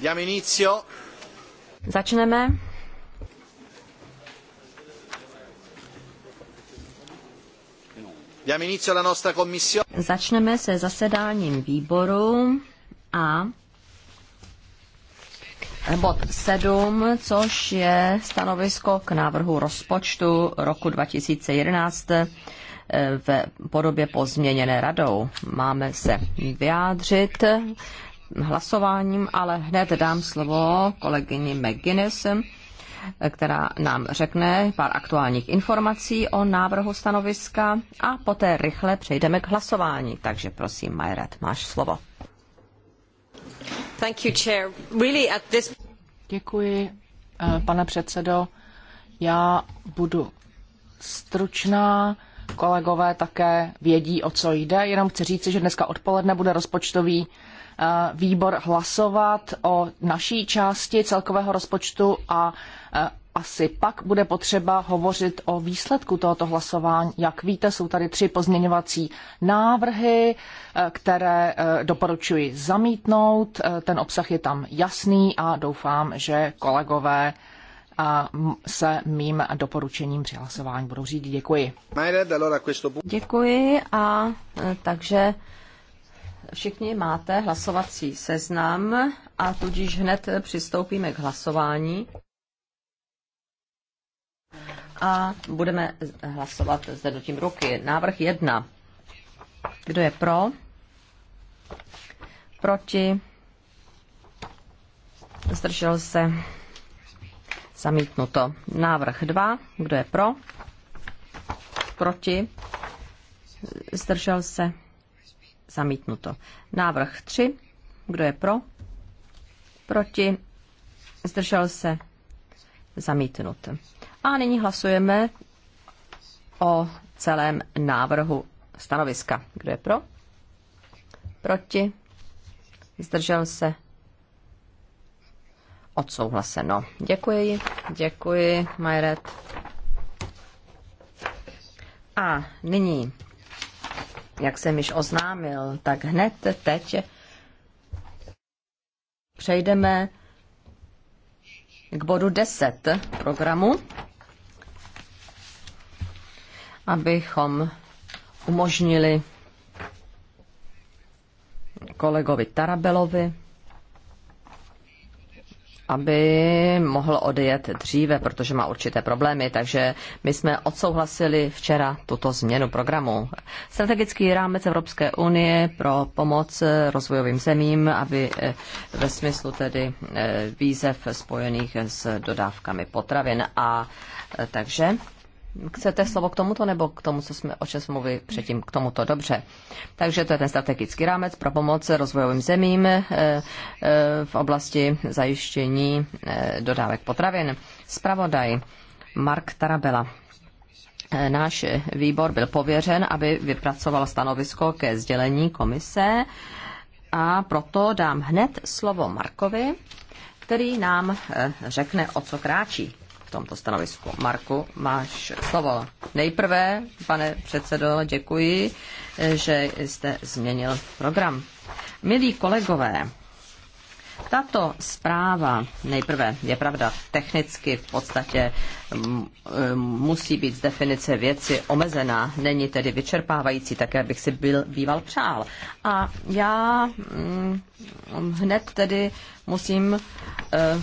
Diamo inizio. Začneme. Diamo inizio alla nostra commissione. Začneme se zasedáním výboru a bod 7, což je stanovisko k návrhu rozpočtu roku 2011 eh, v podobě pozměněné radou. Máme se vyjádřit hlasováním, ale hned dám slovo kolegyni McGuinness, která nám řekne pár aktuálních informací o návrhu stanoviska a poté rychle přejdeme k hlasování. Takže prosím, Majret, máš slovo. Thank you, chair. Really at this... Děkuji, eh, pane předsedo. Já budu stručná kolegové také vědí, o co jde. Jenom chci říct, že dneska odpoledne bude rozpočtový Eh, výbor hlasovat o naší části celkového rozpočtu a eh, asi pak bude potřeba hovořit o výsledku tohoto hlasování. Jak víte, jsou tady tři pozměňovací návrhy, eh, které doporučuji zamítnout. Ten obsah je tam jasný a doufám, že kolegové se mým doporučením při hlasování budou řídit. Děkuji. Děkuji a takže Všichni máte hlasovací seznam a tudíž hned přistoupíme k hlasování. A budeme hlasovat tím ruky. Návrh 1. Kdo je pro? Proti? Zdržel se? Zamítnuto. Návrh 2. Kdo je pro? Proti? Zdržel se? zamítnuto. Návrh 3. Kdo je pro? Proti? Zdržel se? Zamítnut. A nyní hlasujeme o celém návrhu stanoviska. Kdo je pro? Proti? Zdržel se? Odsouhlaseno. Děkuji, děkuji, Majret. A nyní jak jsem již oznámil, tak hned teď přejdeme k bodu 10 programu, abychom umožnili kolegovi Tarabelovi, aby mohl odjet dříve, protože má určité problémy. Takže my jsme odsouhlasili včera tuto změnu programu. Strategický rámec Evropské unie pro pomoc rozvojovým zemím, aby eh, ve smyslu tedy eh, výzev spojených s dodávkami potravin. A eh, takže Chcete slovo k tomuto nebo k tomu, co jsme, o čem mluvili předtím, k tomuto? Dobře. Takže to je ten strategický rámec pro pomoc rozvojovým zemím eh, eh, v oblasti zajištění eh, dodávek potravin. Spravodaj Mark Tarabela. Náš výbor byl pověřen, aby vypracoval stanovisko ke sdělení komise a proto dám hned slovo Markovi, který nám řekne, o co kráčí v tomto stanovisku. Marku, máš slovo. Nejprve, pane předsedo, děkuji, že jste změnil program. Milí kolegové, tato zpráva nejprve je pravda technicky v podstatě musí být z definice věci omezená, není tedy vyčerpávající, tak jak bych si byl, býval přál. A já hm, hned tedy musím eh,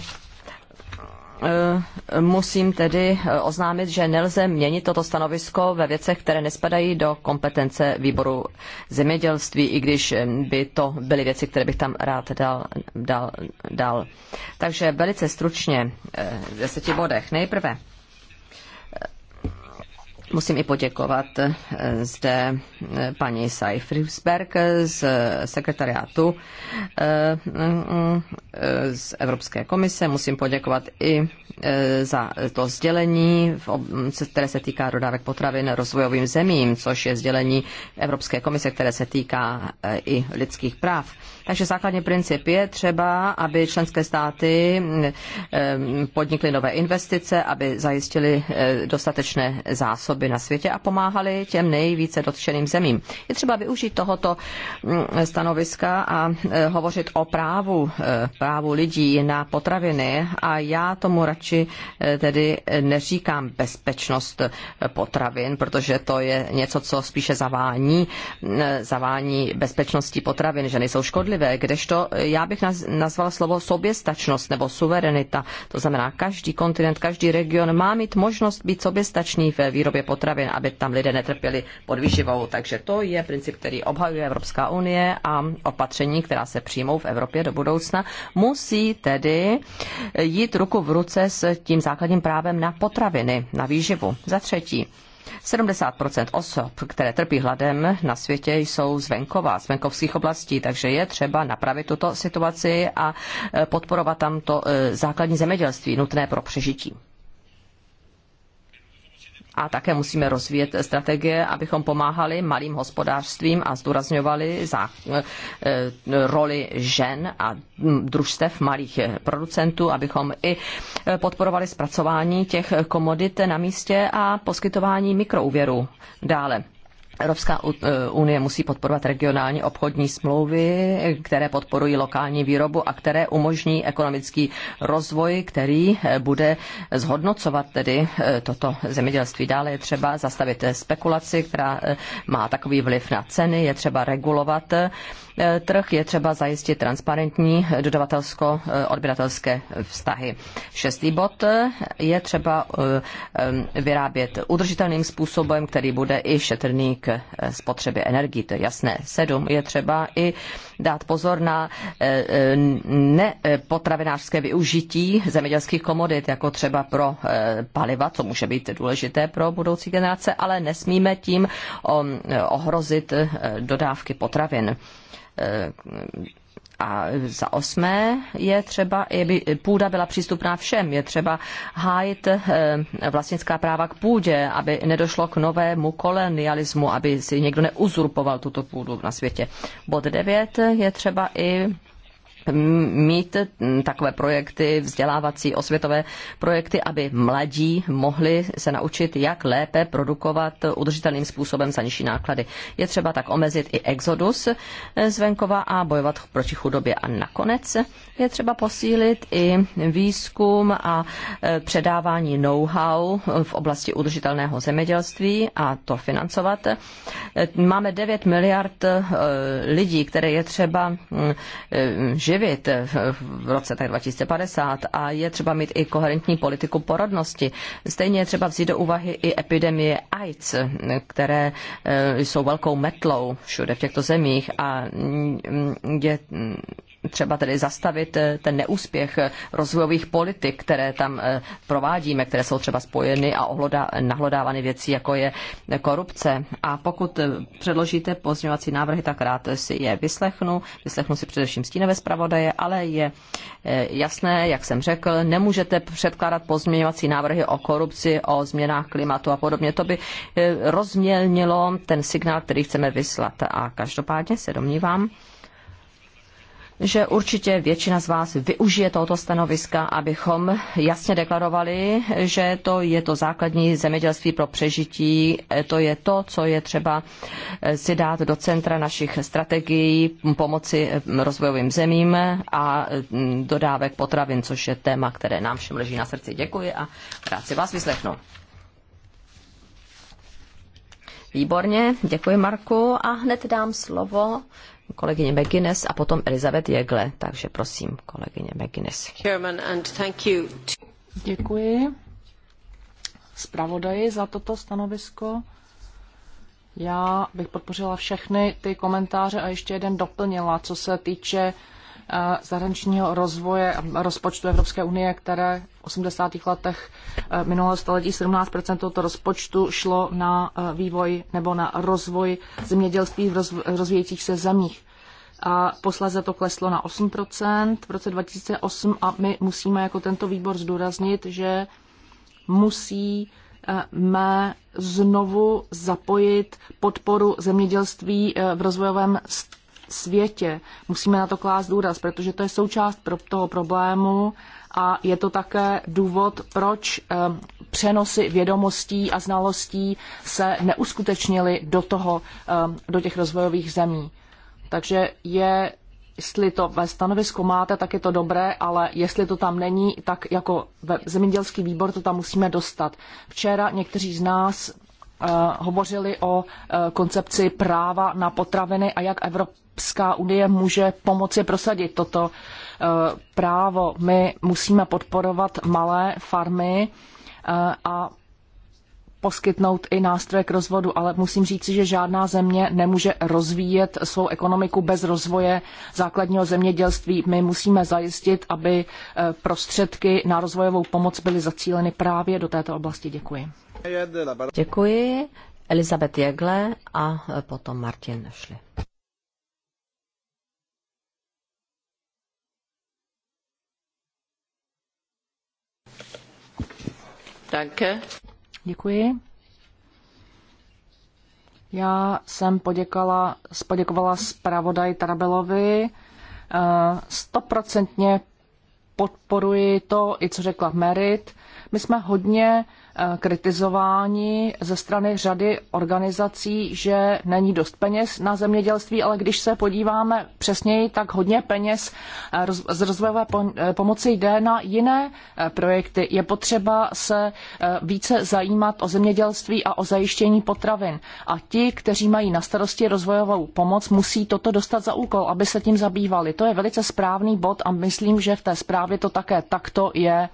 Eh, musím tedy eh, oznámit, že nelze měnit toto stanovisko ve věcech, které nespadají do kompetence výboru zemědělství, i když eh, by to byly věci, které bych tam rád dal. dal, dal. Takže velice stručně v deseti bodech. Nejprve Musím i poděkovat eh, zde eh, paní Seifrisberg z sekretariátu eh, mm, mm, z Evropské komise. Musím poděkovat i za to sdělení, které se týká dodávek potravin rozvojovým zemím, což je sdělení Evropské komise, které se týká i lidských práv. Takže základní princip je třeba, aby členské státy podnikly nové investice, aby zajistili dostatečné zásoby chudoby na světě a pomáhali těm nejvíce dotčeným zemím. Je třeba využít tohoto mm, stanoviska a e, hovořit o právu, e, právu lidí na potraviny a já tomu radši e, tedy neříkám bezpečnost potravin, protože to je něco, co spíše zavání, mm, zavání bezpečnosti potravin, že nejsou škodlivé, kdežto já bych nazval slovo soběstačnost nebo suverenita. To znamená, každý kontinent, každý region má mít možnost být soběstačný ve výrobě potravin, aby tam lidé netrpěli podvýživou. Takže to je princip, který obhajuje Evropská unie a opatření, která se přijmou v Evropě do budoucna, musí tedy jít ruku v ruce s tím základním právem na potraviny, na výživu. Za třetí, 70 osob, které trpí hladem na světě, jsou z venkova, z venkovských oblastí, takže je třeba napravit tuto situaci a e, podporovat tam to e, základní zemědělství nutné pro přežití a také musíme rozvíjet strategie, abychom pomáhali malým hospodářstvím a zdůrazňovali za eh, roli žen a hm, družstev malých eh, producentů, abychom i eh, podporovali zpracování těch komodit na místě a poskytování mikroúvěrů dále Evropská eh, unie musí podporovat regionální obchodní smlouvy, které podporují lokální výrobu a které umožní ekonomický rozvoj, který eh, bude zhodnocovat tedy eh, toto zemědělství. Dále je třeba zastavit spekulaci, která má takový vliv na ceny, je třeba regulovat Eh, trh, je třeba zajistit transparentní eh, dodavatelsko-odběratelské eh, vztahy. Šestý bod je třeba vyrábět udržitelným způsobem, který bude i šetrný k spotřebě energii, to je jasné. Sedm je třeba i dát pozor na nepotravinářské využití zemědělských komodit, jako třeba pro paliva, co může být důležité pro budoucí generace, ale nesmíme tím ohrozit dodávky potravin a za osmé je třeba, aby půda byla přístupná všem. Je třeba hájit eh, vlastnická práva k půdě, aby nedošlo k novému kolonialismu, aby si někdo neuzurpoval tuto půdu na světě. Bod devět je třeba i mít takové projekty, vzdělávací, osvětové projekty, aby mladí mohli se naučit, jak lépe produkovat udržitelným způsobem za nižší náklady. Je třeba tak omezit i exodus z venkova a bojovat proti chudobě. A nakonec je třeba posílit i výzkum a e, předávání know-how v oblasti udržitelného zemědělství a to financovat. E, máme 9 miliard e, lidí, které je třeba živit živit v roce 2050 a je třeba mít i koherentní politiku porodnosti. Stejně je třeba vzít do úvahy i epidemie AIDS, které eh, jsou velkou metlou všude v těchto zemích a mm, je třeba tedy zastavit eh, ten neúspěch eh, rozvojových politik, které tam eh, provádíme, které jsou třeba spojeny a nahlodávány věcí, jako je korupce. A pokud předložíte pozměňovací návrhy, tak rád si je vyslechnu. Vyslechnu si především stínové zpravodaje, ale je jasné, jak jsem řekl, nemůžete předkládat pozměňovací návrhy o korupci, o změnách klimatu a podobně. To by rozmělnilo ten signál, který chceme vyslat. A každopádně se domnívám, že určitě většina z vás využije tohoto stanoviska, abychom jasně deklarovali, že to je to základní zemědělství pro přežití, e, to je to, co je třeba e, si dát do centra našich strategií pomoci e, rozvojovým zemím a dodávek potravin, což je téma, které nám všem leží na srdci. Děkuji a rád si vás vyslechnu. Výborně, děkuji Marku a hned dám slovo kolegyně McGuinness a potom Elizabeth Jegle. Takže prosím, kolegyně McGuinness. Děkuji zpravodaji za toto stanovisko. Já bych podpořila všechny ty komentáře a ještě jeden doplnila, co se týče uh, zahraničního rozvoje a rozpočtu Evropské unie, které v 80. letech e, minulého století 17 tohoto rozpočtu šlo na e, vývoj nebo na rozvoj zemědělství v rozvíjejících se zemích. A posléze to kleslo na 8 v roce 2008 a my musíme jako tento výbor zdůraznit, že musí e, má znovu zapojit podporu zemědělství v rozvojovém světě. Musíme na to klást důraz, protože to je součást pro toho problému a je to také důvod, proč eh, přenosy vědomostí a znalostí se neuskutečnily do, toho, eh, do těch rozvojových zemí. Takže je jestli to ve stanovisku máte, tak je to dobré, ale jestli to tam není, tak jako ve zemědělský výbor to tam musíme dostat. Včera někteří z nás Eh, hovořili o eh, koncepci práva na potraviny a jak Evropská unie může pomoci prosadit toto eh, právo. My musíme podporovat malé farmy a poskytnout i nástroje k rozvodu, ale musím říci, že žádná země nemůže rozvíjet svou ekonomiku bez rozvoje základního zemědělství. My musíme zajistit, aby prostředky na rozvojovou pomoc byly zacíleny právě do této oblasti. Děkuji. Děkuji. Elizabeth Jegle a potom Martin Šli. Danke. Děkuji. Já jsem poděkala, poděkovala zpravodaj Tarabelovi. Eh, stoprocentně podporuji to, i co řekla Merit my jsme hodně eh, kritizováni ze strany řady organizací, že není dost peněz na zemědělství, ale když se podíváme přesněji, tak hodně peněz eh, z rozvojové eh, pomoci jde na jiné projekty. Je potřeba se více zajímat o zemědělství a o zajištění potravin. A ti, kteří mají na starosti rozvojovou pomoc, musí toto dostat za úkol, aby se tím zabývali. To je velice správný bod a myslím, že v té zprávě to také takto je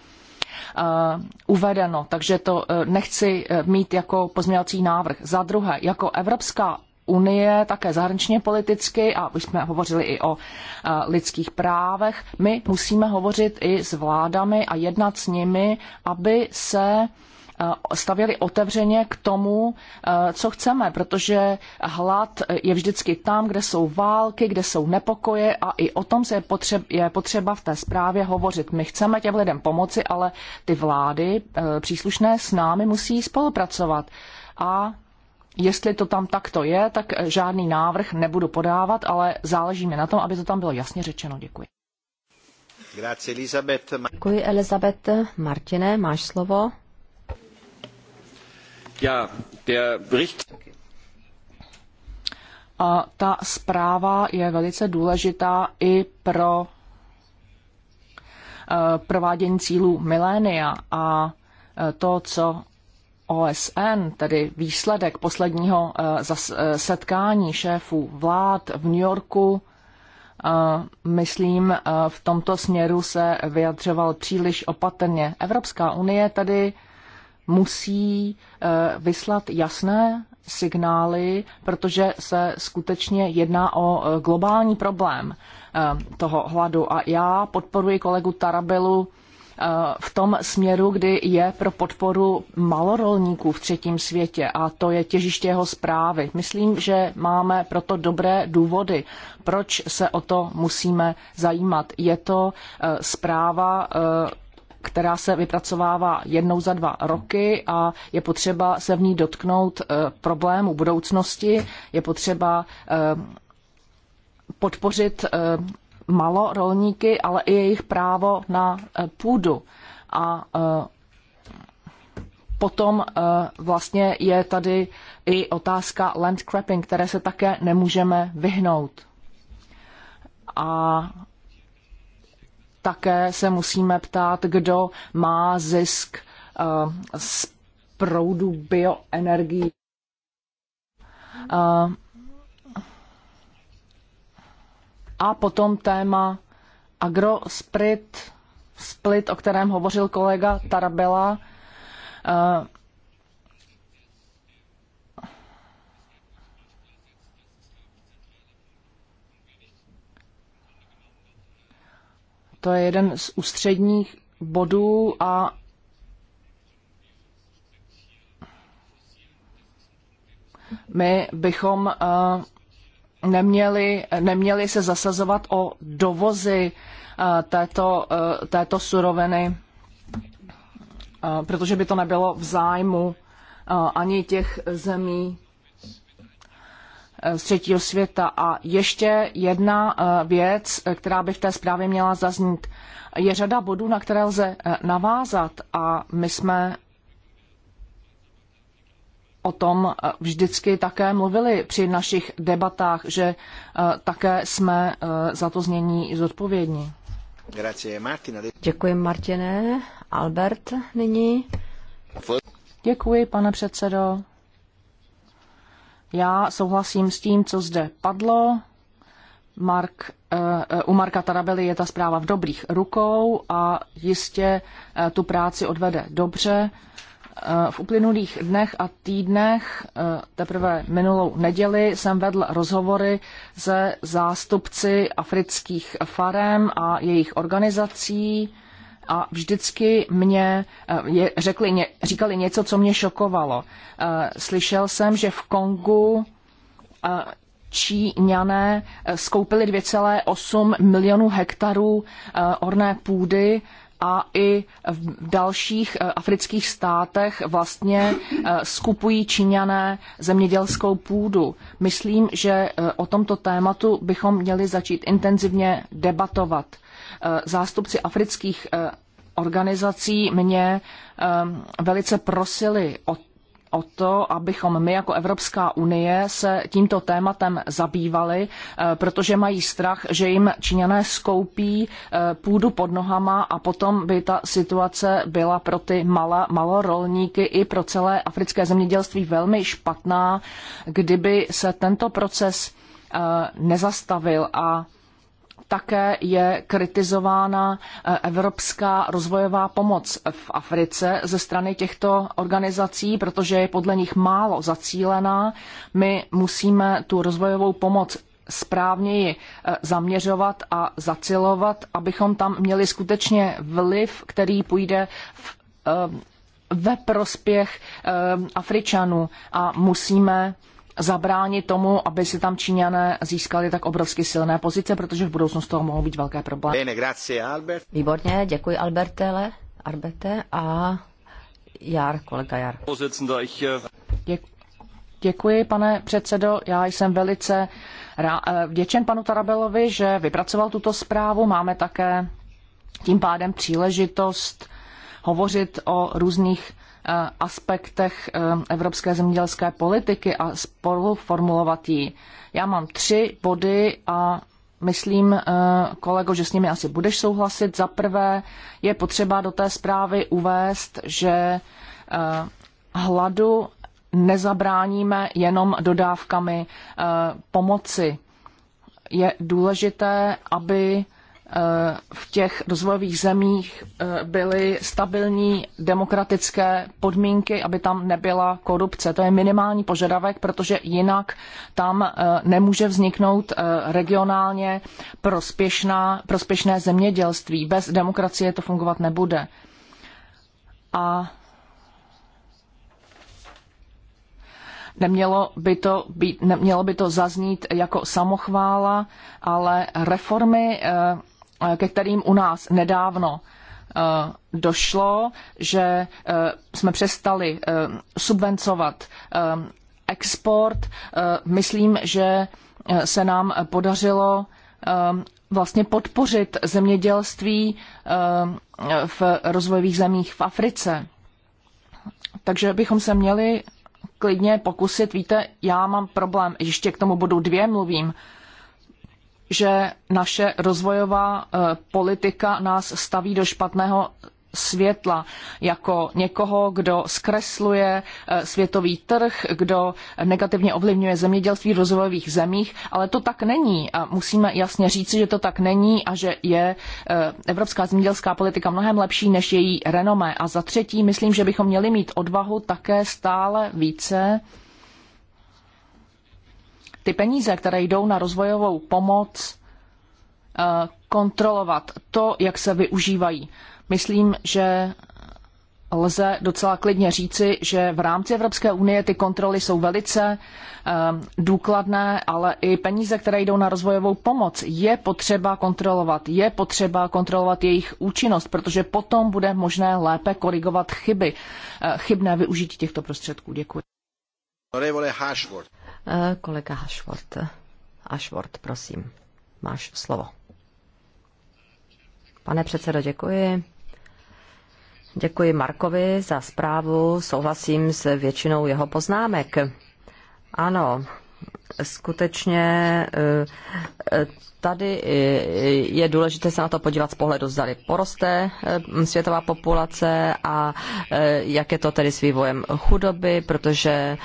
Uh, uvedeno, takže to uh, nechci uh, mít jako pozměňovací návrh. Za druhé, jako Evropská unie, také zahraničně politicky, a už jsme hovořili i o a, lidských právech, my musíme hovořit i s vládami a jednat s nimi, aby se Eh, stavěli otevřeně k tomu, eh, co chceme, protože hlad je vždycky tam, kde jsou války, kde jsou nepokoje a i o tom se je, potřeba, je potřeba v té zprávě hovořit. My chceme těm lidem pomoci, ale ty vlády eh, příslušné s námi musí spolupracovat. A Jestli to tam takto je, tak žádný návrh nebudu podávat, ale záleží mi na tom, aby to tam bylo jasně řečeno. Děkuji. Grazie, Elizabeth. Děkuji, Elizabeth. Martine, máš slovo ta zpráva je velice důležitá i pro eh, provádění cílů milénia a eh, to, co OSN, tedy výsledek posledního eh, setkání šéfů vlád v New Yorku, myslím, v tomto směru se vyjadřoval příliš opatrně. Evropská unie tady musí eh, vyslat jasné signály, protože se skutečně jedná o eh, globální problém eh, toho hladu. A já podporuji kolegu Tarabelu v tom směru, kdy je pro podporu malorolníků v třetím světě a to je těžiště jeho zprávy. Myslím, že máme proto dobré důvody, proč se o to musíme zajímat. Je to zpráva která se vypracovává jednou za dva roky a je potřeba se v ní dotknout eh, problému budoucnosti, je potřeba eh, podpořit eh, malo rolníky, ale i jejich právo na půdu. A potom vlastně je tady i otázka land grabbing, které se také nemůžeme vyhnout. A také se musíme ptát, kdo má zisk eh, z proudu bioenergií. Eh, a potom téma agrosprit, split, o kterém hovořil kolega Tarabela eh, To je jeden z ústředních bodů a my bychom eh, neměli, neměli se zasazovat o dovozy eh, této, eh, této suroviny, protože by to nebylo v zájmu ani těch zemí, Eh, z třetího světa. A ještě jedna eh, věc, eh, která by v té zprávě měla zaznít. Je řada bodů, na které lze navázat a my jsme o tom vždycky také mluvili při našich debatách, že také jsme za to znění zodpovědní. Děkuji, Martine. Albert nyní. Děkuji, pane předsedo. Já souhlasím s tím, co zde padlo. Mark, eh, eh, u Marka Tarabely je ta zpráva v dobrých rukou a jistě eh, tu práci odvede dobře. V uplynulých dnech a týdnech, teprve minulou neděli, jsem vedl rozhovory se zástupci afrických farem a jejich organizací a vždycky mě eh, je, řekli, ně, říkali něco, co mě šokovalo. Eh, slyšel jsem, že v Kongu eh, Číňané skoupili 2,8 milionů hektarů orné půdy a i v dalších afrických státech vlastně skupují Číňané zemědělskou půdu. Myslím, že o tomto tématu bychom měli začít intenzivně debatovat. Eh, zástupci afrických eh, organizací mě eh, velice prosili o o to, abychom my jako Evropská unie se tímto tématem zabývali, protože mají strach, že jim Číňané skoupí půdu pod nohama a potom by ta situace byla pro ty mala, malorolníky i pro celé africké zemědělství velmi špatná, kdyby se tento proces nezastavil a také je kritizována eh, evropská rozvojová pomoc v Africe ze strany těchto organizací, protože je podle nich málo zacílená. My musíme tu rozvojovou pomoc správněji eh, zaměřovat a zacilovat, abychom tam měli skutečně vliv, který půjde v, eh, ve prospěch Afričanů a musíme zabránit tomu, aby si tam Číňané získali tak obrovsky silné pozice, protože v budoucnu z toho mohou být velké problémy. Bene, grazie, Albert. Výborně, děkuji Albertele, Arbete a Jar, kolega Jar. Äh, děkuji. Děkuji, pane předsedo. Já jsem velice eh, vděčen panu Tarabelovi, že vypracoval tuto zprávu. Máme také tím pádem příležitost hovořit o různých Eh, aspektech eh, evropské zemědělské politiky a spolu formulovat ji. Já mám tři body a myslím, eh, kolego, že s nimi asi budeš souhlasit. Za prvé je potřeba do té zprávy uvést, že hladu nezabráníme jenom dodávkami pomoci. Je důležité, aby Eh, v těch rozvojových zemích eh, byly stabilní demokratické podmínky, aby tam nebyla korupce. To je minimální požadavek, protože jinak tam eh, nemůže vzniknout regionálně prospěšná, prospěšné zemědělství. Bez demokracie to fungovat nebude. A Nemělo by to, být, nemělo by to zaznít jako samochvála, ale reformy Eh, ke kterým u nás nedávno eh, došlo, že eh, jsme přestali subvencovat export. Myslím, že se nám podařilo vlastně podpořit zemědělství v rozvojových zemích v Africe. Takže bychom se měli klidně pokusit, víte, já mám problém, ještě k tomu bodu dvě mluvím, že naše rozvojová eh, politika nás staví do špatného světla jako někoho, kdo zkresluje eh, světový trh, kdo negativně ovlivňuje zemědělství v rozvojových zemích, ale to tak není a musíme jasně říci, že to tak není a že je eh, evropská zemědělská politika mnohem lepší než její renomé. A za třetí, myslím, že bychom měli mít odvahu také stále více ty peníze, které jdou na rozvojovou pomoc, eh, kontrolovat to, jak se využívají. Myslím, že lze docela klidně říci, že v rámci Evropské unie ty kontroly jsou velice eh, důkladné, ale i peníze, které jdou na rozvojovou pomoc, je potřeba kontrolovat. Je potřeba kontrolovat jejich účinnost, protože potom bude možné lépe korigovat chyby, eh, chybné využití těchto prostředků. Děkuji. Eh, kolega Ashworth. Ashworth, prosím, máš slovo. Pane předsedo, děkuji. Děkuji Markovi za zprávu, souhlasím s většinou jeho poznámek. Ano, skutečně eh, tady eh, je důležité se na to podívat z pohledu, zdali poroste eh, světová populace a jak je to tedy s vývojem chudoby, protože,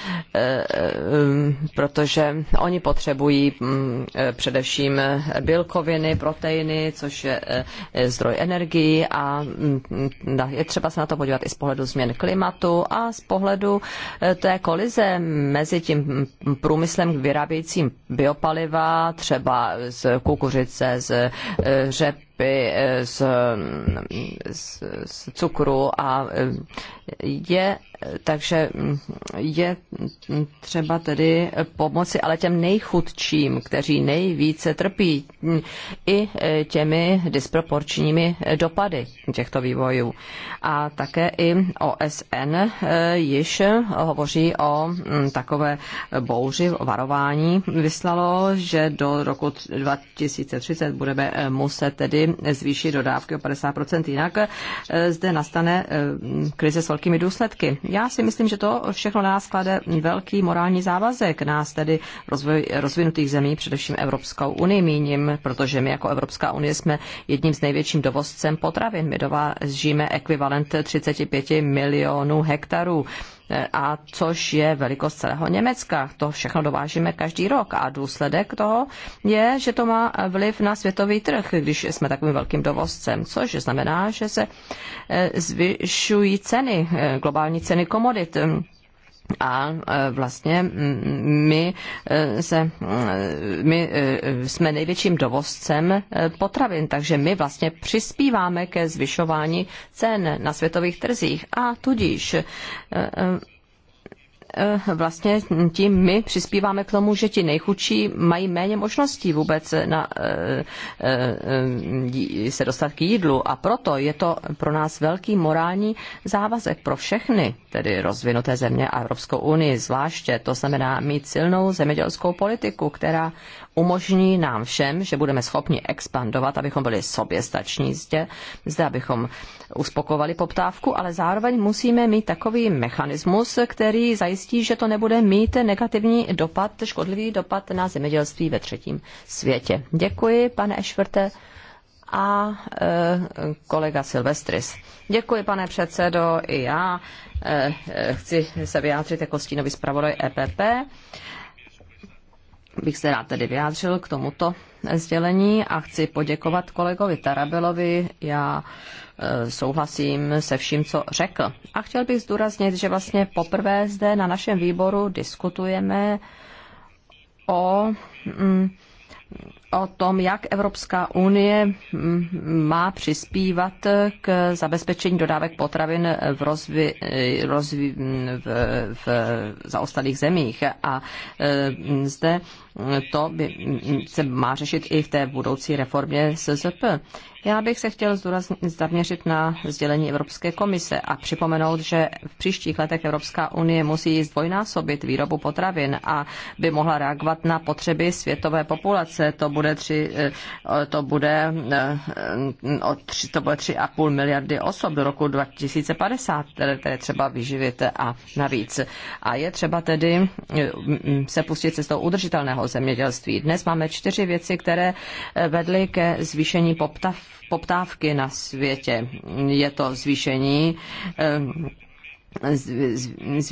protože oni potřebují mm, především bílkoviny, proteiny, což je zdroj energií a mm, mm, je třeba se na to podívat i z pohledu změn klimatu a z pohledu té kolize mezi tím průmyslem, vyrábějícím biopaliva, třeba z kukuřice, z eh, řepy, typy eh, z, z, z cukru a eh, je takže mm, je třeba tedy pomoci ale těm nejchudčím, kteří nejvíce trpí mm, i eh, těmi disproporčními dopady těchto vývojů. A také i OSN již hovoří o mm, takové bouři, o varování vyslalo, že do roku 2030 budeme muset tedy zvýšit dodávky o 50%, jinak eh, zde nastane eh, krize s velkými důsledky. Já si myslím, že to všechno nás klade velký morální závazek, nás tedy rozvoj, rozvinutých zemí, především Evropskou unii míním, protože my jako Evropská unie jsme jedním z největším dovozcem potravin. My dovážíme ekvivalent 35 milionů hektarů a což je velikost celého Německa. To všechno dovážíme každý rok a důsledek toho je, že to má vliv na světový trh, když jsme takovým velkým dovozcem, což znamená, že se eh, zvyšují ceny, eh, globální ceny komodit a e, vlastně my, e, se, my e, jsme největším dovozcem potravin, takže my vlastně přispíváme ke zvyšování cen na světových trzích a tudíž Eh, vlastně tím my přispíváme k tomu, že ti nejchudší mají méně možností vůbec na, eh, eh, se dostat k jídlu a proto je to pro nás velký morální závazek pro všechny, tedy rozvinuté země a Evropskou unii zvláště. To znamená mít silnou zemědělskou politiku, která umožní nám všem, že budeme schopni expandovat, abychom byli soběstační zde, zde abychom uspokovali poptávku, ale zároveň musíme mít takový mechanismus, který zajistí, že to nebude mít negativní dopad, škodlivý dopad na zemědělství ve třetím světě. Děkuji, pane Ešvrte a e, kolega Silvestris. Děkuji, pane předsedo, i já e, chci se vyjádřit jako stínový zpravodaj EPP. E, bych se rád tedy vyjádřil k tomuto sdělení a chci poděkovat kolegovi Tarabelovi. Já e, souhlasím se vším, co řekl. A chtěl bych zdůraznit, že vlastně poprvé zde na našem výboru diskutujeme o mm, o tom, jak Evropská unie mm, má přispívat k zabezpečení dodávek potravin v, rozvi, rozvi, v, v zaostalých zemích. A mm, zde to by mm, se má řešit i v té budoucí reformě SZP. Já bych se chtěl zaměřit na sdělení Evropské komise a připomenout, že v příštích letech Evropská unie musí zdvojnásobit výrobu potravin a by mohla reagovat na potřeby světové populace. To bude tři, eh, to bude, eh, o tři, to bude půl miliardy osob do roku 2050, které, které třeba vyživit a navíc. A je třeba tedy eh, se pustit cestou udržitelného zemědělství. Dnes máme čtyři věci, které vedly ke zvýšení poptav, poptávky na světě. Je to zvýšení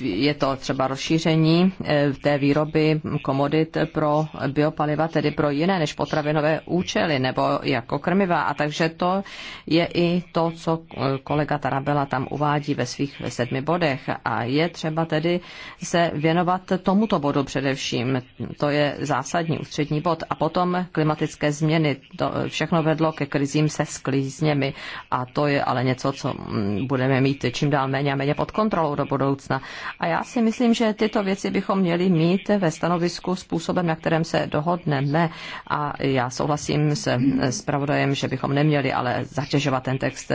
je to třeba rozšíření eh, té výroby komodit pro biopaliva, tedy pro jiné než potravinové účely nebo jako krmiva. A takže to je i to, co eh, kolega Tarabela tam uvádí ve svých sedmi bodech. A je třeba tedy se věnovat tomuto bodu především. To je zásadní ústřední bod. A potom klimatické změny. To eh, všechno vedlo ke krizím se sklízněmi. A to je ale něco, co mm, budeme mít čím dál méně a méně pod kontrolou kontrolou do budoucna. A já si myslím, že tyto věci bychom měli mít ve stanovisku způsobem, na kterém se dohodneme. A já souhlasím se pravodajem, že bychom neměli ale zatěžovat ten text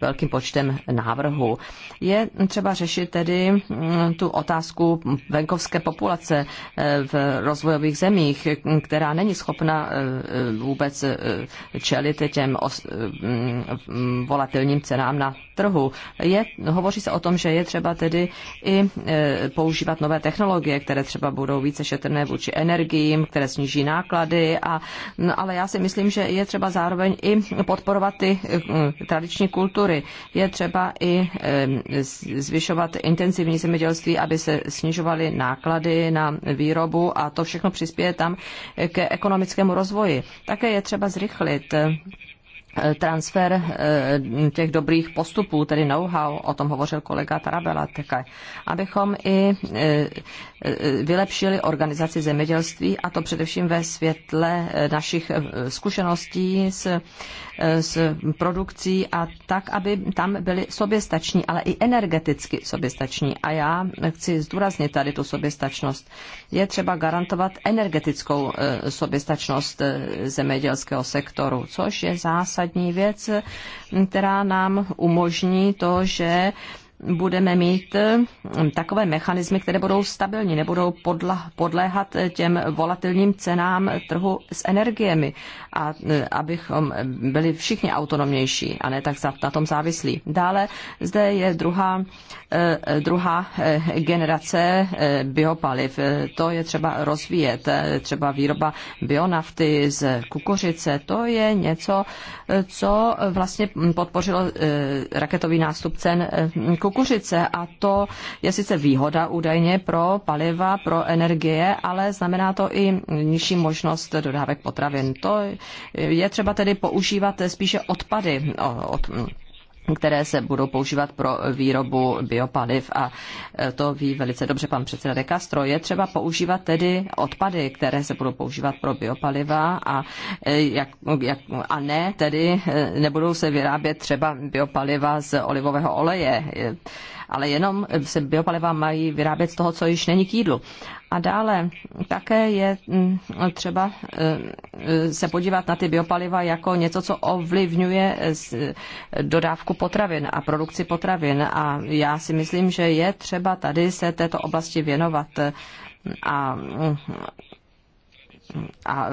velkým počtem návrhů. Je třeba řešit tedy mm, tu otázku venkovské populace eh, v rozvojových zemích, která není schopna eh, vůbec eh, čelit těm mm, mm, volatilním cenám na trhu. Je, hovoří se o tom, že je třeba třeba tedy i e, používat nové technologie, které třeba budou více šetrné vůči energiím, které sníží náklady. A, no, ale já si myslím, že je třeba zároveň i podporovat ty e, tradiční kultury. Je třeba i e, zvyšovat intenzivní zemědělství, aby se snižovaly náklady na výrobu a to všechno přispěje tam ke ekonomickému rozvoji. Také je třeba zrychlit Eh, transfer eh, těch dobrých postupů, tedy know-how, o tom hovořil kolega Tarabela také, abychom i eh, vylepšili organizaci zemědělství a to především ve světle našich zkušeností s Eh, s produkcí a tak, aby tam byli soběstační, ale i energeticky soběstační. A já chci zdůraznit tady tu soběstačnost. Je třeba garantovat energetickou eh, soběstačnost eh, zemědělského sektoru, což je zásadní věc, která nám umožní to, že budeme mít eh, takové mechanismy, které budou stabilní, nebudou podla, podléhat eh, těm volatilním cenám trhu s energiemi a eh, abychom byli všichni autonomnější a ne tak na tom závislí. Dále zde je druhá, druhá generace biopaliv. To je třeba rozvíjet, třeba výroba bionafty z kukuřice. To je něco, co vlastně podpořilo raketový nástup cen kukuřice kukuřice a to je sice výhoda údajně pro paliva, pro energie, ale znamená to i nižší možnost dodávek potravin. To je třeba tedy používat spíše odpady od, které se budou používat pro výrobu biopaliv a e, to ví velice dobře pan předseda De Castro. Je třeba používat tedy odpady, které se budou používat pro biopaliva a, e, jak, jak, a ne tedy e, nebudou se vyrábět třeba biopaliva z olivového oleje ale jenom se biopaliva mají vyrábět z toho, co již není k jídlu. A dále také je mm, třeba eh, se podívat na ty biopaliva jako něco, co ovlivňuje eh, dodávku potravin a produkci potravin. A já si myslím, že je třeba tady se této oblasti věnovat a mm, a e,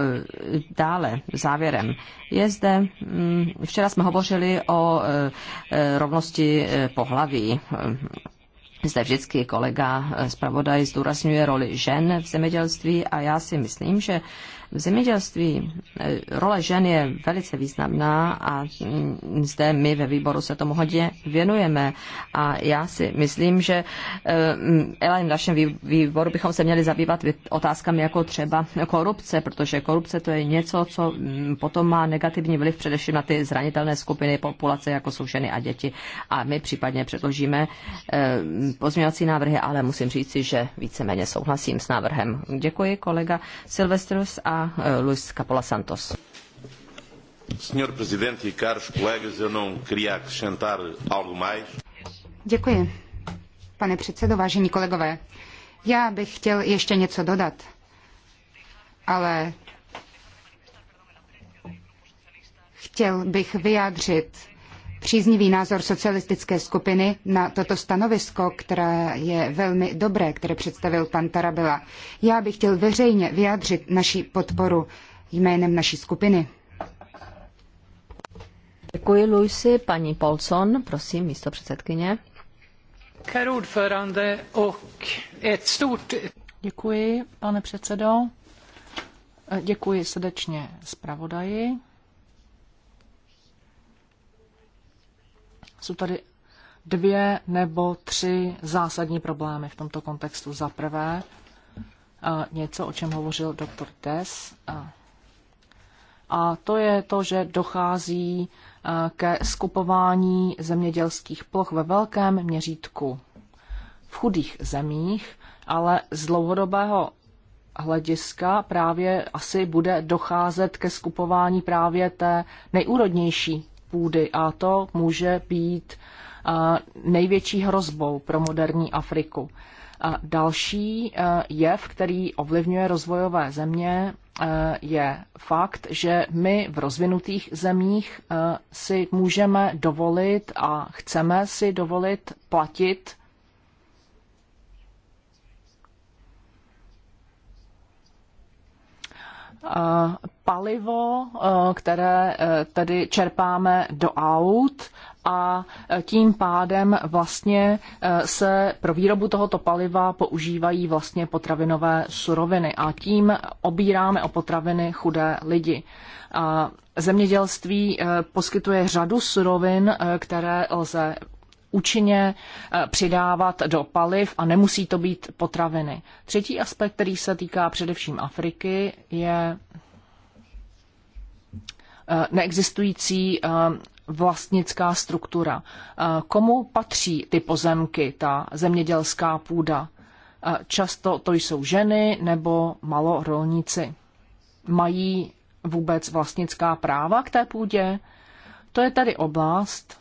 dále, závěrem, je zde, mm, včera jsme hovořili o e, e, rovnosti pohlaví. Zde vždycky kolega eh, zpravodaj zdůrazňuje roli žen v zemědělství a já si myslím, že v zemědělství eh, role žen je velice významná a mm, zde my ve výboru se tomu hodně věnujeme. A já si myslím, že eh, mm, ale v našem výboru bychom se měli zabývat otázkami jako třeba korupce, protože korupce to je něco, co mm, potom má negativní vliv především na ty zranitelné skupiny populace, jako jsou ženy a děti. A my případně předložíme pozměňovací návrhy, ale musím říci, že víceméně souhlasím s návrhem. Děkuji kolega Silvestrus a e, Luis Capola Santos. Senhor Presidente e caros colegas, eu não queria acrescentar algo mais. Děkuji. Pane předsedo, vážení kolegové, já bych chtěl ještě něco dodat, ale chtěl bych vyjádřit příznivý názor socialistické skupiny na toto stanovisko, které je velmi dobré, které představil pan Tarabela. Já bych chtěl veřejně vyjádřit naši podporu jménem naší skupiny. Děkuji, Luisi. Paní Polson, prosím, místo předsedkyně. Děkuji, pane předsedo. Děkuji srdečně zpravodaji Jsou tady dvě nebo tři zásadní problémy v tomto kontextu. Za prvé, eh, něco, o čem hovořil doktor Tess, eh, a to je to, že dochází eh, ke skupování zemědělských ploch ve velkém měřítku v chudých zemích, ale z dlouhodobého hlediska právě asi bude docházet ke skupování právě té nejúrodnější půdy a to může být největší hrozbou pro moderní Afriku. Další jev, který ovlivňuje rozvojové země, je fakt, že my v rozvinutých zemích si můžeme dovolit a chceme si dovolit platit palivo, eh, které eh, tedy čerpáme do aut a eh, tím pádem vlastně se pro výrobu tohoto paliva používají vlastně potravinové suroviny a tím obíráme o potraviny chudé lidi. A zemědělství poskytuje řadu surovin, které lze účinně přidávat do paliv a nemusí to být potraviny. Třetí aspekt, který se týká především Afriky, je Eh, neexistující eh, vlastnická struktura. Eh, komu patří ty pozemky, ta zemědělská půda? Často to jsou ženy nebo malorolníci. Mají vůbec vlastnická práva k té půdě? To je tady oblast,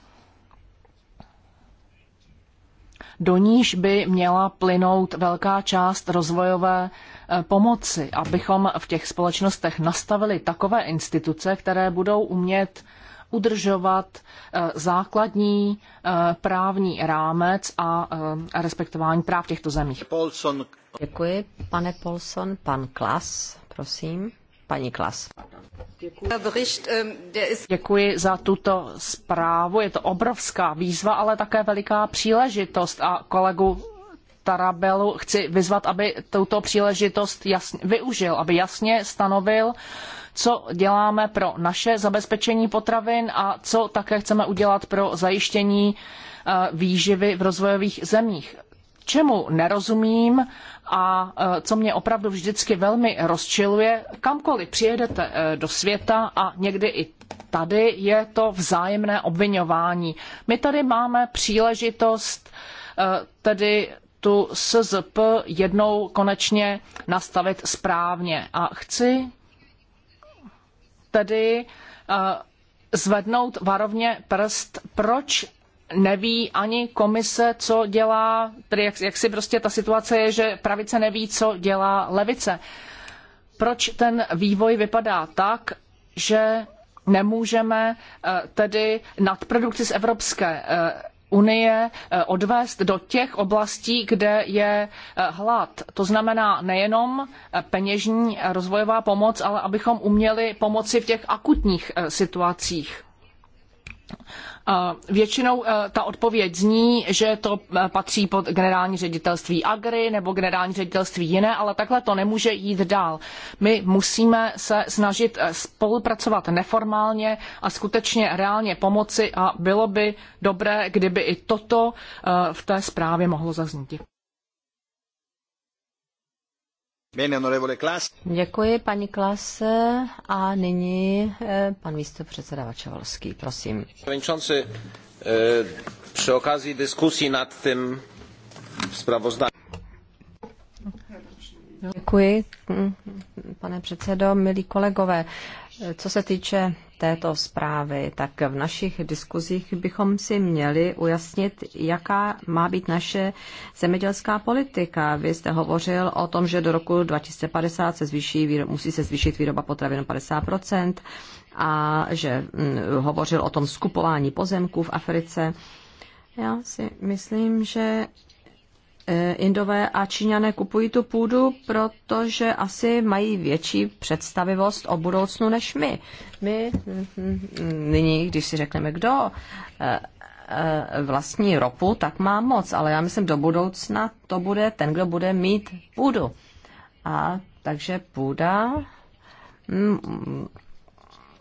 do níž by měla plynout velká část rozvojové Eh, pomoci, abychom v těch společnostech nastavili takové instituce, které budou umět udržovat eh, základní eh, právní rámec a respektování práv těchto zemí. Děkuji, pane Polson. Pan Klas, prosím. Paní Klas. Děkuji. Děkuji za tuto zprávu. Je to obrovská výzva, ale také veliká příležitost. A kolegu Tarabelu chci vyzvat, aby tuto příležitost jasně, využil, aby jasně stanovil, co děláme pro naše zabezpečení potravin a co také chceme udělat pro zajištění eh, výživy v rozvojových zemích. Čemu nerozumím a eh, co mě opravdu vždycky velmi rozčiluje, kamkoliv přijedete eh, do světa a někdy i tady je to vzájemné obvinování. My tady máme příležitost tedy tu SZP jednou konečně nastavit správně. A chci tedy eh, zvednout varovně prst, proč neví ani komise, co dělá, tedy jak, jak si prostě ta situace je, že pravice neví, co dělá levice. Proč ten vývoj vypadá tak, že nemůžeme eh, tedy nadprodukci z evropské eh, unie eh, odvést do těch oblastí, kde je eh, hlad. To znamená nejenom eh, peněžní rozvojová pomoc, ale abychom uměli pomoci v těch akutních situacích. Většinou eh, ta odpověď zní, že to eh, patří pod generální ředitelství Agri nebo generální ředitelství jiné, ale takhle to nemůže jít dál. My musíme se snažit eh, spolupracovat neformálně a skutečně reálně pomoci a bylo by dobré, kdyby i toto v té zprávě mohlo zaznít. Děkuji, paní Klase. A nyní eh, pan místo předseda Vačevalský, prosím. Przewodniczący, eh, při okazji dyskusji nad tym sprawozdaniem. Děkuji, mm, pane předsedo, milí kolegové. Co se týče této zprávy, tak v našich diskuzích bychom si měli ujasnit, jaká má být naše zemědělská politika. Vy jste hovořil o tom, že do roku 2050 se zvýší, musí se zvýšit výroba potravin o 50 a že mm, hovořil o tom skupování pozemků v Africe. Já si myslím, že E, Indové a Číňané kupují tu půdu, protože asi mají větší představivost o budoucnu než my. My hm, nyní, když si řekneme, kdo e, e, vlastní ropu, tak má moc, ale já myslím, do budoucna to bude ten, kdo bude mít půdu. A takže půda hm,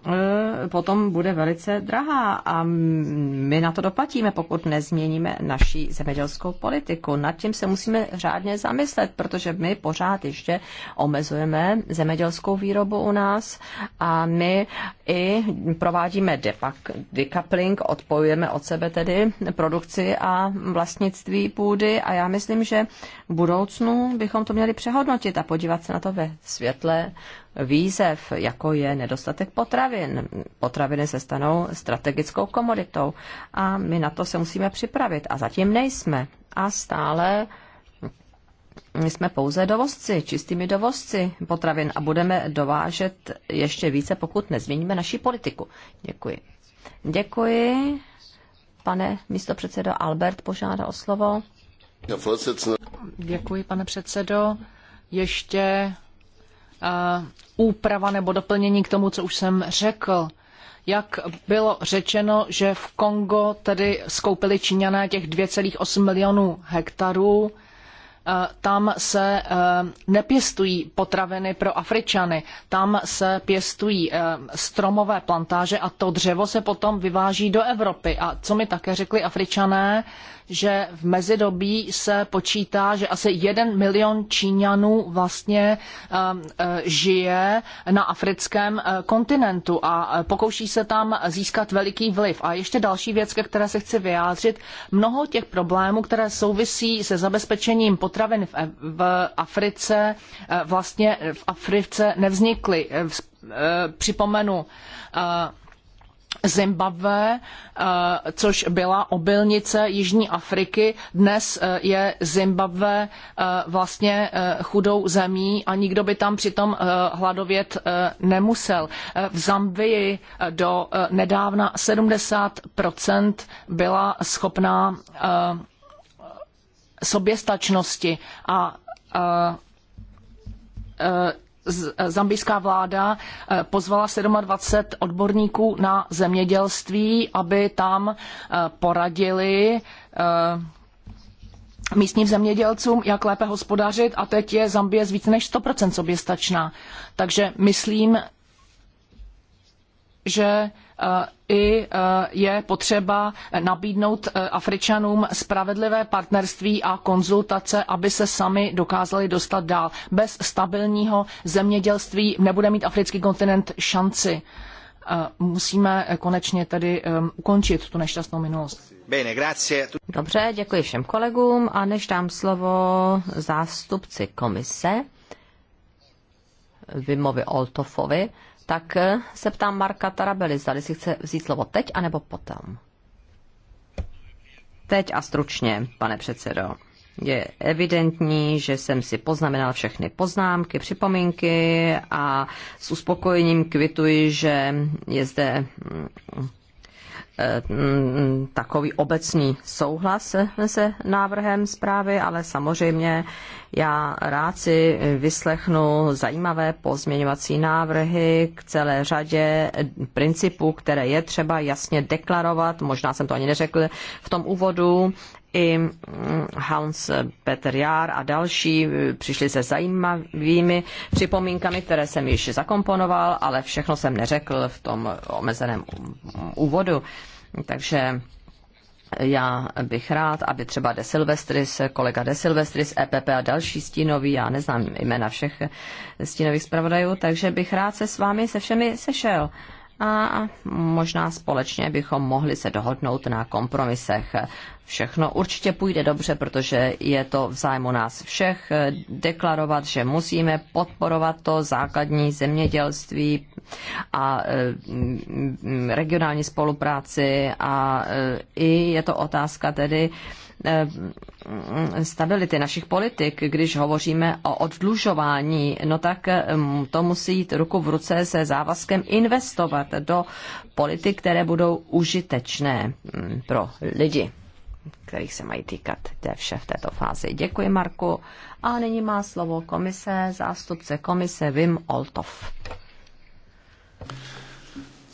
E, potom bude velice drahá a my na to doplatíme, pokud nezměníme naší zemědělskou politiku. Nad tím se musíme řádně zamyslet, protože my pořád ještě omezujeme zemědělskou výrobu u nás a my i provádíme depak, decoupling, odpojujeme od sebe tedy produkci a vlastnictví půdy a já myslím, že v budoucnu bychom to měli přehodnotit a podívat se na to ve světle výzev, jako je nedostatek potravin. Potraviny se stanou strategickou komoditou a my na to se musíme připravit. A zatím nejsme. A stále my jsme pouze dovozci, čistými dovozci potravin a budeme dovážet ještě více, pokud nezměníme naši politiku. Děkuji. Děkuji. Pane místopředsedo Albert požádá o slovo. Děkuji, pane předsedo. Ještě Eh, úprava nebo doplnění k tomu, co už jsem řekl. Jak bylo řečeno, že v Kongo tedy skoupili Číňané těch 2,8 milionů hektarů, Eh, tam se eh, nepěstují potraviny pro Afričany, tam se pěstují eh, stromové plantáže a to dřevo se potom vyváží do Evropy. A co mi také řekli Afričané, že v mezidobí se počítá, že asi jeden milion Číňanů vlastně žije na africkém kontinentu a pokouší se tam získat veliký vliv. A ještě další věc, ke které se chci vyjádřit. Mnoho těch problémů, které souvisí se zabezpečením potravin, potravin v, v Africe eh, vlastně v Africe nevznikly. Eh, eh, připomenu Zimbabwe, což byla obilnice Jižní Afriky. Dnes je Zimbabwe vlastně chudou zemí a nikdo by tam přitom hladovět nemusel. V Zambii do nedávna 70 byla schopná soběstačnosti a, e, e, e, zambijská vláda pozvala 27 odborníků na zemědělství, aby tam poradili místním zemědělcům, jak lépe hospodařit a teď je Zambie z více než 100% soběstačná. Takže myslím, že Eh, i eh, je potřeba nabídnout eh, Afričanům spravedlivé partnerství a konzultace, aby se sami dokázali dostat dál. Bez stabilního zemědělství nebude mít africký kontinent šanci. Musíme konečně tedy ukončit tu nešťastnou minulost. Dobře, děkuji všem kolegům a než dám slovo zástupci komise, Vimovi Oltofovi, tak eh, se ptám Marka Tarabely, zda si chce vzít slovo teď, anebo potom. Teď a stručně, pane předsedo. Je evidentní, že jsem si poznamenal všechny poznámky, připomínky a s uspokojením kvituji, že je zde mm, Eh, takový obecný souhlas se návrhem zprávy, ale samozřejmě já rád si vyslechnu zajímavé pozměňovací návrhy k celé řadě principů, které je třeba jasně deklarovat. Možná jsem to ani neřekl v tom úvodu i mm, Hans Peter Jár a další eh, přišli se zajímavými připomínkami, které jsem již zakomponoval, ale všechno jsem neřekl v tom omezeném úvodu. Takže já bych rád, aby třeba De Silvestris, kolega De Silvestris, EPP a další stínoví, já neznám jména všech stínových zpravodajů, takže bych rád se s vámi se všemi sešel a možná společně bychom mohli se dohodnout na kompromisech. Všechno určitě půjde dobře, protože je to v zájmu nás všech deklarovat, že musíme podporovat to základní zemědělství a mm, mm, regionální spolupráci a e, i je to otázka tedy Eh, stability našich politik, když hovoříme o oddlužování, no tak mm, to musí jít ruku v ruce se závazkem investovat do politik, které budou užitečné mm, pro lidi kterých se mají týkat. To je vše v této fázi. Děkuji, Marku. A nyní má slovo komise, zástupce komise Vim Oltov.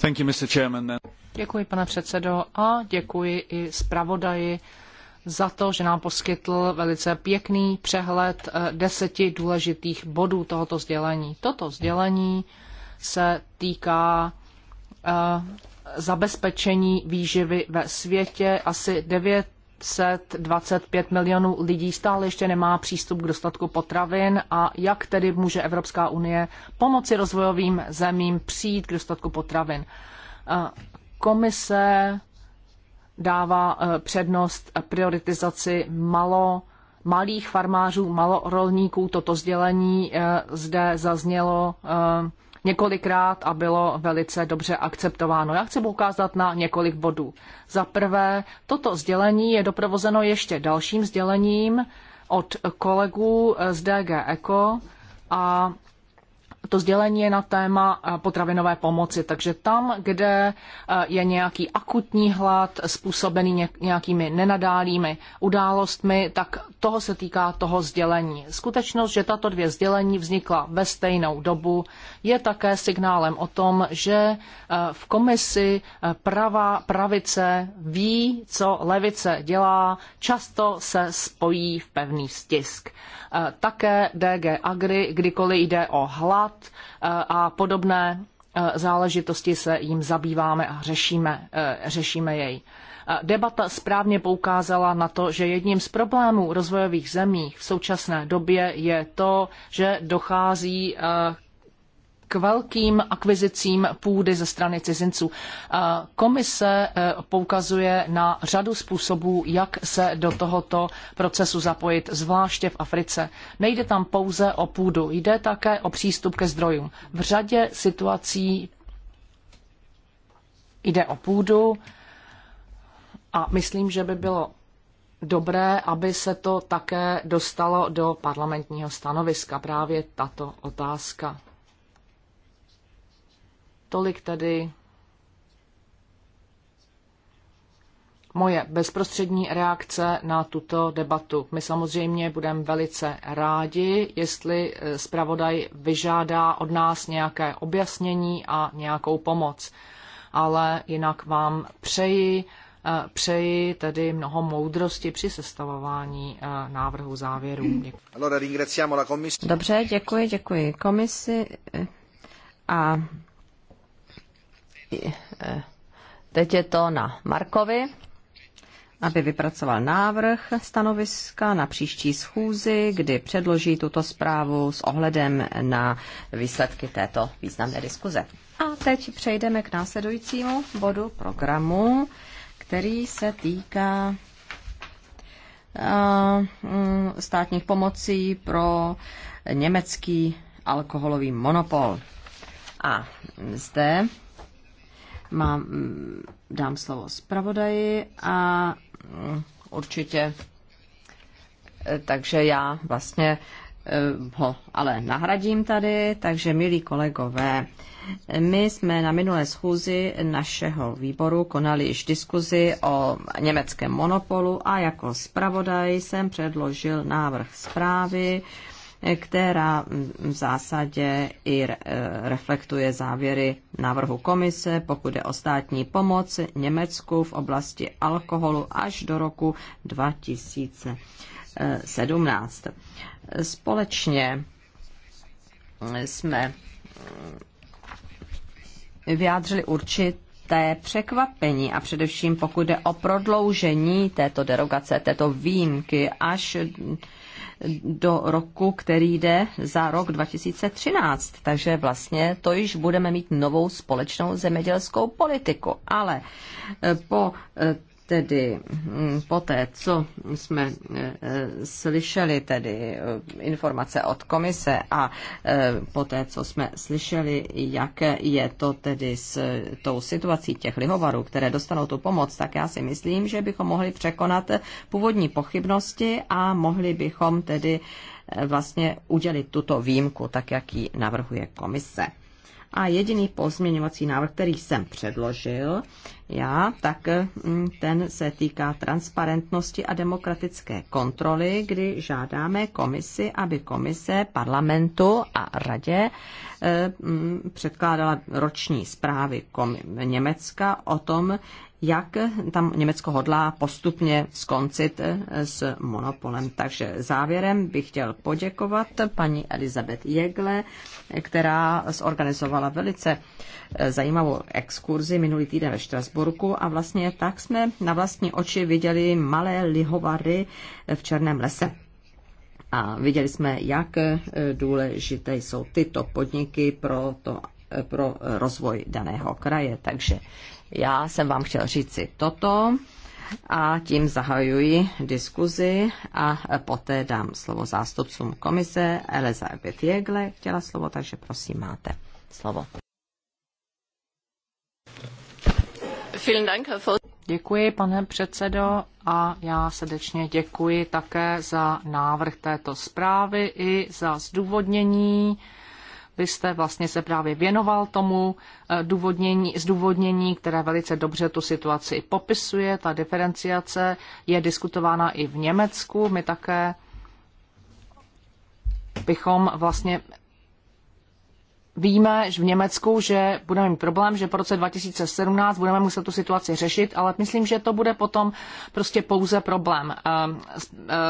Thank you, Mr. Chairman. Děkuji, pane předsedo, a děkuji i zpravodaji za to, že nám poskytl velice pěkný přehled eh, deseti důležitých bodů tohoto sdělení. Toto sdělení se týká eh, zabezpečení výživy ve světě. Asi 925 milionů lidí stále ještě nemá přístup k dostatku potravin a jak tedy může Evropská unie pomoci rozvojovým zemím přijít k dostatku potravin. Eh, komise dává eh, přednost prioritizaci malo, malých farmářů, malorolníků. Toto sdělení eh, zde zaznělo eh, několikrát a bylo velice dobře akceptováno. Já chci poukázat na několik bodů. Za prvé, toto sdělení je doprovozeno ještě dalším sdělením od kolegů z DG Eco a to sdělení je na téma eh, potravinové pomoci. Takže tam, kde eh, je nějaký akutní hlad způsobený nějakými nenadálými událostmi, tak toho se týká toho sdělení. Skutečnost, že tato dvě sdělení vznikla ve stejnou dobu, je také signálem o tom, že eh, v komisi prava pravice ví, co levice dělá, často se spojí v pevný stisk. Také DG Agri, kdykoliv jde o hlad, dat eh, a podobné eh, záležitosti se jim zabýváme a řešíme, eh, řešíme jej. Debata správně poukázala na to, že jedním z problémů rozvojových zemí v současné době je to, že dochází k velkým akvizicím půdy ze strany cizinců. Komise e, poukazuje na řadu způsobů, jak se do tohoto procesu zapojit, zvláště v Africe. Nejde tam pouze o půdu, jde také o přístup ke zdrojům. V řadě situací jde o půdu a myslím, že by bylo dobré, aby se to také dostalo do parlamentního stanoviska, právě tato otázka. Tolik tady moje bezprostřední reakce na tuto debatu. My samozřejmě budeme velice rádi, jestli eh, zpravodaj vyžádá od nás nějaké objasnění a nějakou pomoc. Ale jinak vám přeji, eh, přeji tedy mnoho moudrosti při sestavování eh, návrhu závěrů. Dobře, děkuji, děkuji komisi a teď je to na Markovi, aby vypracoval návrh stanoviska na příští schůzi, kdy předloží tuto zprávu s ohledem na výsledky této významné diskuze. A teď přejdeme k následujícímu bodu programu, který se týká eh, mm, státních pomocí pro německý alkoholový monopol. A zde Mám, dám slovo zpravodaji a mm, určitě. E, takže já vlastně e, ho ale nahradím tady, takže milí kolegové, my jsme na minulé schůzi našeho výboru konali již diskuzi o německém monopolu a jako zpravodaj jsem předložil návrh zprávy, která v zásadě i e, reflektuje závěry návrhu komise, pokud je o státní pomoc Německu v oblasti alkoholu až do roku 2017. Společně jsme vyjádřili určit té překvapení a především pokud jde o prodloužení této derogace, této výjimky až do roku, který jde za rok 2013. Takže vlastně to již budeme mít novou společnou zemědělskou politiku. Ale eh, po eh, tedy hm, eh, eh, eh, poté, co jsme slyšeli tedy informace od komise a poté, co jsme slyšeli, jak je to tedy s tou situací těch lihovarů, které dostanou tu pomoc, tak já si myslím, že bychom mohli překonat původní pochybnosti a mohli bychom tedy vlastně udělit tuto výjimku, tak jak ji navrhuje komise. A jediný pozměňovací návrh, který jsem předložil já, tak mm, ten se týká transparentnosti a demokratické kontroly, kdy žádáme komisi, aby komise parlamentu a radě eh, mm, předkládala roční zprávy Německa o tom, jak tam Německo hodlá postupně skoncit s monopolem. Takže závěrem bych chtěl poděkovat paní Elizabeth Jegle, která zorganizovala velice eh, zajímavou exkurzi minulý týden ve Štrasburku a vlastně tak jsme na vlastní oči viděli malé lihovary v Černém lese. A viděli jsme, jak eh, důležité jsou tyto podniky pro to, eh, pro rozvoj daného kraje. Takže já jsem vám chtěl říct, si toto a tím zahajuji diskuzi a poté dám slovo zástupcům komise. Eleza Jegle chtěla slovo, takže prosím, máte slovo. Děkuji, pane předsedo, a já srdečně děkuji také za návrh této zprávy i za zdůvodnění. Vy jste vlastně se právě věnoval tomu eh, důvodnění, zdůvodnění, které velice dobře tu situaci popisuje. Ta diferenciace je diskutována i v Německu. My také bychom vlastně Víme že v Německu, že budeme mít problém, že po roce 2017 budeme muset tu situaci řešit, ale myslím, že to bude potom prostě pouze problém eh,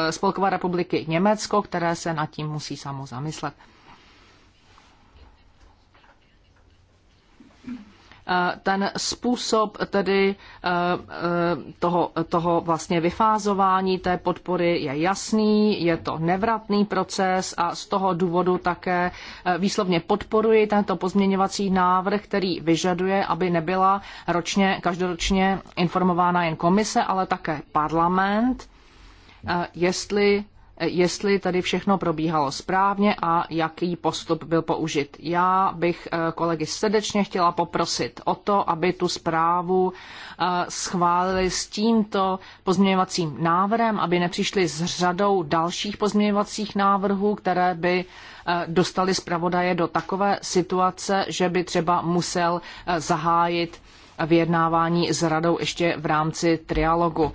eh, Spolkové republiky Německo, které se nad tím musí samo zamyslet. ten způsob tedy e, e, toho, toho vlastně vyfázování té podpory je jasný, je to nevratný proces a z toho důvodu také e, výslovně podporuji tento pozměňovací návrh, který vyžaduje, aby nebyla ročně, každoročně informována jen komise, ale také parlament, jestli jestli tady všechno probíhalo správně a jaký postup byl použit. Já bych eh, kolegy srdečně chtěla poprosit o to, aby tu zprávu eh, schválili s tímto pozměňovacím návrhem, aby nepřišli s řadou dalších pozměňovacích návrhů, které by eh, dostali zpravodaje do takové situace, že by třeba musel zahájit vyjednávání s radou ještě v rámci trialogu.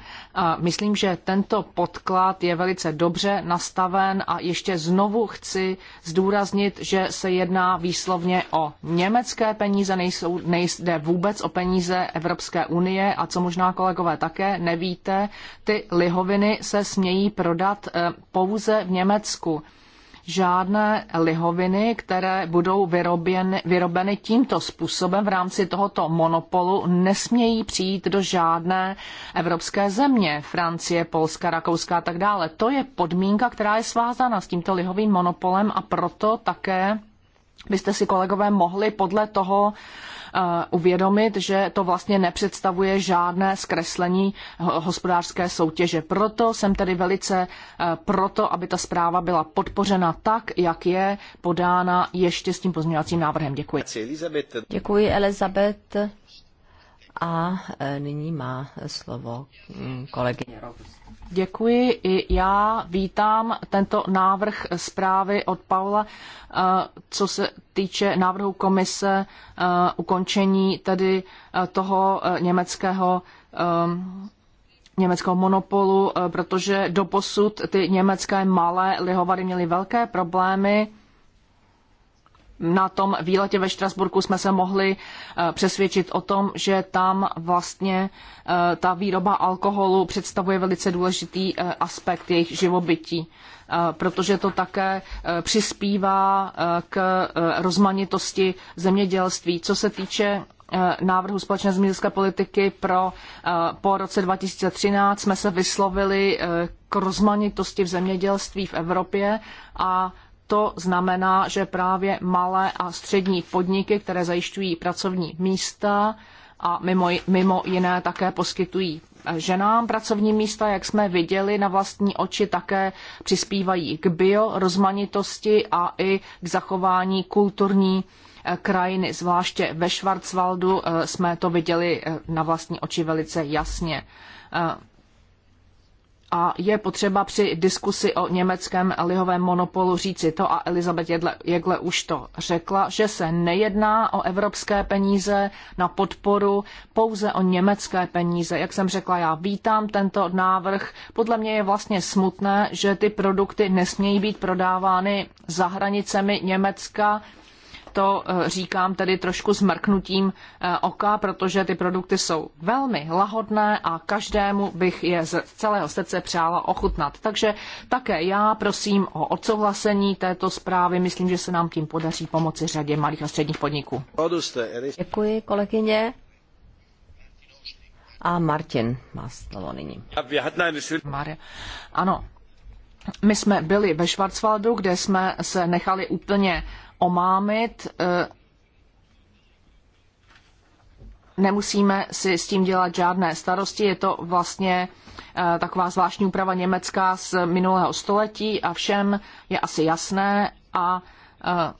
Myslím, že tento podklad je velice dobře nastaven a ještě znovu chci zdůraznit, že se jedná výslovně o německé peníze, nejsou, nejde vůbec o peníze Evropské unie a co možná kolegové také nevíte, ty lihoviny se smějí prodat eh, pouze v Německu žádné lihoviny, které budou vyroběny, vyrobeny tímto způsobem v rámci tohoto monopolu, nesmějí přijít do žádné evropské země, Francie, Polska, Rakouska a tak dále. To je podmínka, která je svázána s tímto lihovým monopolem a proto také byste si kolegové mohli podle toho Eh, uvědomit, že to vlastně nepředstavuje žádné zkreslení hospodářské soutěže. Proto jsem tedy velice eh, proto, aby ta zpráva byla podpořena tak, jak je podána ještě s tím pozměňovacím návrhem. Děkuji. Děkuji, Elizabeth. A e, nyní má slovo mm, kolegyně Děkuji. I já vítám tento návrh zprávy od Paula, e, co se týče návrhu komise e, ukončení tedy toho německého německého monopolu, protože doposud ty německé malé lihovary měly velké problémy na tom výletě ve Štrasburku jsme se mohli eh, přesvědčit o tom, že tam vlastně eh, ta výroba alkoholu představuje velice důležitý eh, aspekt jejich živobytí, protože to také přispívá k rozmanitosti zemědělství. Co se týče návrhu společné zemědělské politiky pro, po roce 2013 jsme se vyslovili k rozmanitosti v zemědělství v Evropě a to znamená, že právě malé a střední podniky, které zajišťují pracovní místa a mimo, mimo jiné také poskytují eh, ženám pracovní místa, jak jsme viděli na vlastní oči, také přispívají k biorozmanitosti a i k zachování kulturní eh, krajiny, zvláště ve Schwarzwaldu eh, jsme to viděli na vlastní oči velice jasně a je potřeba při diskusi o německém lihovém monopolu říci to, a Elizabeth Jegle, Jegle už to řekla, že se nejedná o evropské peníze na podporu, pouze o německé peníze. Jak jsem řekla, já vítám tento návrh. Podle mě je vlastně smutné, že ty produkty nesmějí být prodávány za hranicemi Německa, to eh, říkám tedy trošku zmrknutím eh, oka, protože ty produkty jsou velmi lahodné a každému bych je z celého srdce přála ochutnat. Takže také já prosím o odsouhlasení této zprávy. Myslím, že se nám tím podaří pomoci řadě malých a středních podniků. Děkuji, kolegyně. A Martin má slovo nyní. Ano, my jsme byli ve Schwarzwaldu, kde jsme se nechali úplně omámit. Eh, nemusíme si s tím dělat žádné starosti, je to vlastně eh, taková zvláštní úprava německá z minulého století a všem je asi jasné a eh,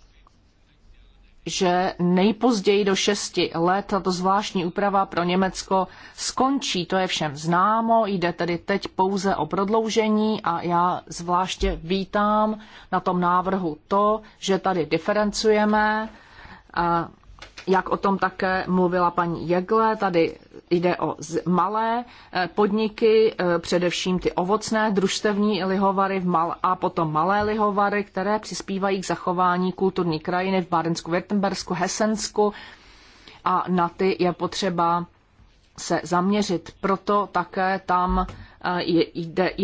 že nejpozději do šesti let tato zvláštní úprava pro Německo skončí. To je všem známo, jde tedy teď pouze o prodloužení a já zvláště vítám na tom návrhu to, že tady diferencujeme a jak o tom také mluvila paní Jegle, tady jde o malé eh, podniky, eh, především ty ovocné, družstevní lihovary v a potom malé lihovary, které přispívají k zachování kulturní krajiny v Bárensku, Württembersku, Hesensku a na ty je potřeba se zaměřit. Proto také tam eh, je,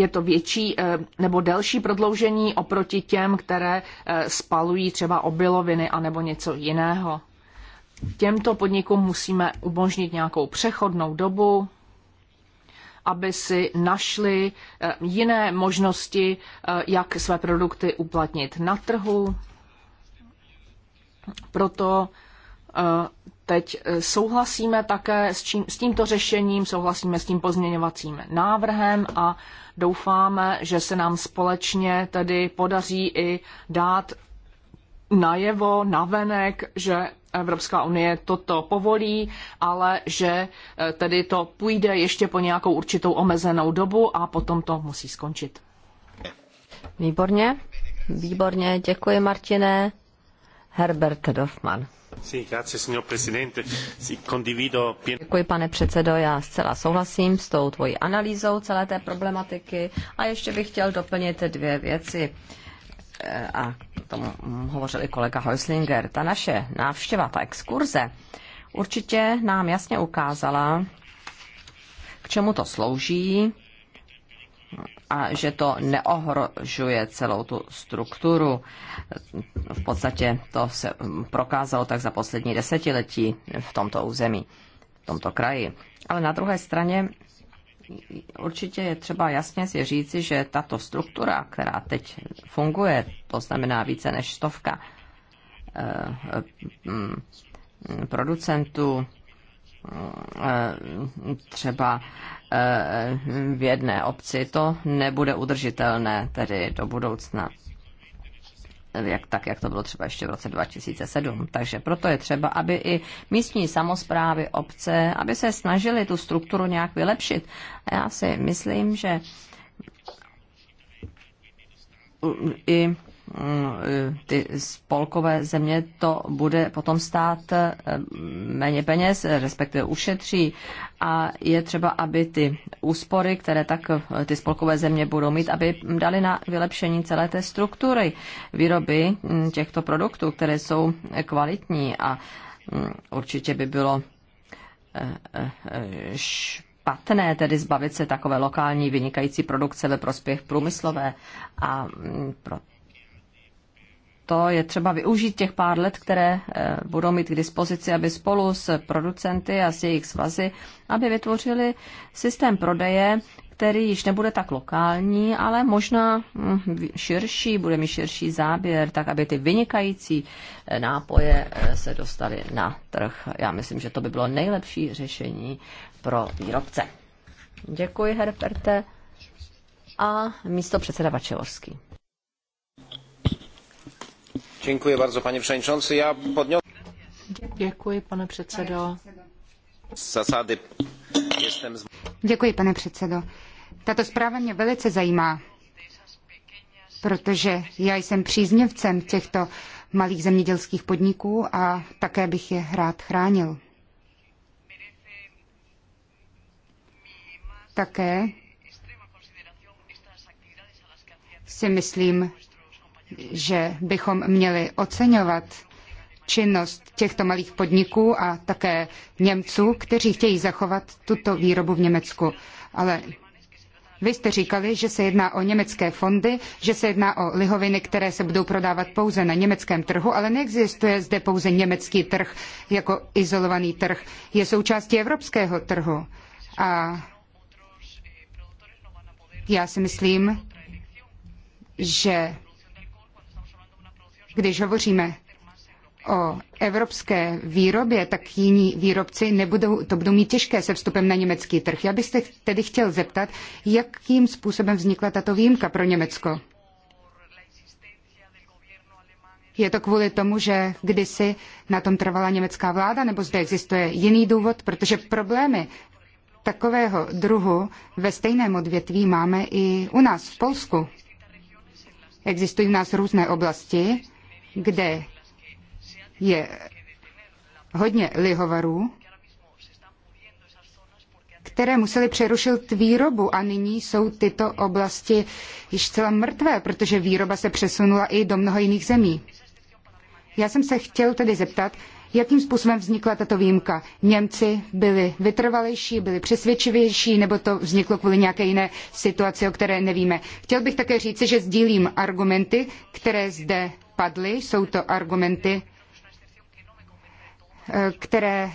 je to větší nebo delší prodloužení oproti těm, které spalují třeba obiloviny anebo něco jiného těmto podnikům musíme umožnit nějakou přechodnou dobu, aby si našli eh, jiné možnosti, eh, jak své produkty uplatnit na trhu. Proto eh, teď souhlasíme také s, čím, s tímto řešením, souhlasíme s tím pozměňovacím návrhem a doufáme, že se nám společně tedy podaří i dát najevo, navenek, že Evropská unie toto povolí, ale že e, tedy to půjde ještě po nějakou určitou omezenou dobu a potom to musí skončit. Výborně, výborně, děkuji Martine. Herbert Dorfman. Děkuji, pane předsedo. Já zcela souhlasím s tou tvojí analýzou celé té problematiky a ještě bych chtěl doplnit dvě věci a k tomu hovořil i kolega Heuslinger, ta naše návštěva, ta exkurze, určitě nám jasně ukázala, k čemu to slouží a že to neohrožuje celou tu strukturu. V podstatě to se prokázalo tak za poslední desetiletí v tomto území, v tomto kraji. Ale na druhé straně určitě je třeba jasně si říci, že tato struktura, která teď funguje, to znamená více než stovka eh, mm, producentů, eh, třeba eh, v jedné obci, to nebude udržitelné tedy do budoucna jak, tak, jak to bylo třeba ještě v roce 2007. Takže proto je třeba, aby i místní samozprávy, obce, aby se snažili tu strukturu nějak vylepšit. A já si myslím, že i ty spolkové země to bude potom stát eh, méně peněz, respektive ušetří. A je třeba, aby ty úspory, které tak ty spolkové země budou mít, aby dali na vylepšení celé té struktury výroby hm, těchto produktů, které jsou kvalitní a hm, určitě by bylo eh, eh, špatné tedy zbavit se takové lokální vynikající produkce ve prospěch průmyslové a hm, proto to je třeba využít těch pár let, které eh, budou mít k dispozici, aby spolu s producenty a s jejich svazy, aby vytvořili systém prodeje, který již nebude tak lokální, ale možná hm, širší, bude mít širší záběr, tak aby ty vynikající eh, nápoje eh, se dostaly na trh. Já myslím, že to by bylo nejlepší řešení pro výrobce. Děkuji, Herperte A místo předseda Vačevorský. Děkuji pane předsedající. Já předsedo. Děkuji, pane předsedo. Tato zpráva mě velice zajímá, protože já jsem příznivcem těchto malých zemědělských podniků a také bych je rád chránil. Také si myslím, že bychom měli oceňovat činnost těchto malých podniků a také Němců, kteří chtějí zachovat tuto výrobu v Německu. Ale vy jste říkali, že se jedná o německé fondy, že se jedná o lihoviny, které se budou prodávat pouze na německém trhu, ale neexistuje zde pouze německý trh jako izolovaný trh. Je součástí evropského trhu. A já si myslím, že když hovoříme o evropské výrobě, tak jiní výrobci nebudou, to budou mít těžké se vstupem na německý trh. Já bych se tedy chtěl zeptat, jakým způsobem vznikla tato výjimka pro Německo. Je to kvůli tomu, že kdysi na tom trvala německá vláda, nebo zde existuje jiný důvod, protože problémy takového druhu ve stejném odvětví máme i u nás v Polsku. Existují u nás různé oblasti, kde je hodně lihovarů, které museli přerušit výrobu a nyní jsou tyto oblasti již celá mrtvé, protože výroba se přesunula i do mnoha jiných zemí. Já jsem se chtěl tedy zeptat, jakým způsobem vznikla tato výjimka. Němci byli vytrvalejší, byli přesvědčivější, nebo to vzniklo kvůli nějaké jiné situaci, o které nevíme. Chtěl bych také říci, že sdílím argumenty, které zde padly. Jsou to argumenty, eh, které,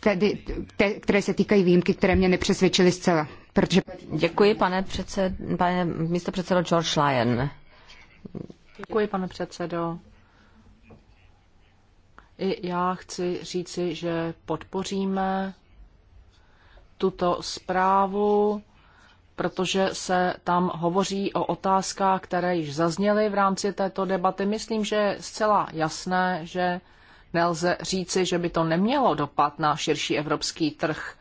tedy, te, které se týkají výjimky, které mě nepřesvědčily zcela. Protože... Děkuji, pane, předsed, pane místo předsedo George Lyon. Děkuji, pane předsedo. I já chci říci, že podpoříme tuto zprávu protože se tam hovoří o otázkách, které již zazněly v rámci této debaty. Myslím, že je zcela jasné, že nelze říci, že by to nemělo dopad na širší evropský trh,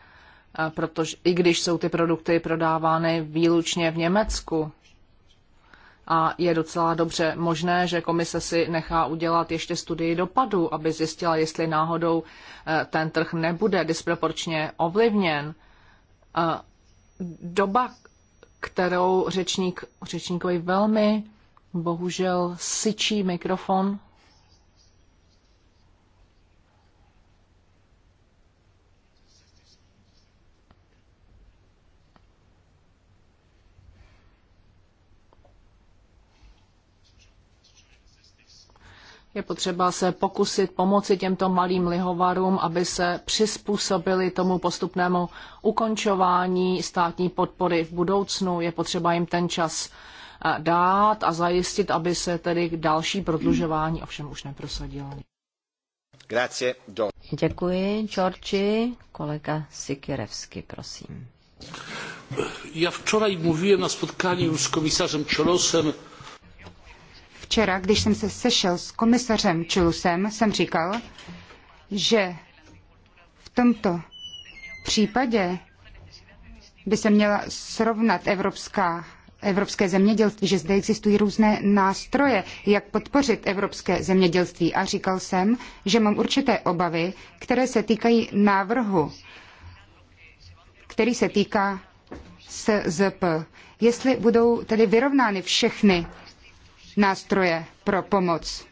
eh, protože i když jsou ty produkty prodávány výlučně v Německu, a je docela dobře možné, že komise si nechá udělat ještě studii dopadu, aby zjistila, jestli náhodou eh, ten trh nebude disproporčně ovlivněn. Eh, doba kterou řečník, řečníkovi velmi bohužel syčí mikrofon. Je potřeba se pokusit pomoci těmto malým lihovarům, aby se přizpůsobili tomu postupnému ukončování státní podpory v budoucnu. Je potřeba jim ten čas eh, dát a zajistit, aby se tedy další prodlužování ovšem už neprosadilo. Děkuji, Georgi. Kolega Sikirevsky, prosím. Já včera mluvím na spotkání s komisařem Čelosem Včera, když jsem se sešel s komisařem Čilusem, jsem říkal, že v tomto případě by se měla srovnat evropská evropské zemědělství, že zde existují různé nástroje, jak podpořit evropské zemědělství. A říkal jsem, že mám určité obavy, které se týkají návrhu, který se týká SZP. Jestli budou tedy vyrovnány všechny nástroje pro pomoc.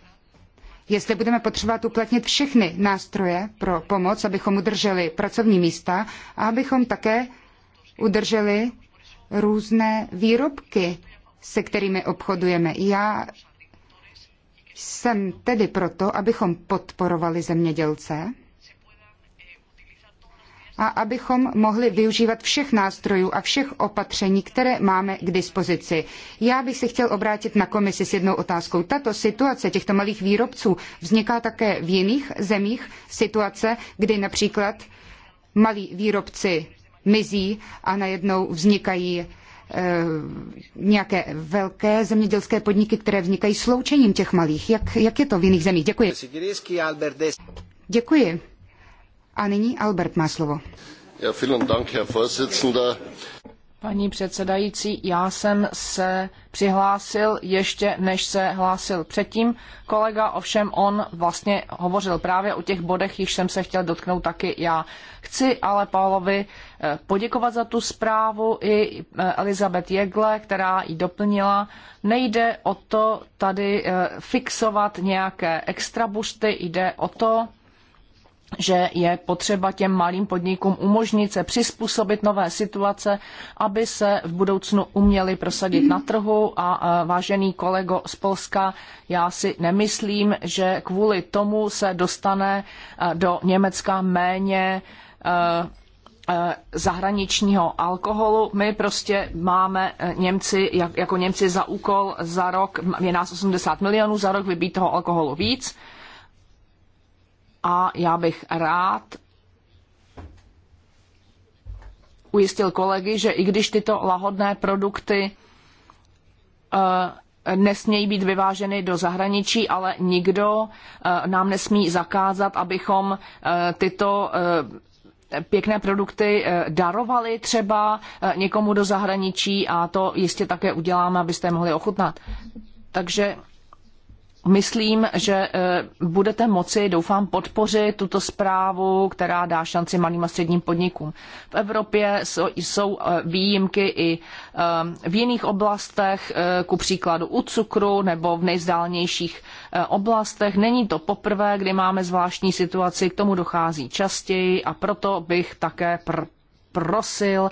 Jestli budeme potřebovat uplatnit všechny nástroje pro pomoc, abychom udrželi pracovní místa a abychom také udrželi různé výrobky, se kterými obchodujeme. Já jsem tedy proto, abychom podporovali zemědělce, a abychom mohli využívat všech nástrojů a všech opatření, které máme k dispozici. Já bych se chtěl obrátit na komisi s jednou otázkou. Tato situace těchto malých výrobců vzniká také v jiných zemích, situace, kdy například malí výrobci mizí a najednou vznikají e, nějaké velké zemědělské podniky, které vznikají sloučením těch malých. Jak, jak je to v jiných zemích? Děkuji. Děkuji. A nyní Albert má slovo. Paní předsedající, já jsem se přihlásil ještě, než se hlásil předtím kolega, ovšem on vlastně hovořil právě o těch bodech, již jsem se chtěl dotknout taky já. Chci ale Pavlovi eh, poděkovat za tu zprávu i eh, Elizabeth Jegle, která ji doplnila. Nejde o to tady eh, fixovat nějaké extra busty, jde o to, že je potřeba těm malým podnikům umožnit se přizpůsobit nové situace, aby se v budoucnu uměli prosadit na trhu a e, vážený kolego z Polska, já si nemyslím, že kvůli tomu se dostane e, do Německa méně e, zahraničního alkoholu. My prostě máme Němci, jako Němci za úkol za rok, je nás 80 milionů za rok, vybít toho alkoholu víc a já bych rád ujistil kolegy, že i když tyto lahodné produkty eh, nesmějí být vyváženy do zahraničí, ale nikdo eh, nám nesmí zakázat, abychom eh, tyto pěkné produkty darovali třeba někomu do zahraničí a to jistě také uděláme, abyste je mohli ochutnat. Takže Myslím, že eh, budete moci, doufám, podpořit tuto zprávu, která dá šanci malým a středním podnikům. V Evropě jsou eh, výjimky i eh, v jiných oblastech, ku příkladu u cukru nebo v nejzdálnějších oblastech. Není to poprvé, kdy máme zvláštní situaci, k tomu dochází častěji a proto bych také pr- prosil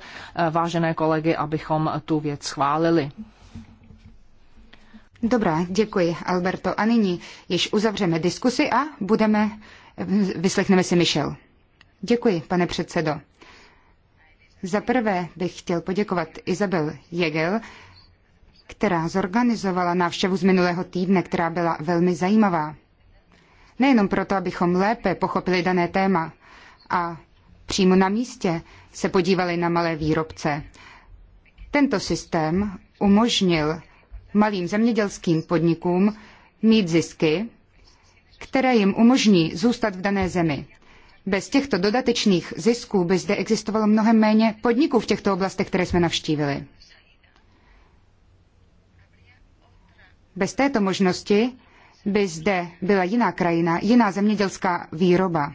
vážené kolegy, abychom tu věc schválili. Dobrá, děkuji, Alberto. A nyní již uzavřeme diskusi a budeme, vyslechneme si Michel. Děkuji, pane předsedo. Za prvé bych chtěl poděkovat Izabel Jegel, která zorganizovala návštěvu z minulého týdne, která byla velmi zajímavá. Nejenom proto, abychom lépe pochopili dané téma a přímo na místě se podívali na malé výrobce. Tento systém umožnil malým zemědělským podnikům mít zisky, které jim umožní zůstat v dané zemi. Bez těchto dodatečných zisků by zde existovalo mnohem méně podniků v těchto oblastech, které jsme navštívili. Bez této možnosti by zde byla jiná krajina, jiná zemědělská výroba.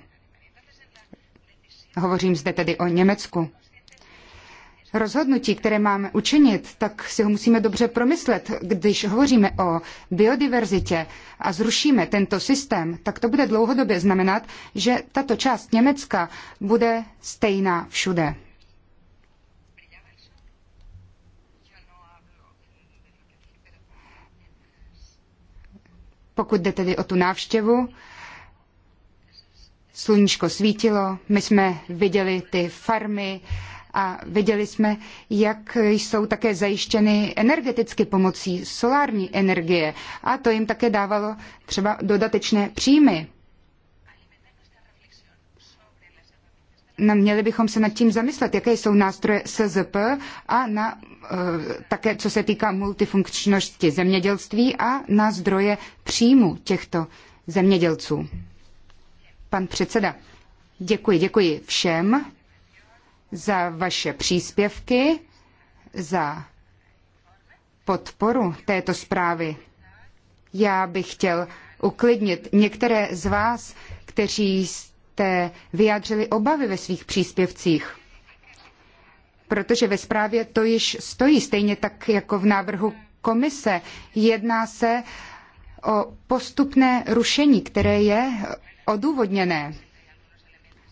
Hovořím zde tedy o Německu rozhodnutí, které máme učinit, tak si ho musíme dobře promyslet. Když hovoříme o biodiverzitě a zrušíme tento systém, tak to bude dlouhodobě znamenat, že tato část Německa bude stejná všude. Pokud jde tedy o tu návštěvu, sluníčko svítilo, my jsme viděli ty farmy, a viděli jsme, jak jsou také zajištěny energeticky pomocí solární energie a to jim také dávalo třeba dodatečné příjmy. No, měli bychom se nad tím zamyslet, jaké jsou nástroje SZP a na, eh, také co se týká multifunkčnosti zemědělství a na zdroje příjmu těchto zemědělců. Pan předseda, děkuji, děkuji všem za vaše příspěvky, za podporu této zprávy. Já bych chtěl uklidnit některé z vás, kteří jste vyjádřili obavy ve svých příspěvcích. Protože ve zprávě to již stojí, stejně tak jako v návrhu komise. Jedná se o postupné rušení, které je odůvodněné.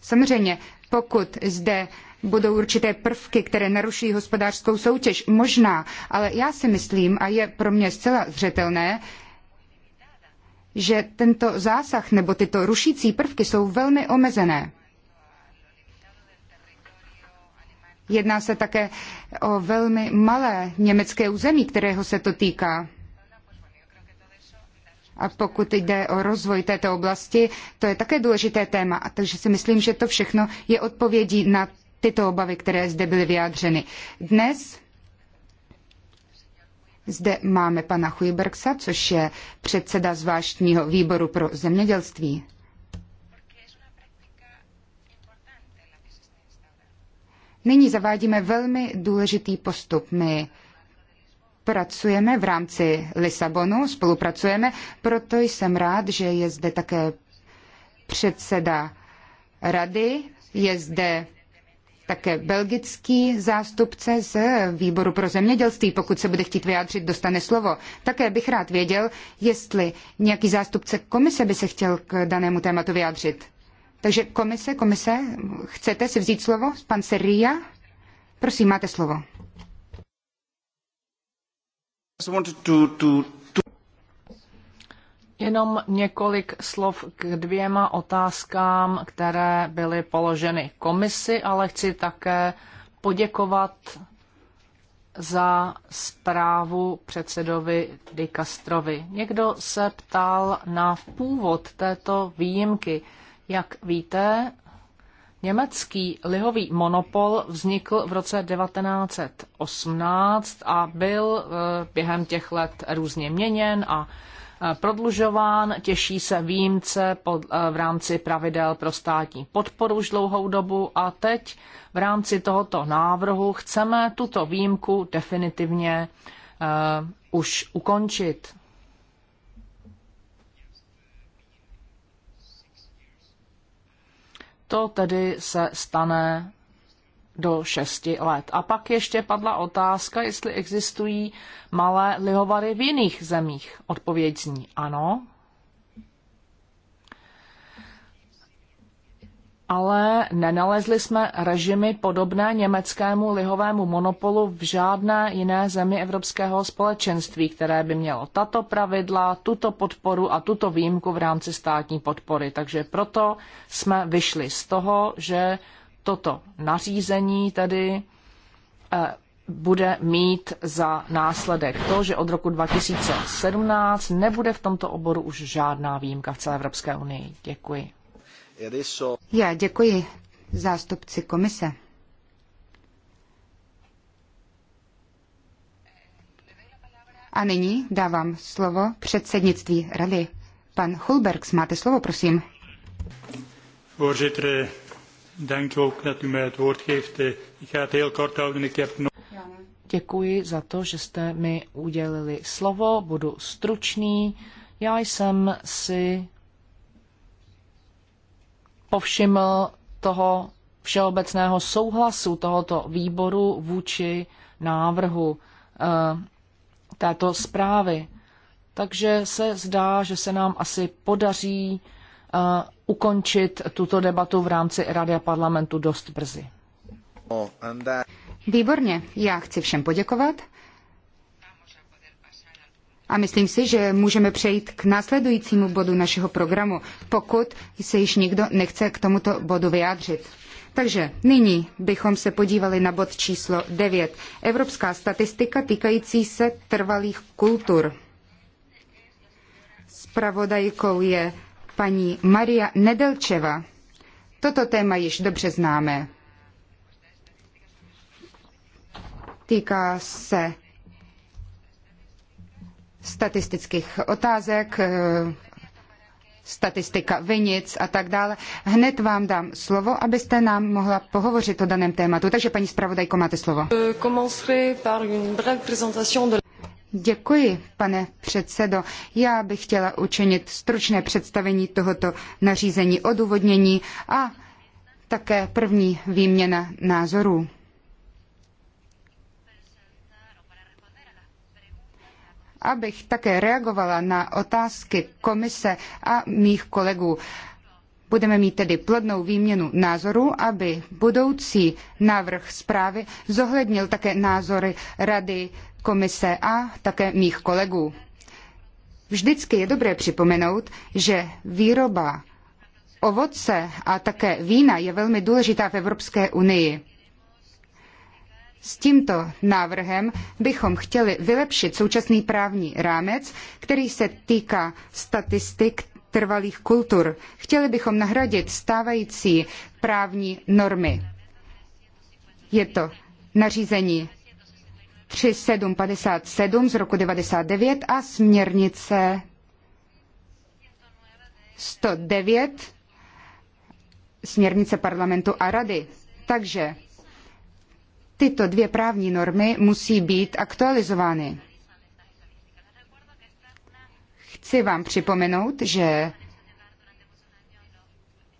Samozřejmě, pokud zde budou určité prvky, které naruší hospodářskou soutěž. Možná, ale já si myslím, a je pro mě zcela zřetelné, že tento zásah nebo tyto rušící prvky jsou velmi omezené. Jedná se také o velmi malé německé území, kterého se to týká. A pokud jde o rozvoj této oblasti, to je také důležité téma. A takže si myslím, že to všechno je odpovědí na tyto obavy, které zde byly vyjádřeny. Dnes zde máme pana Chujbergsa, což je předseda zvláštního výboru pro zemědělství. Nyní zavádíme velmi důležitý postup. My pracujeme v rámci Lisabonu, spolupracujeme, proto jsem rád, že je zde také předseda rady, je zde také belgický zástupce z výboru pro zemědělství, pokud se bude chtít vyjádřit, dostane slovo. Také bych rád věděl, jestli nějaký zástupce komise by se chtěl k danému tématu vyjádřit. Takže komise, komise, chcete si vzít slovo? Pan Seria? Prosím, máte slovo. Jenom několik slov k dvěma otázkám, které byly položeny komisi, ale chci také poděkovat za zprávu předsedovi Di Castrovi. Někdo se ptal na původ této výjimky. Jak víte, Německý lihový monopol vznikl v roce 1918 a byl eh, během těch let různě měněn a Eh, prodlužován, těší se výjimce pod, eh, v rámci pravidel pro státní podporu už dlouhou dobu a teď v rámci tohoto návrhu chceme tuto výjimku definitivně uh, už ukončit. To tedy se stane do 6 let. A pak ještě padla otázka, jestli existují malé lihovary v jiných zemích. Odpověď zní ano. Ale nenalezli jsme režimy podobné německému lihovému monopolu v žádné jiné zemi Evropského společenství, které by mělo tato pravidla, tuto podporu a tuto výjimku v rámci státní podpory. Takže proto jsme vyšli z toho, že toto nařízení tedy eh, bude mít za následek to, že od roku 2017 nebude v tomto oboru už žádná výjimka v celé Evropské unii. Děkuji. Já děkuji zástupci komise. A nyní dávám slovo předsednictví rady. Pan Hulbergs, máte slovo, prosím ook dat u mij het woord geeft. Eh, ik ga het heel kort houden. Ik heb Děkuji za to, že jste mi udělili slovo. Budu stručný. Já jsem si povšiml toho všeobecného souhlasu tohoto výboru vůči návrhu eh, této zprávy. Takže se zdá, že se nám asi podaří eh, ukončit tuto debatu v rámci Rady a parlamentu dost brzy. Výborně, já chci všem poděkovat. A myslím si, že můžeme přejít k následujícímu bodu našeho programu, pokud se již nikdo nechce k tomuto bodu vyjádřit. Takže nyní bychom se podívali na bod číslo 9. Evropská statistika týkající se trvalých kultur. Spravodajkou je paní Maria Nedelčeva. Toto téma již dobře známe. Týká se statistických otázek, eh, statistika vinic a tak dále. Hned vám dám slovo, abyste nám mohla pohovořit o daném tématu. Takže paní zpravodajko, máte slovo. Děkuji, pane předsedo. Já bych chtěla učinit stručné představení tohoto nařízení odůvodnění a také první výměna názorů. Abych také reagovala na otázky komise a mých kolegů. Budeme mít tedy plodnou výměnu názorů, aby budoucí návrh zprávy zohlednil také názory Rady, Komise a také mých kolegů. Vždycky je dobré připomenout, že výroba ovoce a také vína je velmi důležitá v Evropské unii. S tímto návrhem bychom chtěli vylepšit současný právní rámec, který se týká statistik trvalých kultur. Chtěli bychom nahradit stávající právní normy. Je to nařízení 3757 z roku 99 a směrnice 109 směrnice parlamentu a rady. Takže tyto dvě právní normy musí být aktualizovány. Chci vám připomenout, že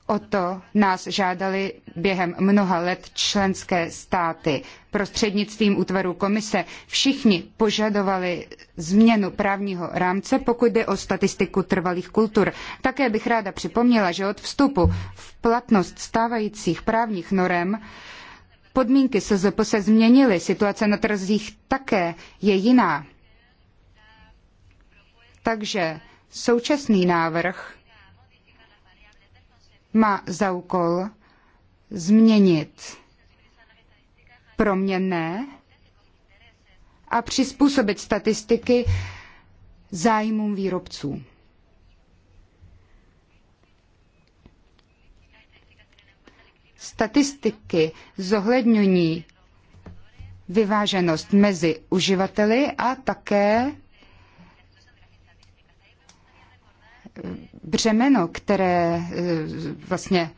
O to nás žádali během mnoha let členské státy. Prostřednictvím útvaru komise všichni požadovali změnu právního rámce, pokud jde o statistiku trvalých kultur. Také bych ráda připomněla, že od vstupu v platnost stávajících právních norem podmínky SZP se změnily, situace na trzích také je jiná. Takže současný návrh má za úkol změnit proměnné a přizpůsobit statistiky zájmům výrobců. Statistiky zohledňují vyváženost mezi uživateli a také břemeno, které e, vlastně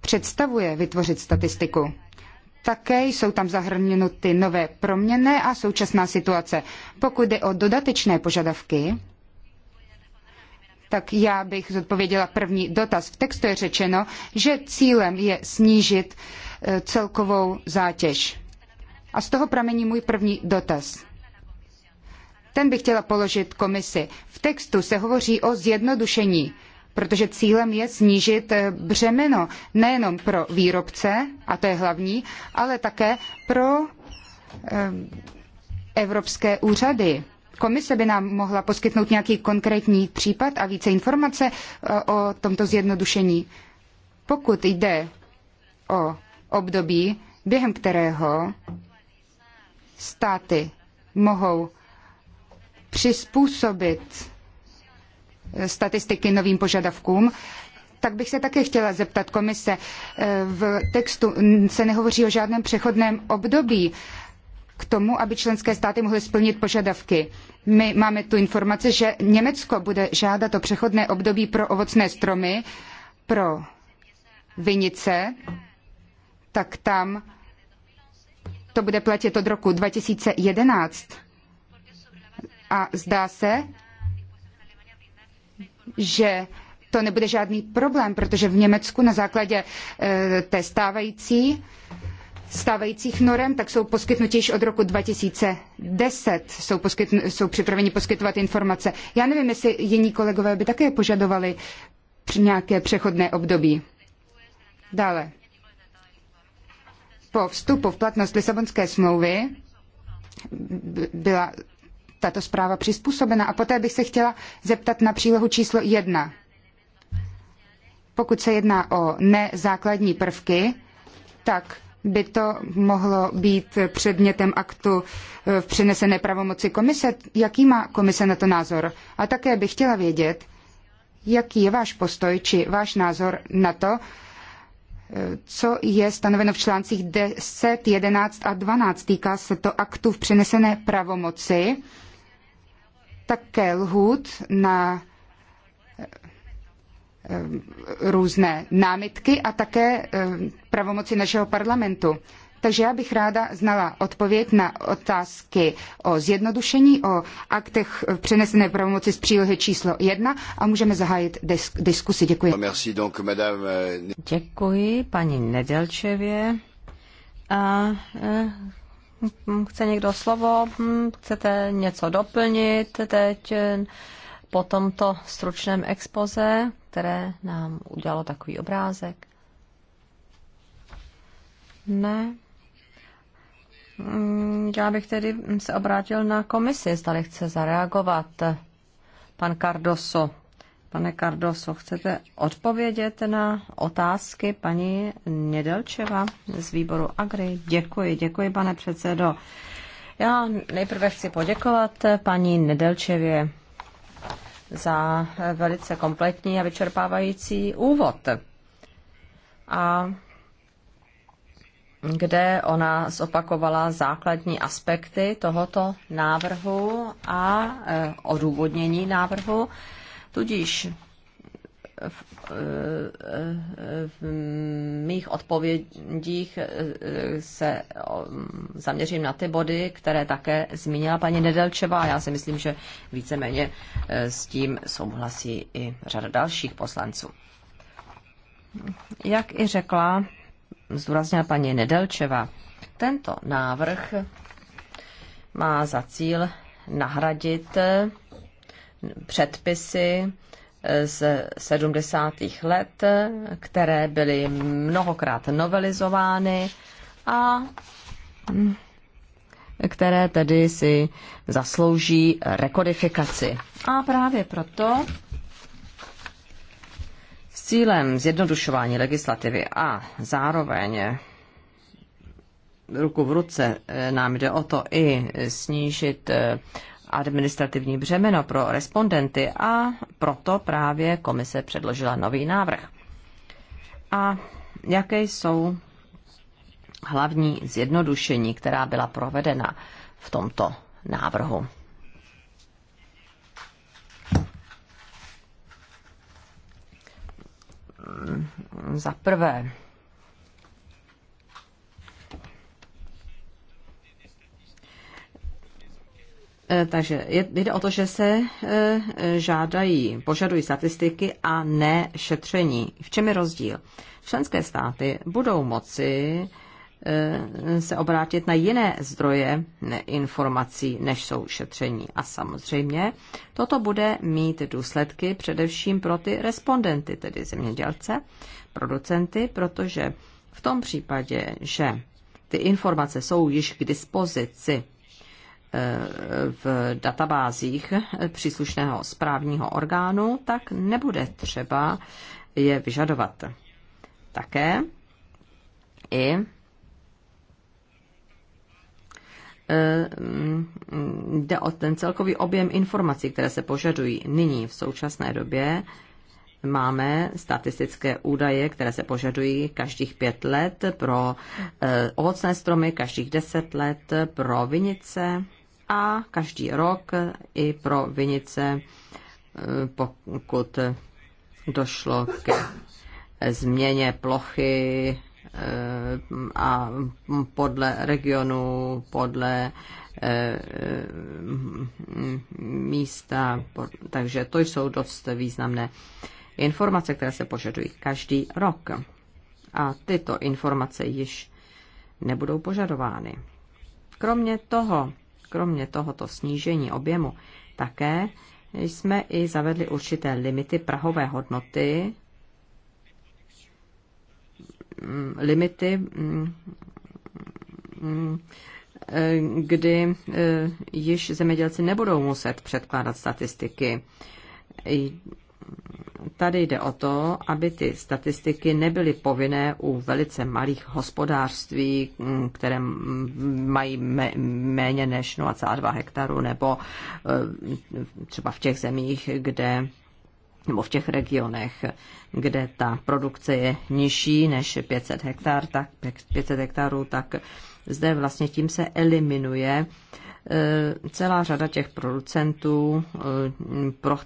představuje vytvořit statistiku. Také jsou tam zahrnuty nové proměny a současná situace. Pokud jde o dodatečné požadavky, tak já bych zodpověděla první dotaz. V textu je řečeno, že cílem je snížit e, celkovou zátěž. A z toho pramení můj první dotaz ten bych chtěla položit komisi. V textu se hovoří o zjednodušení, protože cílem je snížit eh, břemeno nejenom pro výrobce, a to je hlavní, ale také pro eh, evropské úřady. Komise by nám mohla poskytnout nějaký konkrétní případ a více informace eh, o tomto zjednodušení. Pokud jde o období, během kterého státy mohou přizpůsobit statistiky novým požadavkům, tak bych se také chtěla zeptat komise. V textu se nehovoří o žádném přechodném období k tomu, aby členské státy mohly splnit požadavky. My máme tu informaci, že Německo bude žádat o přechodné období pro ovocné stromy, pro vinice, tak tam to bude platit od roku 2011 a zdá se, že to nebude žádný problém, protože v Německu na základě e, té stávající stávajících norem, tak jsou poskytnuti již od roku 2010, jsou, poskytn- jsou připraveni poskytovat informace. Já nevím, jestli jiní kolegové by také požadovali nějaké přechodné období. Dále. Po vstupu v platnost Lisabonské smlouvy byla tato zpráva přizpůsobena. A poté bych se chtěla zeptat na přílohu číslo jedna. Pokud se jedná o nezákladní prvky, tak by to mohlo být předmětem aktu eh, v přenesené pravomoci komise. Jaký má komise na to názor? A také bych chtěla vědět, jaký je váš postoj či váš názor na to, eh, co je stanoveno v článcích 10, 11 a 12. Týká se to aktu v přenesené pravomoci také lhůt na eh, různé námitky a také eh, pravomoci našeho parlamentu. Takže já bych ráda znala odpověď na otázky o zjednodušení, o aktech přenesené pravomoci z přílohy číslo 1 a můžeme zahájit disk- diskusi. Děkuji. Eh, Děkuji paní Nedelčevě. A Hm, chce někdo slovo? Hm, chcete něco doplnit teď eh, po tomto stručném expoze, které nám udělalo takový obrázek? Ne. Hm, já bych tedy se obrátil na komisi, zda chce zareagovat pan Cardoso. Pane Cardoso, chcete odpovědět na otázky paní Nedelčeva z výboru Agri? Děkuji, děkuji, pane předsedo. Já nejprve chci poděkovat paní Nedelčevě za velice kompletní a vyčerpávající úvod. A kde ona zopakovala základní aspekty tohoto návrhu a e, odůvodnění návrhu Tudíž v, v mých odpovědích eh, se zaměřím na ty body, které také zmínila paní Nedelčeva. Já si myslím, že víceméně eh, s tím souhlasí i řada dalších poslanců. Jak i řekla, zdůraznila paní Nedelčeva, tento návrh má za cíl nahradit eh, předpisy eh, z 70. let, které byly mnohokrát novelizovány a hm, které tedy si zaslouží rekodifikaci. A právě proto s cílem zjednodušování legislativy a zároveň ruku v ruce eh, nám jde o to i snížit eh, administrativní břemeno pro respondenty a proto právě komise předložila nový návrh. A jaké jsou hlavní zjednodušení, která byla provedena v tomto návrhu? Za prvé, E, takže jde o to, že se e, žádají, požadují statistiky a ne šetření. V čem je rozdíl? Členské státy budou moci e, se obrátit na jiné zdroje informací, než jsou šetření. A samozřejmě toto bude mít důsledky především pro ty respondenty, tedy zemědělce, producenty, protože v tom případě, že ty informace jsou již k dispozici v databázích příslušného správního orgánu, tak nebude třeba je vyžadovat. Také i eh, mm, jde o ten celkový objem informací, které se požadují nyní v současné době. Máme statistické údaje, které se požadují každých pět let pro eh, ovocné stromy, každých deset let pro vinice a každý rok i pro vinice, eh, pokud došlo ke změně plochy eh, a podle regionu, podle eh, místa, takže to jsou dost významné informace, které se požadují každý rok. A tyto informace již nebudou požadovány. Kromě toho kromě tohoto snížení objemu také jsme i zavedli určité limity prahové hodnoty, mm, limity, mm, mm, eh, kdy eh, již zemědělci nebudou muset předkládat statistiky tady jde o to, aby ty statistiky nebyly povinné u velice malých hospodářství, mm, které mají méně než 0,2 hektaru, nebo eh, třeba v těch zemích, kde nebo v těch regionech, kde ta produkce je nižší než 500 hektar, tak 500 hektarů, tak zde vlastně tím se eliminuje eh, celá řada těch producentů, eh, pro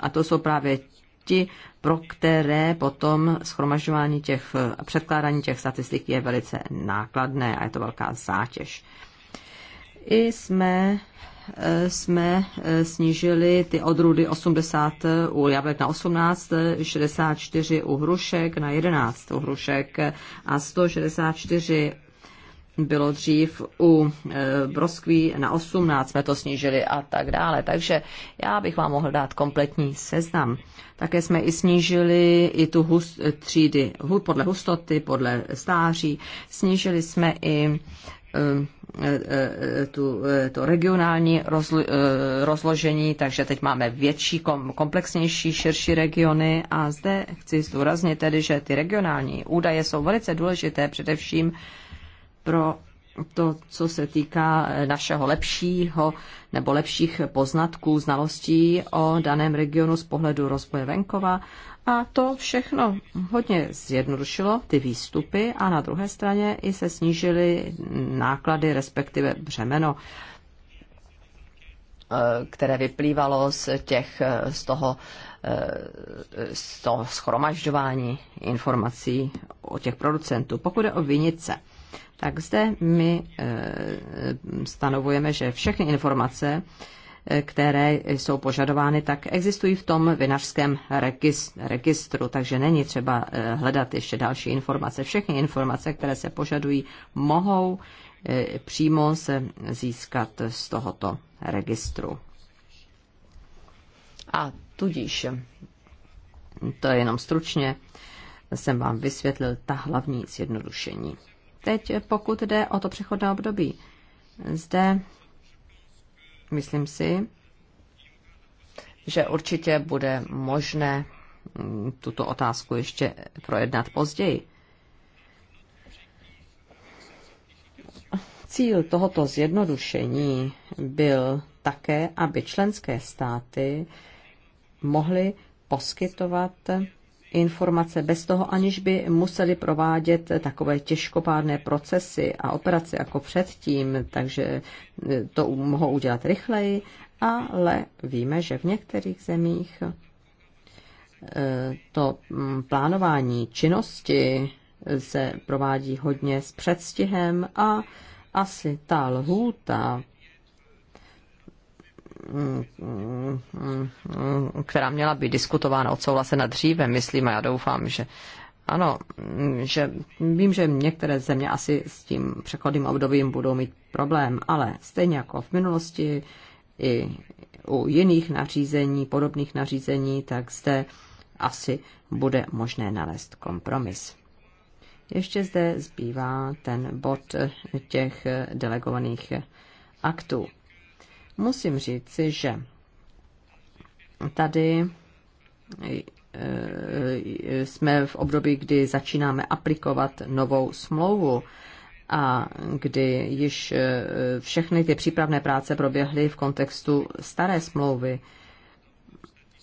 a to jsou právě ti, pro které potom schromažďování těch, předkládání těch statistik je velice nákladné a je to velká zátěž. I jsme eh, jsme eh, snížili ty odrůdy 80 u jablek na 18, 64 u hrušek na 11 u hrušek a 164 bylo dřív u e, broskví na 18, jsme to snížili a tak dále. Takže já bych vám mohl dát kompletní seznam. Také jsme i snížili i tu hust, třídy podle hustoty, podle stáří. Snížili jsme i e, e, tu, to regionální rozlo, rozložení, takže teď máme větší, komplexnější, širší regiony a zde chci zdůraznit tedy, že ty regionální údaje jsou velice důležité především pro to, co se týká našeho lepšího nebo lepších poznatků, znalostí o daném regionu z pohledu rozvoje venkova. A to všechno hodně zjednodušilo ty výstupy a na druhé straně i se snížily náklady, respektive břemeno které vyplývalo z, těch, z toho, z toho schromažďování informací o těch producentů. Pokud je o vinice, tak zde my eh, stanovujeme, že všechny informace, eh, které jsou požadovány, tak existují v tom vinařském registru, takže není třeba eh, hledat ještě další informace. Všechny informace, které se požadují, mohou přímo se získat z tohoto registru. A tudíž, to je jenom stručně, jsem vám vysvětlil ta hlavní zjednodušení. Teď pokud jde o to přechodné období, zde myslím si, že určitě bude možné mm, tuto otázku ještě projednat později. Cíl tohoto zjednodušení byl také, aby členské státy mohly poskytovat informace bez toho, aniž by museli provádět takové těžkopádné procesy a operace jako předtím, takže e, to mohou udělat rychleji, ale víme, že v některých zemích e, to plánování činnosti se provádí hodně s předstihem a asi ta lhůta která měla být diskutována, odsouhlasena dříve, myslím, a já doufám, že ano, že vím, že některé země asi s tím přechodným obdobím budou mít problém, ale stejně jako v minulosti i u jiných nařízení, podobných nařízení, tak zde asi bude možné nalézt kompromis. Ještě zde zbývá ten bod těch delegovaných aktů. Musím říci, že tady eh, jsme v období, kdy začínáme aplikovat novou smlouvu a kdy již eh, všechny ty přípravné práce proběhly v kontextu staré smlouvy.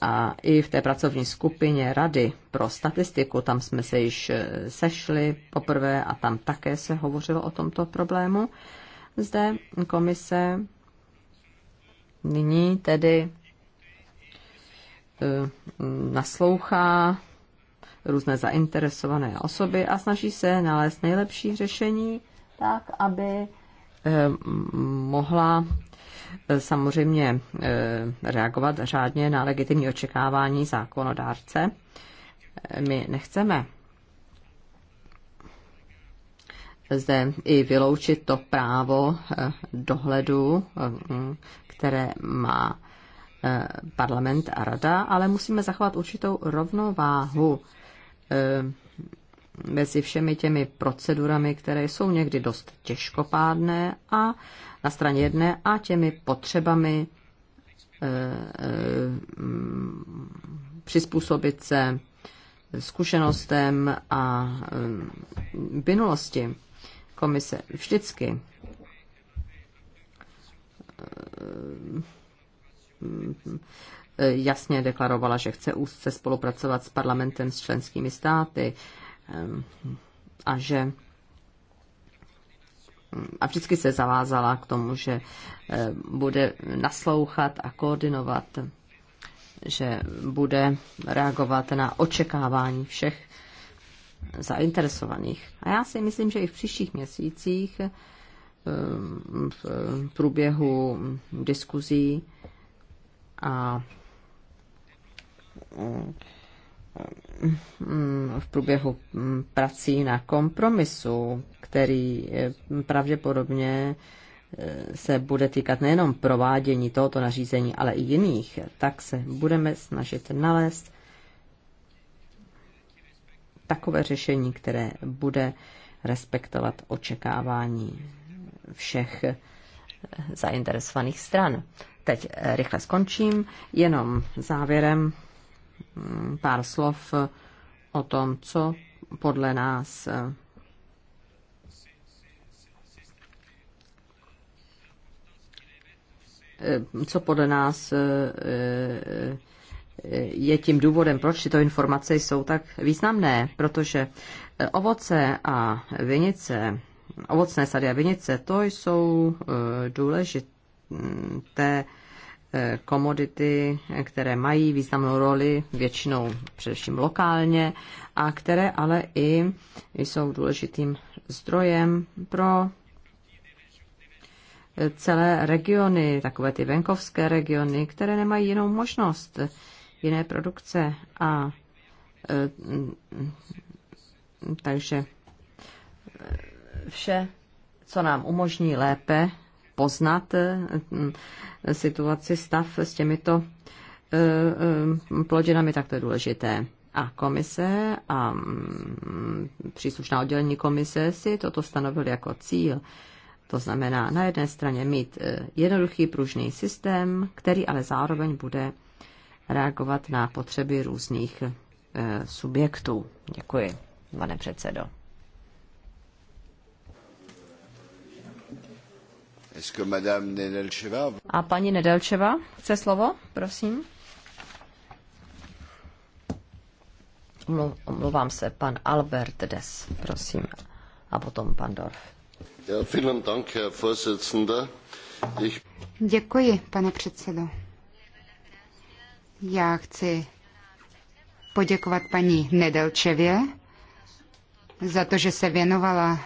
A i v té pracovní skupině Rady pro statistiku, tam jsme se již eh, sešli poprvé a tam také se hovořilo o tomto problému. Zde komise nyní tedy e, naslouchá různé zainteresované osoby a snaží se nalézt nejlepší řešení tak, aby e, mohla e, samozřejmě reagovat řádně na legitimní očekávání zákonodárce. My nechceme zde i vyloučit to právo dohledu které má eh, parlament a rada, ale musíme zachovat určitou rovnováhu eh, mezi všemi těmi procedurami, které jsou někdy dost těžkopádné a na straně jedné a těmi potřebami eh, přizpůsobit se zkušenostem a minulosti komise vždycky Eh, jasně deklarovala, že chce úzce spolupracovat s parlamentem, s členskými státy eh, a že mm, a vždycky se zavázala k tomu, že eh, bude naslouchat a koordinovat, že bude reagovat na očekávání všech zainteresovaných. A já si myslím, že i v příštích měsících v průběhu diskuzí a mm, v průběhu mm, prací na kompromisu, který eh, pravděpodobně eh, se bude týkat nejenom provádění tohoto nařízení, ale i jiných, tak se budeme snažit nalézt takové řešení, které bude respektovat očekávání všech zainteresovaných stran. Teď eh, rychle skončím, jenom závěrem mm, pár slov eh, o tom, co podle nás eh, co podle nás je tím důvodem, proč tyto informace jsou tak významné, protože ovoce a vinice ovocné sady a vinice, to jsou eh, důležité eh, komodity, které mají významnou roli většinou především lokálně a které ale i jsou důležitým zdrojem pro eh, celé regiony, takové ty venkovské regiony, které nemají jinou možnost jiné produkce a takže vše, co nám umožní lépe poznat eh, situaci, stav s těmito eh, eh, plodinami, tak to je důležité. A komise a mm, příslušná oddělení komise si toto stanovili jako cíl. To znamená na jedné straně mít jednoduchý pružný systém, který ale zároveň bude reagovat na potřeby různých subjektů. Děkuji, pane předsedo. A paní Nedelčeva chce slovo, prosím. Omlouvám se, pan Albert Des, prosím, a potom pan Dorf. Děkuji, pane předsedo. Já chci poděkovat paní Nedelčevě za to, že se věnovala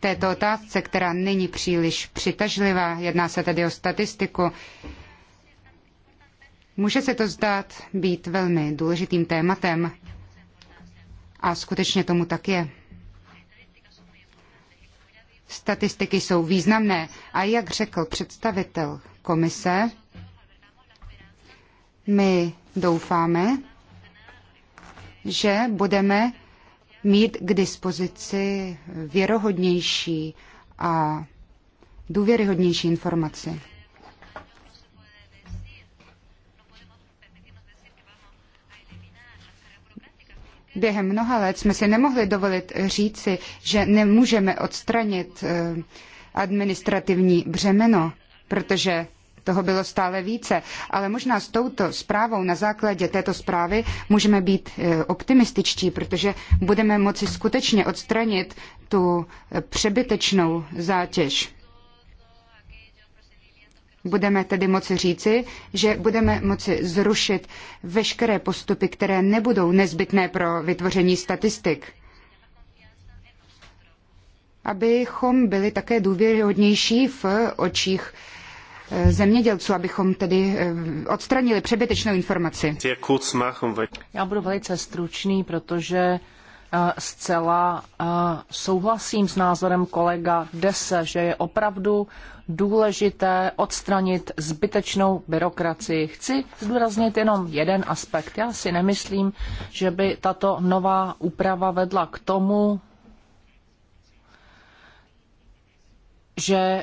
této otázce, která není příliš přitažlivá, jedná se tedy o statistiku, může se to zdát být velmi důležitým tématem a skutečně tomu tak je. Statistiky jsou významné a jak řekl představitel komise, my doufáme, že budeme mít k dispozici věrohodnější a důvěryhodnější informaci. Během mnoha let jsme si nemohli dovolit říci, že nemůžeme odstranit eh, administrativní břemeno, protože toho bylo stále více. Ale možná s touto zprávou, na základě této zprávy, můžeme být eh, optimističtí, protože budeme moci skutečně odstranit tu eh, přebytečnou zátěž. Budeme tedy moci říci, že budeme moci zrušit veškeré postupy, které nebudou nezbytné pro vytvoření statistik. Abychom byli také důvěryhodnější v očích zemědělců, abychom tedy eh, odstranili přebytečnou informaci. Já budu velice stručný, protože eh, zcela eh, souhlasím s názorem kolega Dese, že je opravdu důležité odstranit zbytečnou byrokracii. Chci zdůraznit jenom jeden aspekt. Já si nemyslím, že by tato nová úprava vedla k tomu, že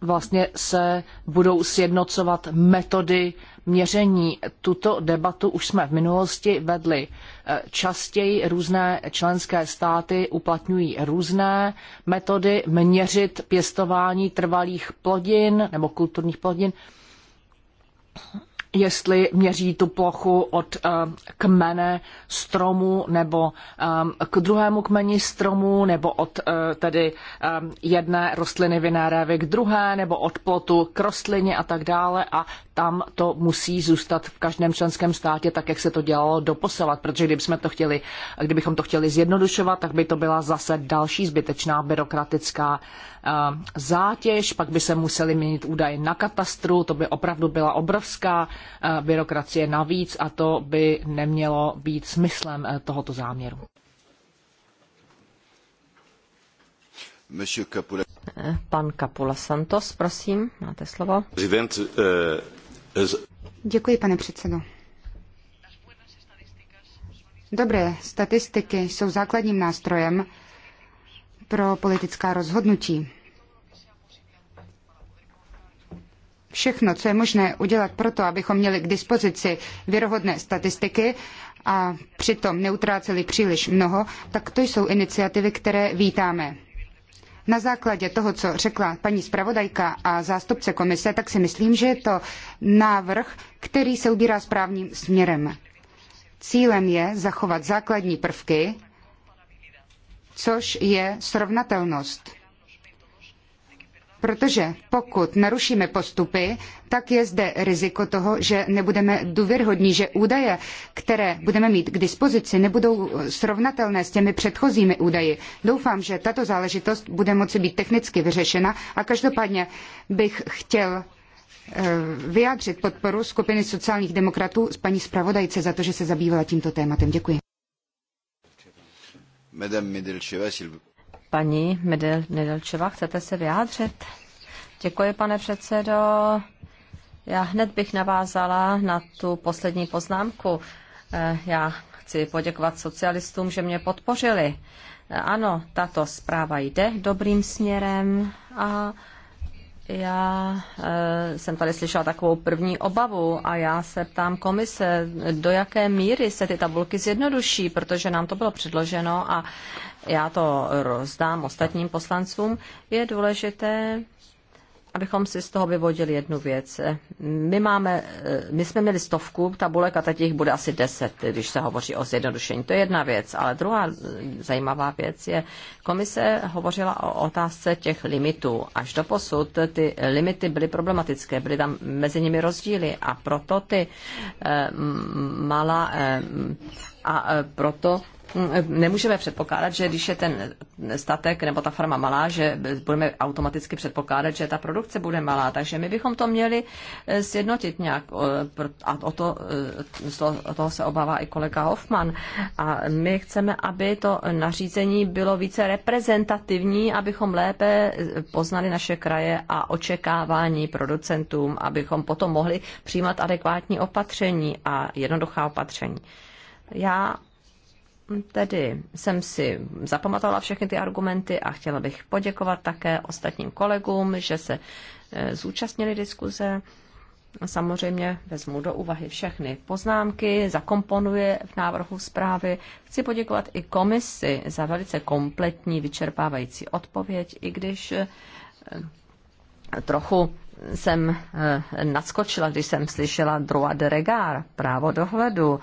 vlastně se budou sjednocovat metody měření. Tuto debatu už jsme v minulosti vedli. Eh, častěji různé členské státy uplatňují různé metody měřit pěstování trvalých plodin nebo kulturních plodin jestli měří tu plochu od eh, kmene stromu nebo eh, k druhému kmeni stromu, nebo od eh, tedy jedné rostliny vinné révy k druhé, nebo od plotu k rostlině a tak dále. A tam to musí zůstat v každém členském státě tak, jak se to dělalo doposovat, protože kdybychom to chtěli, kdybychom to chtěli zjednodušovat, tak by to byla zase další zbytečná byrokratická Eh, zátěž, pak by se museli měnit údaje na katastru, to by opravdu byla obrovská eh, byrokracie navíc a to by nemělo být smyslem eh, tohoto záměru. Pan Kapula Santos, prosím, máte slovo. Děkuji, pane předsedo. Dobré statistiky jsou základním nástrojem, pro politická rozhodnutí. Všechno, co je možné udělat proto, abychom měli k dispozici věrohodné statistiky a přitom neutráceli příliš mnoho, tak to jsou iniciativy, které vítáme. Na základě toho, co řekla paní zpravodajka a zástupce komise, tak si myslím, že je to návrh, který se ubírá správným směrem. Cílem je zachovat základní prvky, což je srovnatelnost. Protože pokud narušíme postupy, tak je zde riziko toho, že nebudeme důvěrhodní, že údaje, které budeme mít k dispozici, nebudou srovnatelné s těmi předchozími údaji. Doufám, že tato záležitost bude moci být technicky vyřešena a každopádně bych chtěl eh, vyjádřit podporu skupiny sociálních demokratů s paní zpravodajce za to, že se zabývala tímto tématem. Děkuji. Medelčeva, Paní Medel, Nedelčeva, chcete se vyjádřit? Děkuji, pane předsedo. Já hned bych navázala na tu poslední poznámku. Eh, já chci poděkovat socialistům, že mě podpořili. Eh, ano, tato zpráva jde dobrým směrem a já eh, jsem tady slyšela takovou první obavu a já se ptám komise, do jaké míry se ty tabulky zjednoduší, protože nám to bylo předloženo a já to rozdám ostatním poslancům. Je důležité abychom si z toho vyvodili jednu věc. My, máme, eh, my jsme měli stovku tabulek a teď jich bude asi deset, když se hovoří o zjednodušení. To je jedna věc. Ale druhá eh, zajímavá věc je, komise hovořila o otázce těch limitů. Až do posud ty limity byly problematické, byly tam mezi nimi rozdíly a proto ty eh, malá eh, a eh, proto nemůžeme předpokládat, že když je ten statek nebo ta farma malá, že budeme automaticky předpokládat, že ta produkce bude malá. Takže my bychom to měli eh, sjednotit nějak. Eh, a o to, eh, o toho se obává i kolega Hoffman. A my chceme, aby to nařízení bylo více reprezentativní, abychom lépe poznali naše kraje a očekávání producentům, abychom potom mohli přijímat adekvátní opatření a jednoduchá opatření. Já tedy jsem si zapamatovala všechny ty argumenty a chtěla bych poděkovat také ostatním kolegům, že se e, zúčastnili diskuze. Samozřejmě vezmu do úvahy všechny poznámky, zakomponuje v návrhu zprávy. Chci poděkovat i komisi za velice kompletní, vyčerpávající odpověď, i když e, trochu jsem e, nadskočila, když jsem slyšela droit de regard, právo dohledu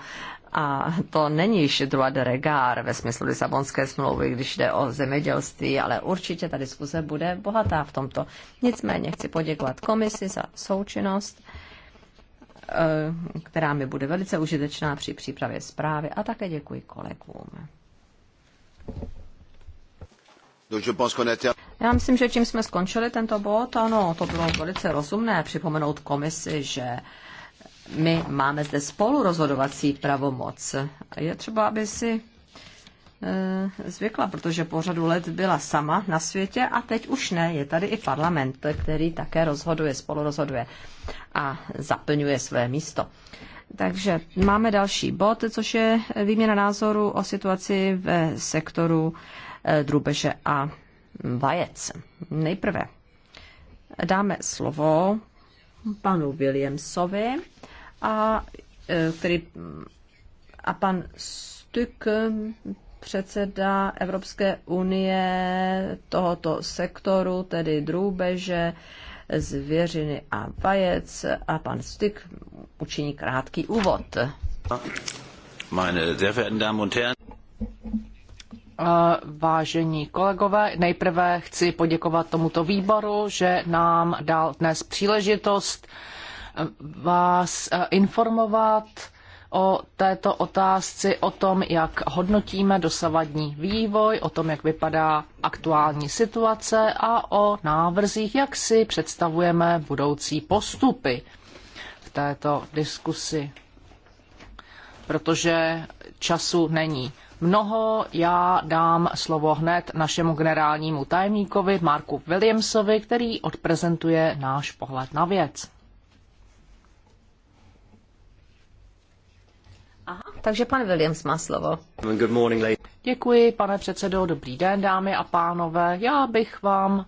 a to není již droit de regard ve smyslu Lisabonské smlouvy, když jde o zemědělství, ale určitě ta diskuze bude bohatá v tomto. Nicméně chci poděkovat komisi za součinnost, eh, která mi bude velice užitečná při přípravě zprávy a také děkuji kolegům. Já myslím, že čím jsme skončili tento bod, ano, to bylo velice rozumné připomenout komisi, že my máme zde spolu rozhodovací pravomoc. Je třeba, aby si e, zvykla, protože po řadu let byla sama na světě a teď už ne. Je tady i parlament, který také rozhoduje, spolu rozhoduje a zaplňuje své místo. Takže máme další bod, což je výměna názoru o situaci ve sektoru e, drůbeže a vajec. Nejprve dáme slovo panu Williamsovi a, který, e, a pan Stuk, předseda Evropské unie tohoto sektoru, tedy drůbeže, zvěřiny a vajec a pan Stik učiní krátký úvod. Meine sehr verehrten Damen und Herren. E, vážení kolegové, nejprve chci poděkovat tomuto výboru, že nám dal dnes příležitost uh, vás eh, informovat o této otázce, o tom, jak hodnotíme dosavadní vývoj, o tom, jak vypadá aktuální situace a o návrzích, jak si představujeme budoucí postupy v této diskusi. Protože času není mnoho. Já dám slovo hned našemu generálnímu tajemníkovi Marku Williamsovi, který odprezentuje náš pohled na věc. Aha, takže pan Williams má slovo. Děkuji, pane předsedo, dobrý den, dámy a pánové. Já bych vám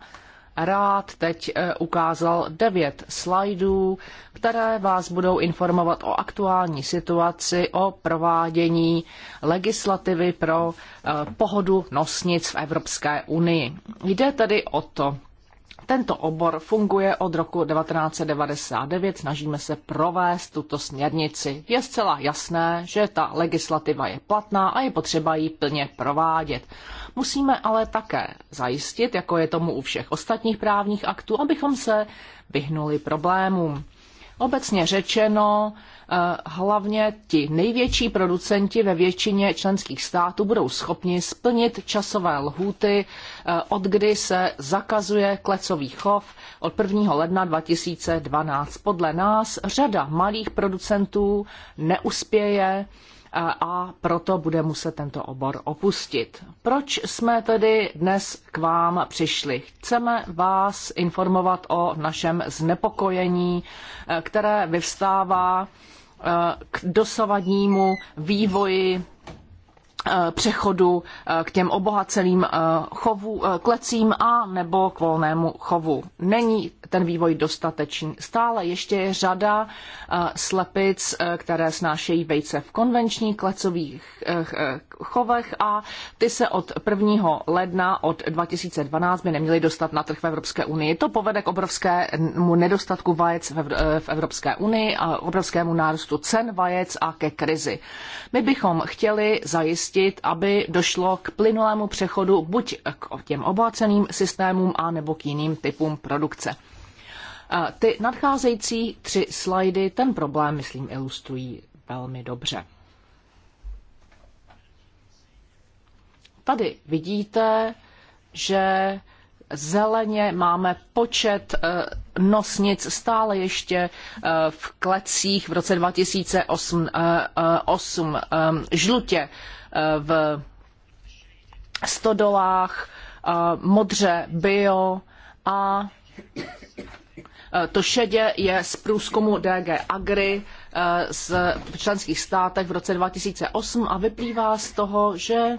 rád teď eh, ukázal devět slajdů, které vás budou informovat o aktuální situaci, o provádění legislativy pro eh, pohodu nosnic v Evropské unii. Jde tedy o to, tento obor funguje od roku 1999, snažíme se provést tuto směrnici. Je zcela jasné, že ta legislativa je platná a je potřeba ji plně provádět. Musíme ale také zajistit, jako je tomu u všech ostatních právních aktů, abychom se vyhnuli problémům. Obecně řečeno, Eh, hlavně ti největší producenti ve většině členských států budou schopni splnit časové lhůty, eh, od kdy se zakazuje klecový chov od 1. ledna 2012. Podle nás řada malých producentů neuspěje eh, a proto bude muset tento obor opustit. Proč jsme tedy dnes k vám přišli? Chceme vás informovat o našem znepokojení, které vyvstává k dosavadnímu vývoji Eh, přechodu eh, k těm obohacelým eh, chovu, klecím a nebo k volnému chovu. Není ten vývoj dostatečný. Stále ještě je řada slepic, které snášejí vejce v konvenčních klecových chovech a ty se od 1. ledna od 2012 by neměly dostat na trh v Evropské unii. To povede k obrovskému nedostatku vajec v Evropské unii a obrovskému nárůstu cen vajec a ke krizi. My bychom chtěli zajistit zajistit, aby došlo k plynulému přechodu buď k těm obohaceným systémům, a nebo k jiným typům produkce. Ty nadcházející tři slajdy ten problém, myslím, ilustrují velmi dobře. Tady vidíte, že zeleně máme počet e, nosnic stále ještě e, v klecích v roce 2008. 8, e, ehm, žlutě v stodolách, eh, modře bio a eh, to šedě je z průzkumu DG Agri eh, z členských státech v roce 2008 a vyplývá z toho, že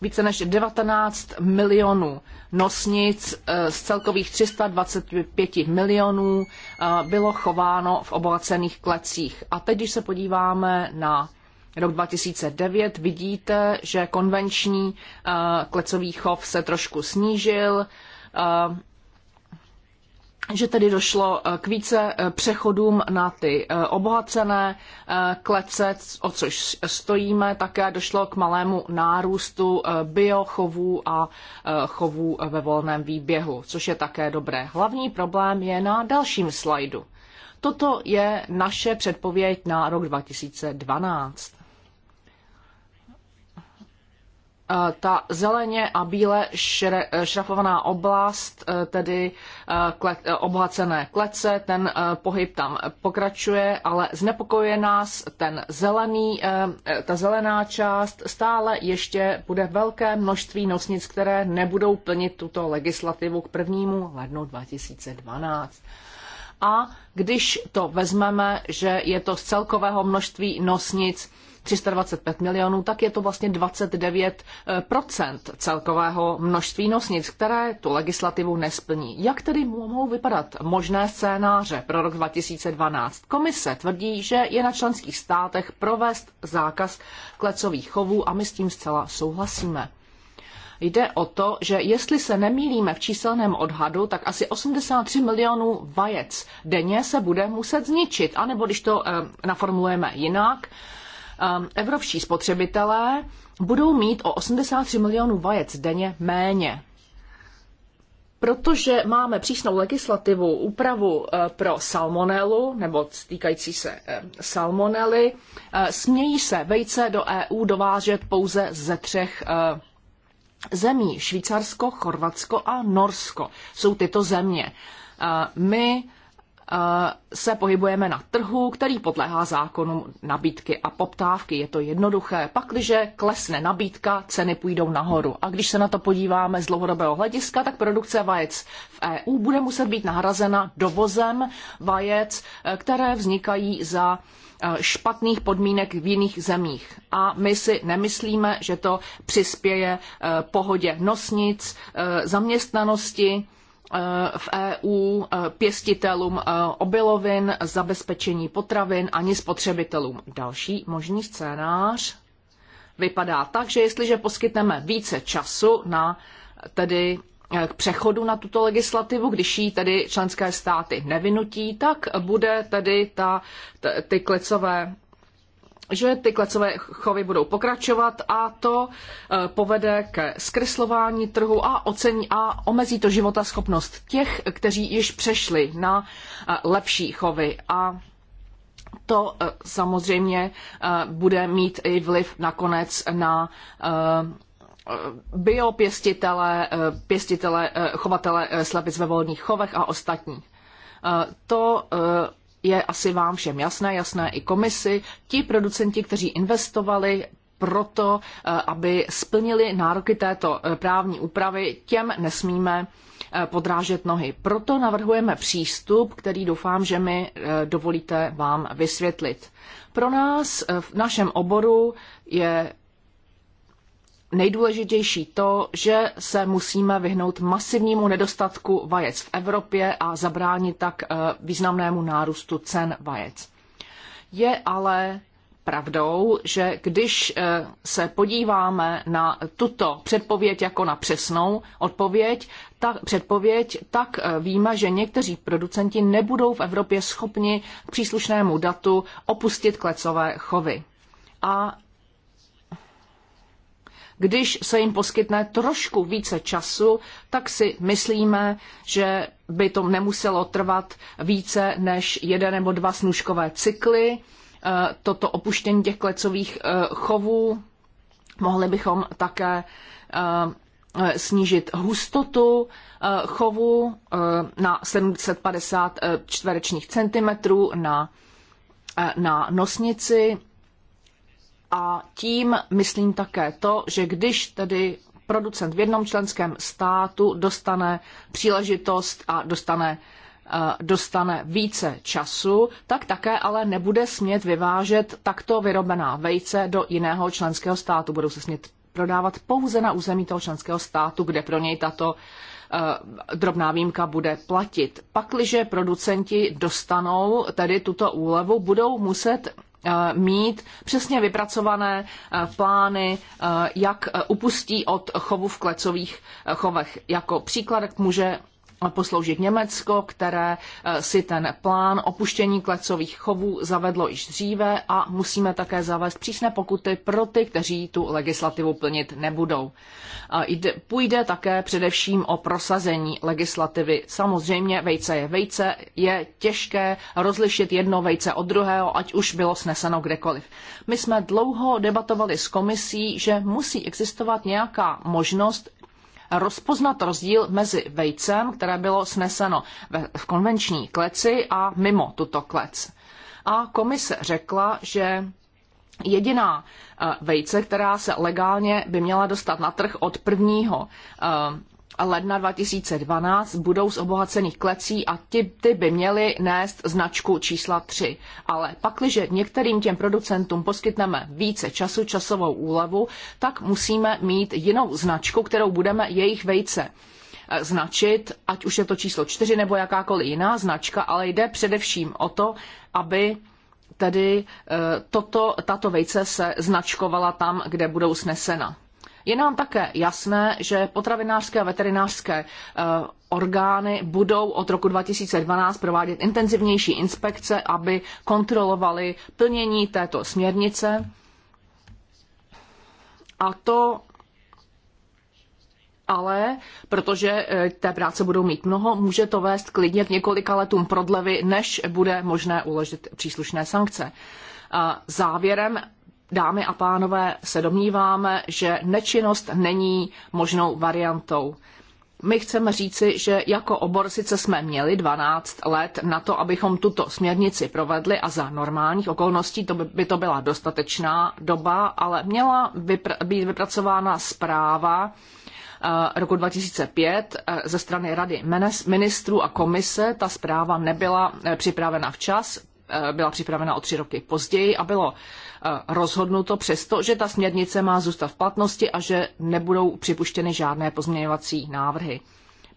více než 19 milionů nosnic eh, z celkových 325 milionů eh, bylo chováno v obohacených klecích. A teď, když se podíváme na rok 2009, vidíte, že konvenční eh, klecový chov se trošku snížil, že tedy došlo eh, k více eh, přechodům na ty eh, obohacené klece, o což stojíme, také došlo k malému nárůstu biochovů a chovů ve volném výběhu, což je také dobré. Hlavní problém je na dalším slajdu. Toto je naše předpověď na rok 2012. Eh, ta zeleně a bíle šre, eh, šrafovaná oblast, eh, tedy kle, obohacené klece, ten pohyb tam pokračuje, ale znepokojuje nás ten zelený, ta zelená část. Stále ještě bude velké množství nosnic, které nebudou plnit tuto legislativu k prvnímu lednu 2012 a když to vezmeme, že je to z celkového množství nosnic 325 milionů, tak je to vlastně 29 eh, celkového množství nosnic, které tu legislativu nesplní. Jak tedy mohou vypadat možné scénáře pro rok 2012? Komise tvrdí, že je na členských státech provést zákaz klecových chovů a my s tím zcela souhlasíme. Jde o to, že jestli se nemýlíme v číselném odhadu, tak asi 83 milionů vajec denně se bude muset zničit. A nebo když to eh, naformulujeme jinak, eh, evropští spotřebitelé budou mít o 83 milionů vajec denně méně. Protože máme přísnou legislativu, úpravu eh, pro salmonelu, nebo týkající se salmonely, smějí se vejce do EU dovážet pouze ze třech zemí Švýcarsko, Chorvatsko a Norsko jsou tyto země. My Eh, se pohybujeme na trhu, který podléhá zákonům nabídky a poptávky. Je to jednoduché. Pak, když klesne nabídka, ceny půjdou nahoru. A když se na to podíváme z dlouhodobého hlediska, tak produkce vajec v EU bude muset být nahrazena dovozem vajec, eh, které vznikají za eh, špatných podmínek v jiných zemích. A my si nemyslíme, že to přispěje pohodě nosnic, zaměstnanosti Eh, v EU eh, pěstitelům eh, obilovin, zabezpečení potravin ani spotřebitelům. Další možný scénář vypadá tak, že jestliže poskytneme více času na tedy k přechodu na tuto legislativu, když ji tedy členské státy nevinutí, tak bude tedy ta, ty klecové že ty klecové chovy budou pokračovat a to eh, povede ke zkreslování trhu a ocení a omezí to životaschopnost těch, kteří již přešli na eh, lepší chovy a to eh, samozřejmě bude mít i vliv nakonec na biopěstitele, pěstitele, chovatele slepic ve volných chovech a ostatní. To je asi vám všem jasné, jasné i komisi, ti producenti, kteří investovali proto, eh, aby splnili nároky této eh, právní úpravy, těm nesmíme eh, podrážet nohy. Proto navrhujeme přístup, který doufám, že mi dovolíte vám vysvětlit. Pro nás v našem oboru je nejdůležitější to, že se musíme vyhnout masivnímu nedostatku vajec v Evropě a zabránit tak eh, významnému nárůstu cen vajec. Je ale pravdou, že když eh, se podíváme na tuto předpověď jako na přesnou odpověď, ta předpověď, tak eh, víme, že někteří producenti nebudou v Evropě schopni k příslušnému datu opustit klecové chovy. A když se jim poskytne trošku více času, tak si myslíme, že by to nemuselo trvat více než jeden nebo dva snužkové cykly. E, toto opuštění těch klecových e, chovů mohli bychom také e, snížit hustotu chovu na 750 čtverečních centimetrů na, na nosnici a tím myslím také to, že když tedy producent v jednom členském státu dostane příležitost a dostane eh, dostane více času, tak také ale nebude smět vyvážet takto vyrobená vejce do jiného členského státu. Budou se smět prodávat pouze na území toho členského státu, kde pro něj tato eh, drobná výjimka bude platit. Pakliže producenti dostanou tedy tuto úlevu, budou muset Eh, mít přesně vypracované eh, plány, eh, jak upustí od chovu v klecových chovech. Jako příklad může posloužit Německo, které eh, si ten plán opuštění klecových chovů zavedlo již dříve a musíme také zavést přísné pokuty pro ty, kteří tu legislativu plnit nebudou. Půjde také především o prosazení legislativy. Samozřejmě vejce je vejce, je těžké rozlišit jedno vejce od druhého, ať už bylo sneseno kdekoliv. My jsme dlouho debatovali s komisí, že musí existovat nějaká možnost rozpoznat rozdíl mezi vejcem, které bylo sneseno v konvenční kleci a mimo tuto klec. A komise řekla, že jediná eh, vejce, která se legálně by měla dostat na trh od 1 ledna 2012 budou z obohacených klecí a ty ty by měly nést značku čísla 3. Ale pakliže některým těm producentům poskytneme více času, časovou úlevu, tak musíme mít jinou značku, kterou budeme jejich vejce eh, značit, ať už je to číslo 4 nebo jakákoliv jiná značka, ale jde především o to, aby tedy eh, toto, tato vejce se značkovala tam, kde budou snesena. Je nám také jasné, že potravinářské a veterinářské eh, orgány budou od roku 2012 provádět intenzivnější inspekce, aby kontrolovaly plnění této směrnice. A to ale protože eh, té práce budou mít mnoho, může to vést klidně k několika letům prodlevy, než bude možné uložit příslušné sankce. Závěrem dámy a pánové, se domníváme, že nečinnost není možnou variantou. My chceme říci, že jako obor sice jsme měli 12 let na to, abychom tuto směrnici provedli a za normálních okolností to by, by to byla dostatečná doba, ale měla vypr- být vypracována zpráva eh, roku 2005 eh, ze strany Rady ministrů a komise. Ta zpráva nebyla eh, připravena včas, byla připravena o tři roky později a bylo rozhodnuto přesto, že ta směrnice má zůstat v platnosti a že nebudou připuštěny žádné pozměňovací návrhy.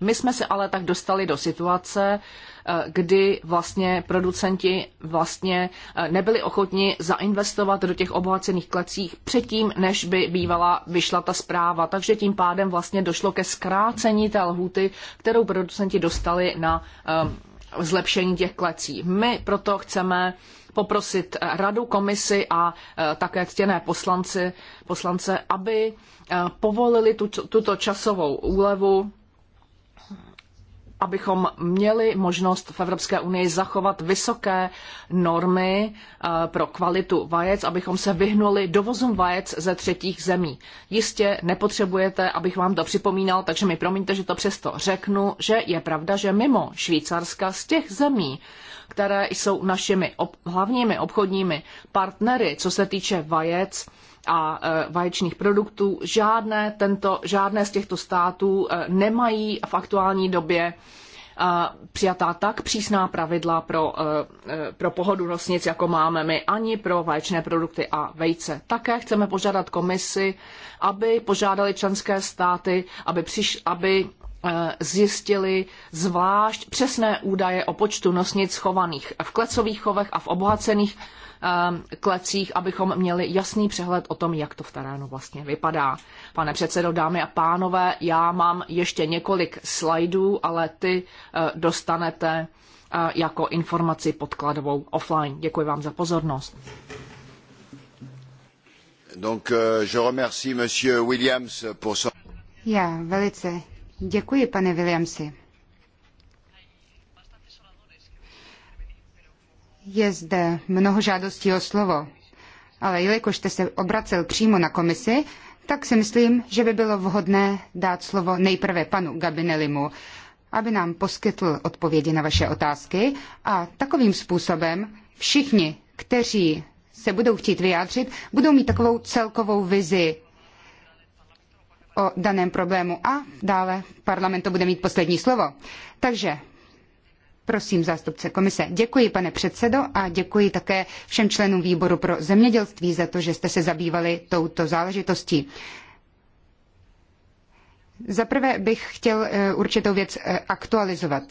My jsme se ale tak dostali do situace, eh, kdy vlastně producenti vlastně eh, nebyli ochotni zainvestovat do těch obohacených klecích předtím, než by bývala vyšla ta zpráva. Takže tím pádem vlastně došlo ke zkrácení té lhuty, kterou producenti dostali na eh, zlepšení těch klecí. My proto chceme poprosit radu, komisi a e, také ctěné poslanci, poslance, aby e, povolili tuto, časovou úlevu abychom měli možnost v Evropské unii zachovat vysoké normy e, pro kvalitu vajec, abychom se vyhnuli dovozům vajec ze třetích zemí. Jistě nepotřebujete, abych vám to připomínal, takže mi promiňte, že to přesto řeknu, že je pravda, že mimo Švýcarska z těch zemí, které jsou našimi ob- hlavními obchodními partnery, co se týče vajec a e, vaječných produktů, žádné, tento, žádné z těchto států e, nemají v aktuální době e, přijatá tak přísná pravidla pro, pro pohodu nosnic, jako máme my, ani pro vaječné produkty a vejce. Také chceme požádat komisi, aby požádali členské státy, aby, přiš, aby Eh, zjistili zvlášť přesné údaje o počtu nosnic chovaných v klecových chovech a v obohacených eh, klecích, abychom měli jasný přehled o tom, jak to v terénu vlastně vypadá. Pane předsedo, dámy a pánové, já mám ještě několik slajdů, ale ty eh, dostanete jako informaci podkladovou offline. Děkuji vám za pozornost. Donc, euh, je remercie monsieur Williams pour Já velice Děkuji, pane Williamsi. Je zde mnoho žádostí o slovo, ale jelikož jste se obracel přímo na komisi, tak si myslím, že by bylo vhodné dát slovo nejprve panu Gabinelimu, aby nám poskytl odpovědi na vaše otázky a takovým způsobem všichni, kteří se budou chtít vyjádřit, budou mít takovou celkovou vizi o daném problému a dále parlament to bude mít poslední slovo. Takže prosím zástupce komise. Děkuji pane předsedo a děkuji také všem členům výboru pro zemědělství za to, že jste se zabývali touto záležitostí. Zaprvé bych chtěl eh, určitou věc eh, aktualizovat.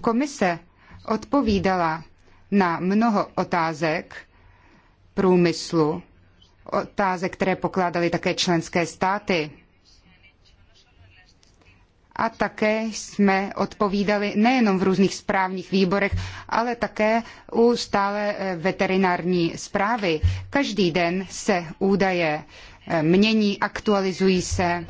Komise odpovídala na mnoho otázek průmyslu, otázek, které pokládaly také členské státy a také jsme odpovídali nejenom v různých správních výborech, ale také u stále eh, veterinární zprávy. Každý den se údaje eh, mění, aktualizují se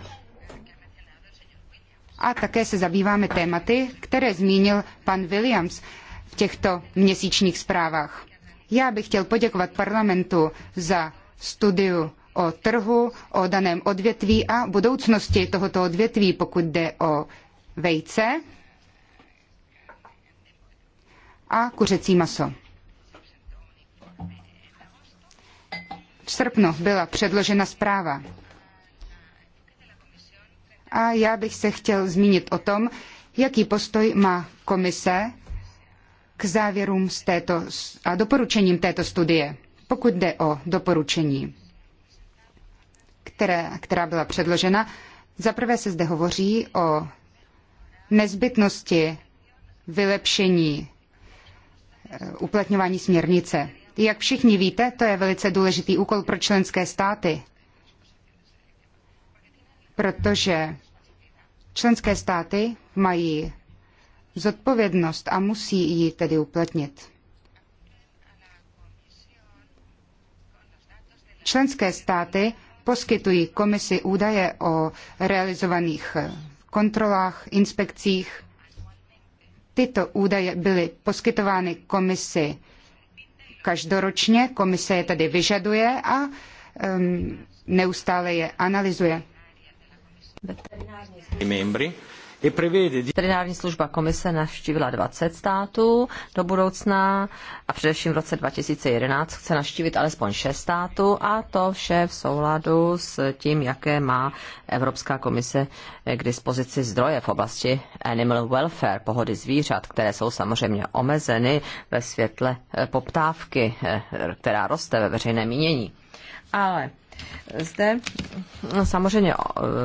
a také se zabýváme tématy, které zmínil pan Williams v těchto měsíčních zprávách. Já bych chtěl poděkovat parlamentu za studiu o trhu, o daném odvětví a budoucnosti tohoto odvětví, pokud jde o vejce a kuřecí maso. V srpnu byla předložena zpráva. A já bych se chtěl zmínit o tom, jaký postoj má komise k závěrům z této a doporučením této studie. Pokud jde o doporučení které, která byla předložena. Zaprvé se zde hovoří o nezbytnosti vylepšení eh, uplatňování směrnice. Jak všichni víte, to je velice důležitý úkol pro členské státy, protože členské státy mají zodpovědnost a musí ji tedy uplatnit. Členské státy poskytují komisi údaje o realizovaných kontrolách, inspekcích. Tyto údaje byly poskytovány komisi každoročně, komise je tedy vyžaduje a um, neustále je analyzuje. Veterinární Veterinární služba komise navštívila 20 států do budoucna a především v roce 2011 chce navštívit alespoň 6 států a to vše v souladu s tím, jaké má Evropská komise k dispozici zdroje v oblasti animal welfare, pohody zvířat, které jsou samozřejmě omezeny ve světle eh, poptávky, eh, která roste ve veřejné mínění. Ale zde no, samozřejmě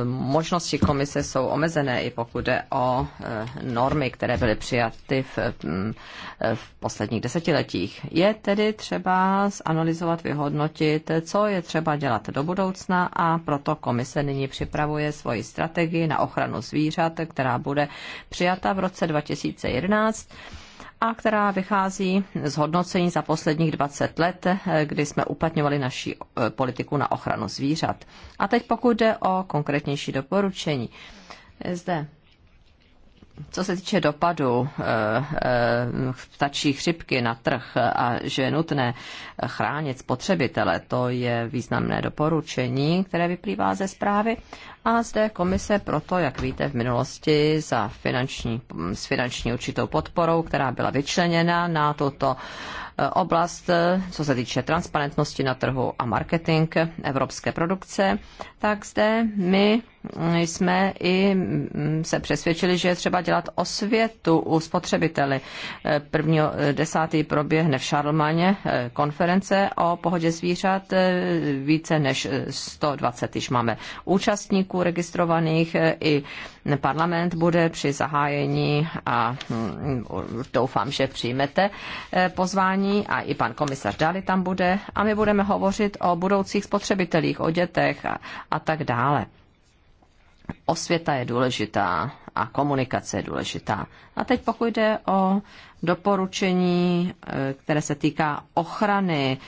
možnosti komise jsou omezené, i pokud jde o e, normy, které byly přijaty v, e, v posledních desetiletích. Je tedy třeba zanalizovat, vyhodnotit, co je třeba dělat do budoucna a proto komise nyní připravuje svoji strategii na ochranu zvířat, která bude přijata v roce 2011 a která vychází z hodnocení za posledních 20 let, kdy jsme uplatňovali naši eh, politiku na ochranu zvířat. A teď pokud jde o konkrétnější doporučení. Eh, zde co se týče dopadu eh, eh, ptačí chřipky na trh a že je nutné chránit spotřebitele, to je významné doporučení, které vyplývá ze zprávy. A zde komise proto, jak víte, v minulosti za finanční, s finanční určitou podporou, která byla vyčleněna na tuto eh, oblast, co se týče transparentnosti na trhu a marketing evropské produkce, tak zde my jsme i mm, se přesvědčili, že je třeba dělat osvětu u spotřebiteli. 1.10. Eh, proběhne v Šarlmaně eh, konference o pohodě zvířat. Eh, více než 120 když máme účastníků registrovaných i parlament bude při zahájení a mm, doufám, že přijmete pozvání a i pan komisař Dali tam bude a my budeme hovořit o budoucích spotřebitelích, o dětech a, a tak dále osvěta je důležitá a komunikace je důležitá. A teď pokud jde o doporučení, eh, které se týká ochrany,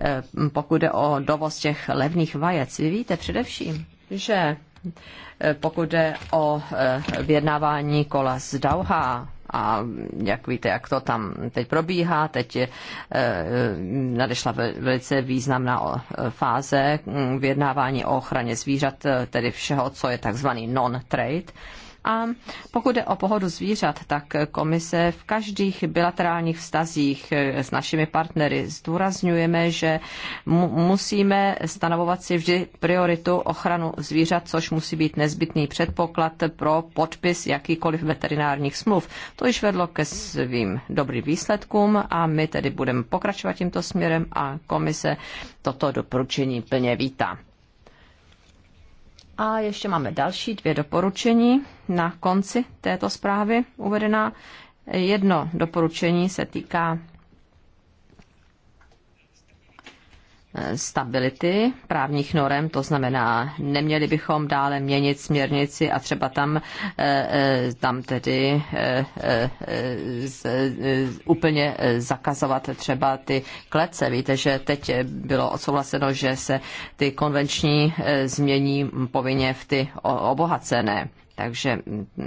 eh, pokud jde o dovoz těch levných vajec, vy víte především, že eh, pokud jde o vyjednávání kola z Dauha, a jak víte, jak to tam teď probíhá, teď je, eh, nadešla velice významná fáze mm, vyjednávání o ochraně zvířat, eh, tedy všeho, co je takzvaný non-trade a pokud jde o pohodu zvířat, tak komise v každých bilaterálních vztazích s našimi partnery zdůrazňujeme, že mu musíme stanovovat si vždy prioritu ochranu zvířat, což musí být nezbytný předpoklad pro podpis jakýkoliv veterinárních smluv. To již vedlo ke svým dobrým výsledkům a my tedy budeme pokračovat tímto směrem a komise toto doporučení plně vítá. A ještě máme další dvě doporučení na konci této zprávy uvedená. Jedno doporučení se týká stability právních norem, to znamená, neměli bychom dále měnit směrnici a třeba tam, eh, eh, tam tedy eh, úplně zakazovat třeba ty klece. Víte, že teď bylo odsouhlaseno, že se ty konvenční změní povinně v ty obohacené takže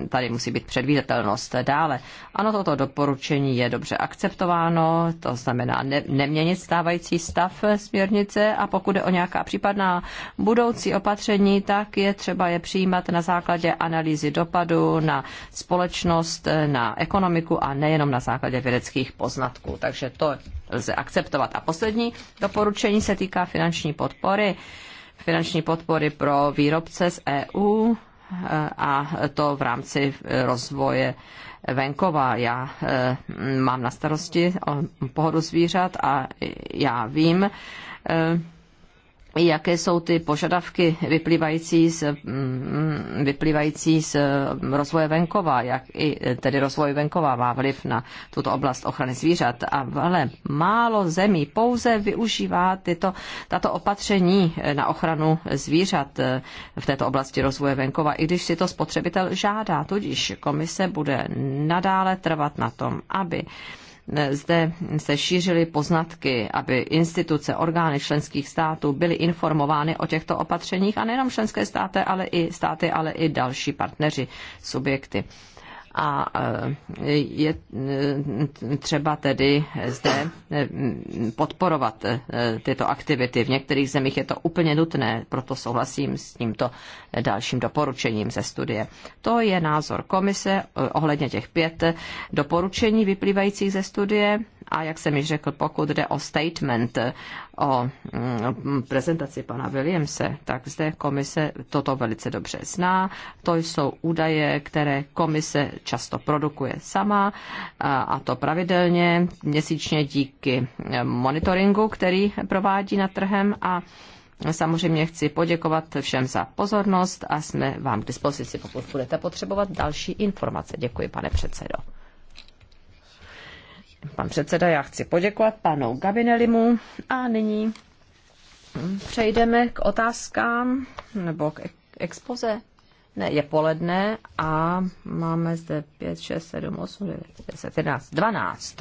tady musí být předvídatelnost dále. Ano, toto doporučení je dobře akceptováno, to znamená ne, neměnit stávající stav směrnice a pokud je o nějaká případná budoucí opatření, tak je třeba je přijímat na základě analýzy dopadu na společnost, na ekonomiku a nejenom na základě vědeckých poznatků. Takže to lze akceptovat. A poslední doporučení se týká finanční podpory finanční podpory pro výrobce z EU a to v rámci rozvoje venkova. Já eh, mám na starosti pohodu zvířat a já vím, eh, jaké jsou ty požadavky vyplývající z, mm, mm, vyplývající z rozvoje venkova, jak i e, tedy rozvoj venkova má vliv na tuto oblast ochrany zvířat. A, ale málo zemí pouze využívá tyto, tato opatření e, na ochranu zvířat e, v této oblasti rozvoje venkova, i když si to spotřebitel žádá. Tudíž komise bude nadále trvat na tom, aby zde se šířily poznatky, aby instituce, orgány členských států byly informovány o těchto opatřeních a nejenom členské státy, ale i státy, ale i další partneři, subjekty a je e, třeba tedy zde e, podporovat e, tyto aktivity. V některých zemích je to úplně nutné, proto souhlasím s tímto dalším doporučením ze studie. To je názor komise ohledně těch pět doporučení vyplývajících ze studie a jak jsem již řekl, pokud jde o statement o mm, prezentaci pana Williamse, tak zde komise toto velice dobře zná. To jsou údaje, které komise často produkuje sama a to pravidelně, měsíčně díky e, monitoringu, který provádí nad trhem a Samozřejmě chci poděkovat všem za pozornost a jsme vám k dispozici, pokud budete potřebovat další informace. Děkuji, pane předsedo. Pan předseda, já chci poděkovat panu Gabinelimu a nyní přejdeme k otázkám nebo k expoze. Ne, je poledne a máme zde 5, 6, 7, 8, 9, 10, 11, 12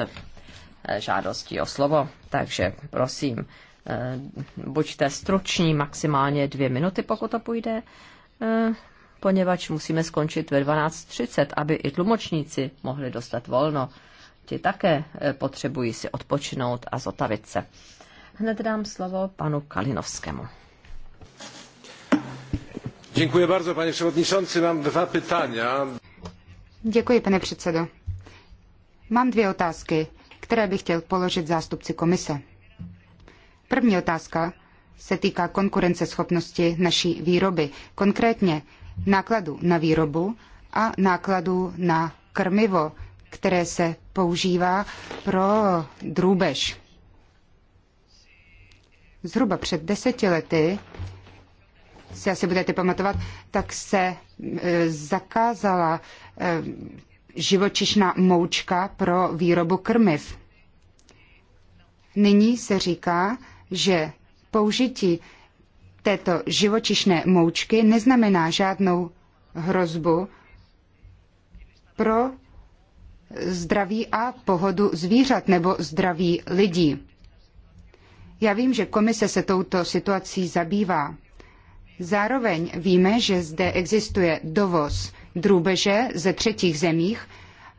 žádostí o slovo. Takže prosím, eh, buďte struční, maximálně dvě minuty, pokud to půjde, eh, poněvadž musíme skončit ve 12.30, aby i tlumočníci mohli dostat volno ti také eh, potřebují si odpočinout a zotavit se. Hned dám slovo panu Kalinovskému. Děkuji bardzo, pane předsedající. Mám dva pytania. Děkuji, pane předsedo. Mám dvě otázky, které bych chtěl položit zástupci komise. První otázka se týká konkurenceschopnosti naší výroby, konkrétně nákladu na výrobu a nákladu na krmivo které se používá pro drůbež. Zhruba před deseti lety, si asi budete pamatovat, tak se e, zakázala e, živočišná moučka pro výrobu krmiv. Nyní se říká, že použití této živočišné moučky neznamená žádnou hrozbu pro zdraví a pohodu zvířat nebo zdraví lidí. Já vím, že komise se touto situací zabývá. Zároveň víme, že zde existuje dovoz drůbeže ze třetích zemích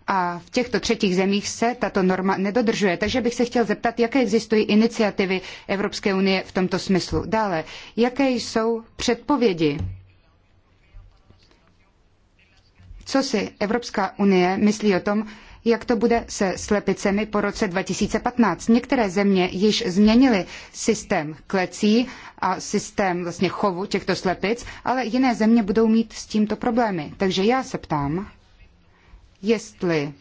a v těchto třetích zemích se tato norma nedodržuje. Takže bych se chtěl zeptat, jaké existují iniciativy Evropské unie v tomto smyslu. Dále, jaké jsou předpovědi co si Evropská unie myslí o tom, jak to bude se slepicemi po roce 2015. Některé země již změnily systém klecí a systém vlastně chovu těchto slepic, ale jiné země budou mít s tímto problémy. Takže já se ptám, jestli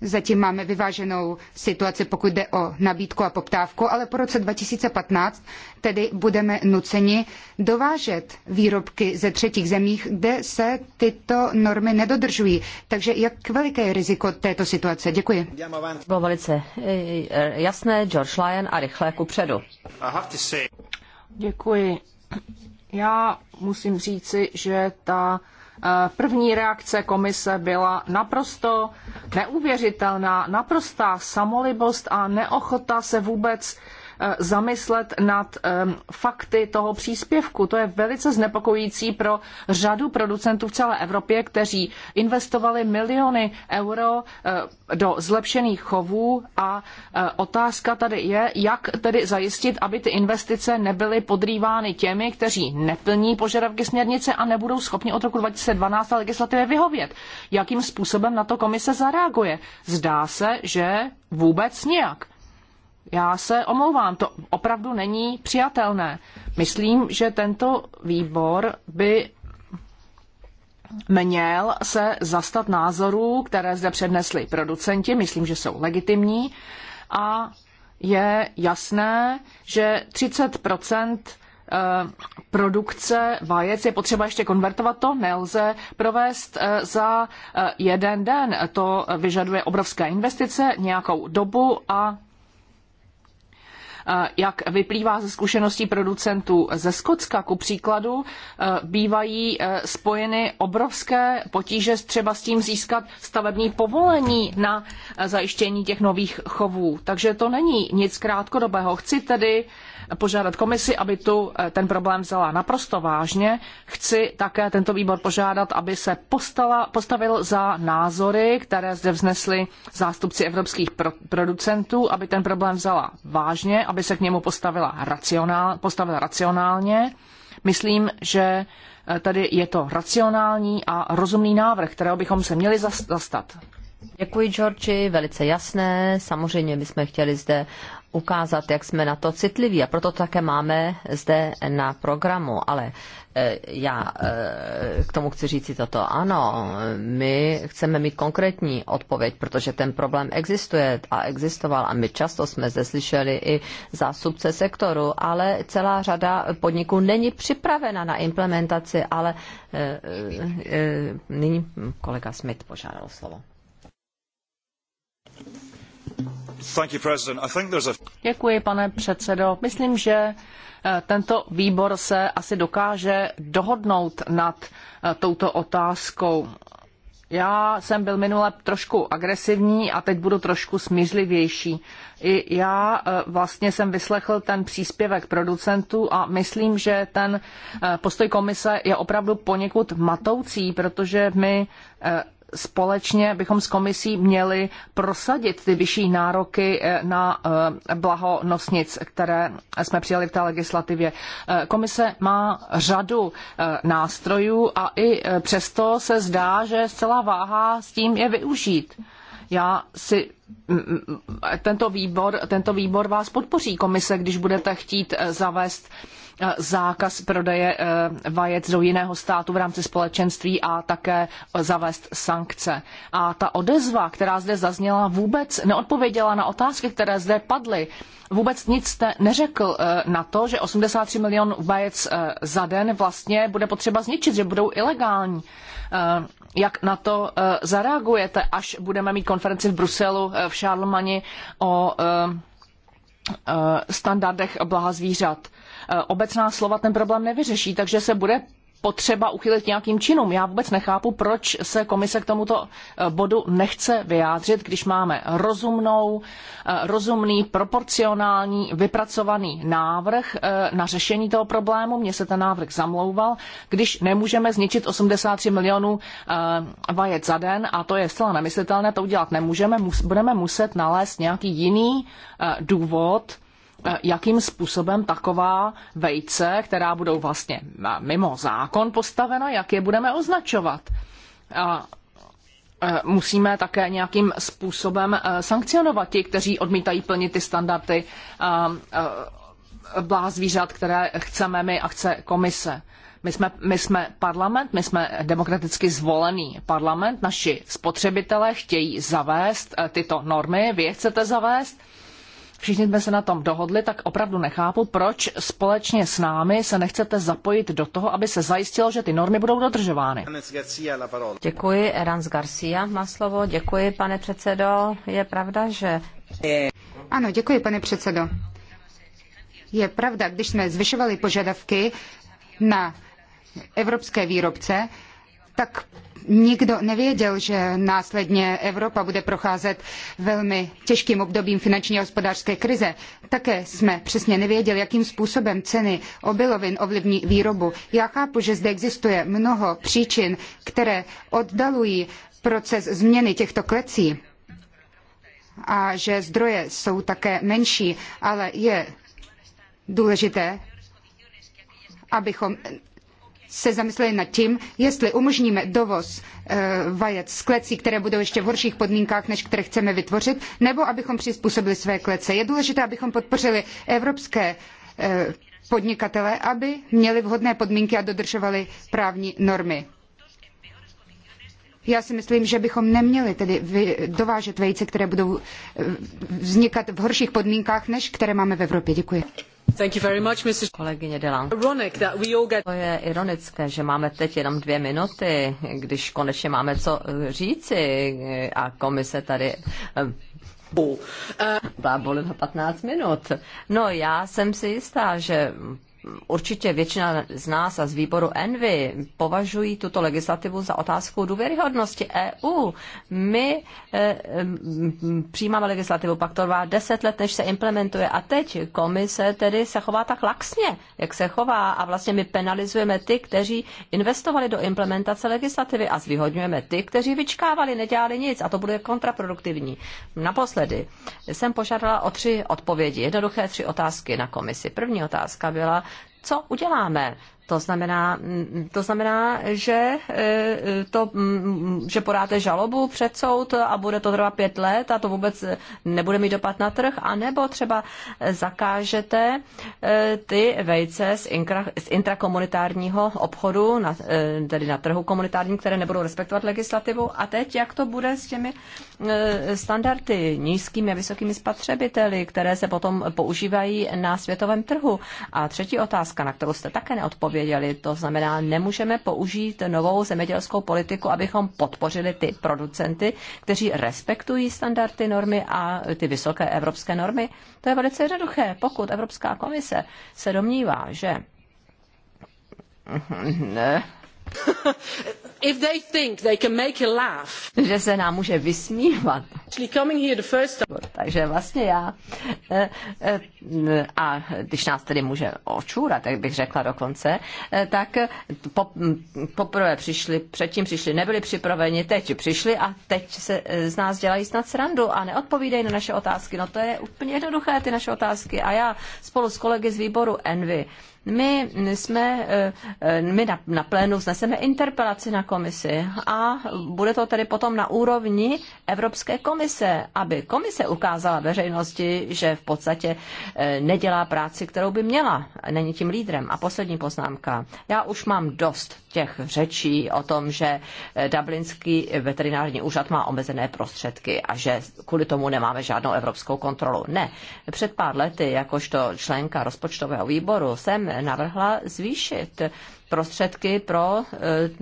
Zatím máme vyváženou situaci, pokud jde o nabídku a poptávku, ale po roce 2015 tedy budeme nuceni dovážet výrobky ze třetích zemí, kde se tyto normy nedodržují. Takže jak veliké je riziko této situace? Děkuji. Bylo velice eh, jasné, George Lyon a rychle kupředu. Děkuji. Já musím říci, že ta Eh, první reakce komise byla naprosto neuvěřitelná, naprostá samolibost a neochota se vůbec Eh, zamyslet nad eh, fakty toho příspěvku. To je velice znepokojící pro řadu producentů v celé Evropě, kteří investovali miliony euro eh, do zlepšených chovů a otázka tady je, jak tedy zajistit, aby ty investice nebyly podrývány těmi, kteří neplní požadavky směrnice a nebudou schopni od roku 2012 legislativě vyhovět. Jakým způsobem na to komise zareaguje? Zdá se, že vůbec nijak. Já se omlouvám, to opravdu není přijatelné. Myslím, že tento výbor by měl se zastat názorů, které zde přednesli producenti, myslím, že jsou legitimní a je jasné, že 30 eh, produkce vajec je potřeba ještě konvertovat, to nelze provést eh, za eh, jeden den. To vyžaduje obrovské investice, nějakou dobu a Eh, jak vyplývá ze zkušeností producentů ze Skotska, ku příkladu, eh, bývají eh, spojeny obrovské potíže třeba s tím získat stavební povolení na zajištění těch nových chovů. Takže to není nic krátkodobého. Chci tedy požádat komisi, aby tu eh, ten problém vzala naprosto vážně. Chci také tento výbor požádat, aby se postala, postavil za názory, které zde vznesli zástupci evropských pro, producentů, aby ten problém vzala vážně, aby se k němu postavila racionál, postavila racionálně. Myslím, že eh, tady je to racionální a rozumný návrh, kterého bychom se měli zastat. Děkuji, Georgi, velice jasné. Samozřejmě bychom chtěli zde ukázat, jak jsme na to citliví a proto také máme zde na programu. Ale e, já e, k tomu chci říct si toto. Ano, my chceme mít konkrétní odpověď, protože ten problém existuje a existoval a my často jsme zde slyšeli i zástupce sektoru, ale celá řada podniků není připravena na implementaci, ale e, nyní kolega Smith požádal slovo. Děkuji, pane předsedo. Myslím, že eh, tento výbor se asi dokáže dohodnout nad eh, touto otázkou. Já jsem byl minule trošku agresivní a teď budu trošku smířlivější. I já eh, vlastně jsem vyslechl ten příspěvek producentů a myslím, že ten postoj komise je opravdu poněkud matoucí, protože my společně bychom s komisí měli prosadit ty vyšší nároky eh, na eh, blaho nosnic, které jsme přijali v té legislativě. Eh, komise má řadu nástrojů a i přesto se zdá, že zcela váha s tím je využít. Já si tento výbor, tento výbor vás podpoří komise, když budete chtít zavést Eh, zákaz prodeje eh, vajec do jiného státu v rámci společenství a také eh, zavést sankce. A ta odezva, která zde zazněla, vůbec neodpověděla na otázky, které zde padly. Vůbec nic jste neřekl na to, že 83 milionů vajec za den vlastně bude potřeba zničit, že budou ilegální. Jak na to zareagujete, až budeme mít konferenci v Bruselu v Šarlmani o standardech blaha zvířat? Eh, obecná slova ten problém nevyřeší, takže se bude potřeba uchylit nějakým činům. Já vůbec nechápu, proč se komise k tomuto eh, bodu nechce vyjádřit, když máme rozumnou, eh, rozumný, proporcionální, vypracovaný návrh na řešení toho problému. Mně se ten návrh zamlouval, když nemůžeme zničit 83 milionů vajec za den a to je zcela nemyslitelné, to udělat nemůžeme, budeme muset nalézt nějaký jiný důvod, Eh, jakým způsobem taková vejce, která budou vlastně mimo zákon postavena, jak je budeme označovat. A eh, musíme také nějakým způsobem eh, sankcionovat ti, kteří odmítají plnit ty standardy blá zvířat, které chceme my a chce komise. My jsme, my jsme parlament, my jsme demokraticky zvolený parlament, naši spotřebitelé chtějí zavést tyto normy, vy je chcete zavést všichni jsme se na tom dohodli, tak opravdu nechápu, proč společně s námi se nechcete zapojit do toho, aby se zajistilo, že ty normy budou dodržovány. Děkuji, Erans Garcia má slovo. Děkuji, pane předsedo. Je pravda, že... Ano, děkuji, pane předsedo. Je pravda, když jsme zvyšovali požadavky na evropské výrobce, tak nikdo nevěděl, že následně Evropa bude procházet velmi těžkým obdobím finanční a hospodářské krize. Také jsme přesně nevěděli, jakým způsobem ceny obilovin ovlivní výrobu. Já chápu, že zde existuje mnoho příčin, které oddalují proces změny těchto klecí a že zdroje jsou také menší, ale je důležité, abychom se zamysleli nad tím, jestli umožníme dovoz eh, vajec z klecí, které budou ještě v horších podmínkách, než které chceme vytvořit, nebo abychom přizpůsobili své klece. Je důležité, abychom podpořili evropské eh, podnikatele, aby měli vhodné podmínky a dodržovali právní normy. Já si myslím, že bychom neměli tedy dovážet vejce, které budou eh, vznikat v horších podmínkách, než které máme v Evropě. Děkuji. Kolegyně Delan. To je ironické, že máme teď jenom dvě minuty, když konečně máme co eh, říci a komise tady eh, byla na 15 minut. No já jsem si jistá, že určitě většina z nás a z výboru Envy považují tuto legislativu za otázku důvěryhodnosti EU. My e, přijímáme legislativu, pak to trvá deset let, než se implementuje a teď komise tedy se chová tak laxně, jak se chová a vlastně my penalizujeme ty, kteří investovali do implementace legislativy a zvýhodňujeme ty, kteří vyčkávali, nedělali nic a to bude kontraproduktivní. Naposledy jsem požádala o tři odpovědi, jednoduché tři otázky na komisi. První otázka byla, co uděláme to znamená, mm, to znamená že, e, to, mm, že podáte žalobu před soud a bude to trvat pět let a to vůbec nebude mít dopad na trh, anebo třeba zakážete e, ty vejce z, inkra, z intrakomunitárního obchodu, na, e, tedy na trhu komunitárním, které nebudou respektovat legislativu. A teď, jak to bude s těmi standardy nízkými a vysokými spotřebiteli, které se potom používají na světovém trhu? A třetí otázka, na kterou jste také neodpověděli, odpověděli. To znamená, nemůžeme použít novou zemědělskou politiku, abychom podpořili ty producenty, kteří respektují standardy, normy a ty vysoké evropské normy. To je velice jednoduché. Pokud Evropská komise se domnívá, že ne, If they think they can make you laugh. Že se nám může vysmívat. here the first time. Takže vlastně já. Eh, eh, a když nás tedy může očůrat, tak bych řekla dokonce, eh, tak poprvé přišli, předtím přišli, nebyli připraveni, teď přišli a teď se z nás dělají snad srandu a neodpovídají na naše otázky. No to je úplně jednoduché, ty naše otázky. A já spolu s kolegy z výboru Envy my jsme, eh, my na, na plénu vzneseme interpelaci na komisi a bude to tedy potom na úrovni Evropské komise, aby komise ukázala veřejnosti, že v podstatě eh, nedělá práci, kterou by měla. Není tím lídrem. A poslední poznámka. Já už mám dost těch řečí o tom, že eh, Dublinský veterinární úřad má omezené prostředky a že kvůli tomu nemáme žádnou evropskou kontrolu. Ne. Před pár lety, jakožto členka rozpočtového výboru, jsem navrhla zvýšit prostředky pro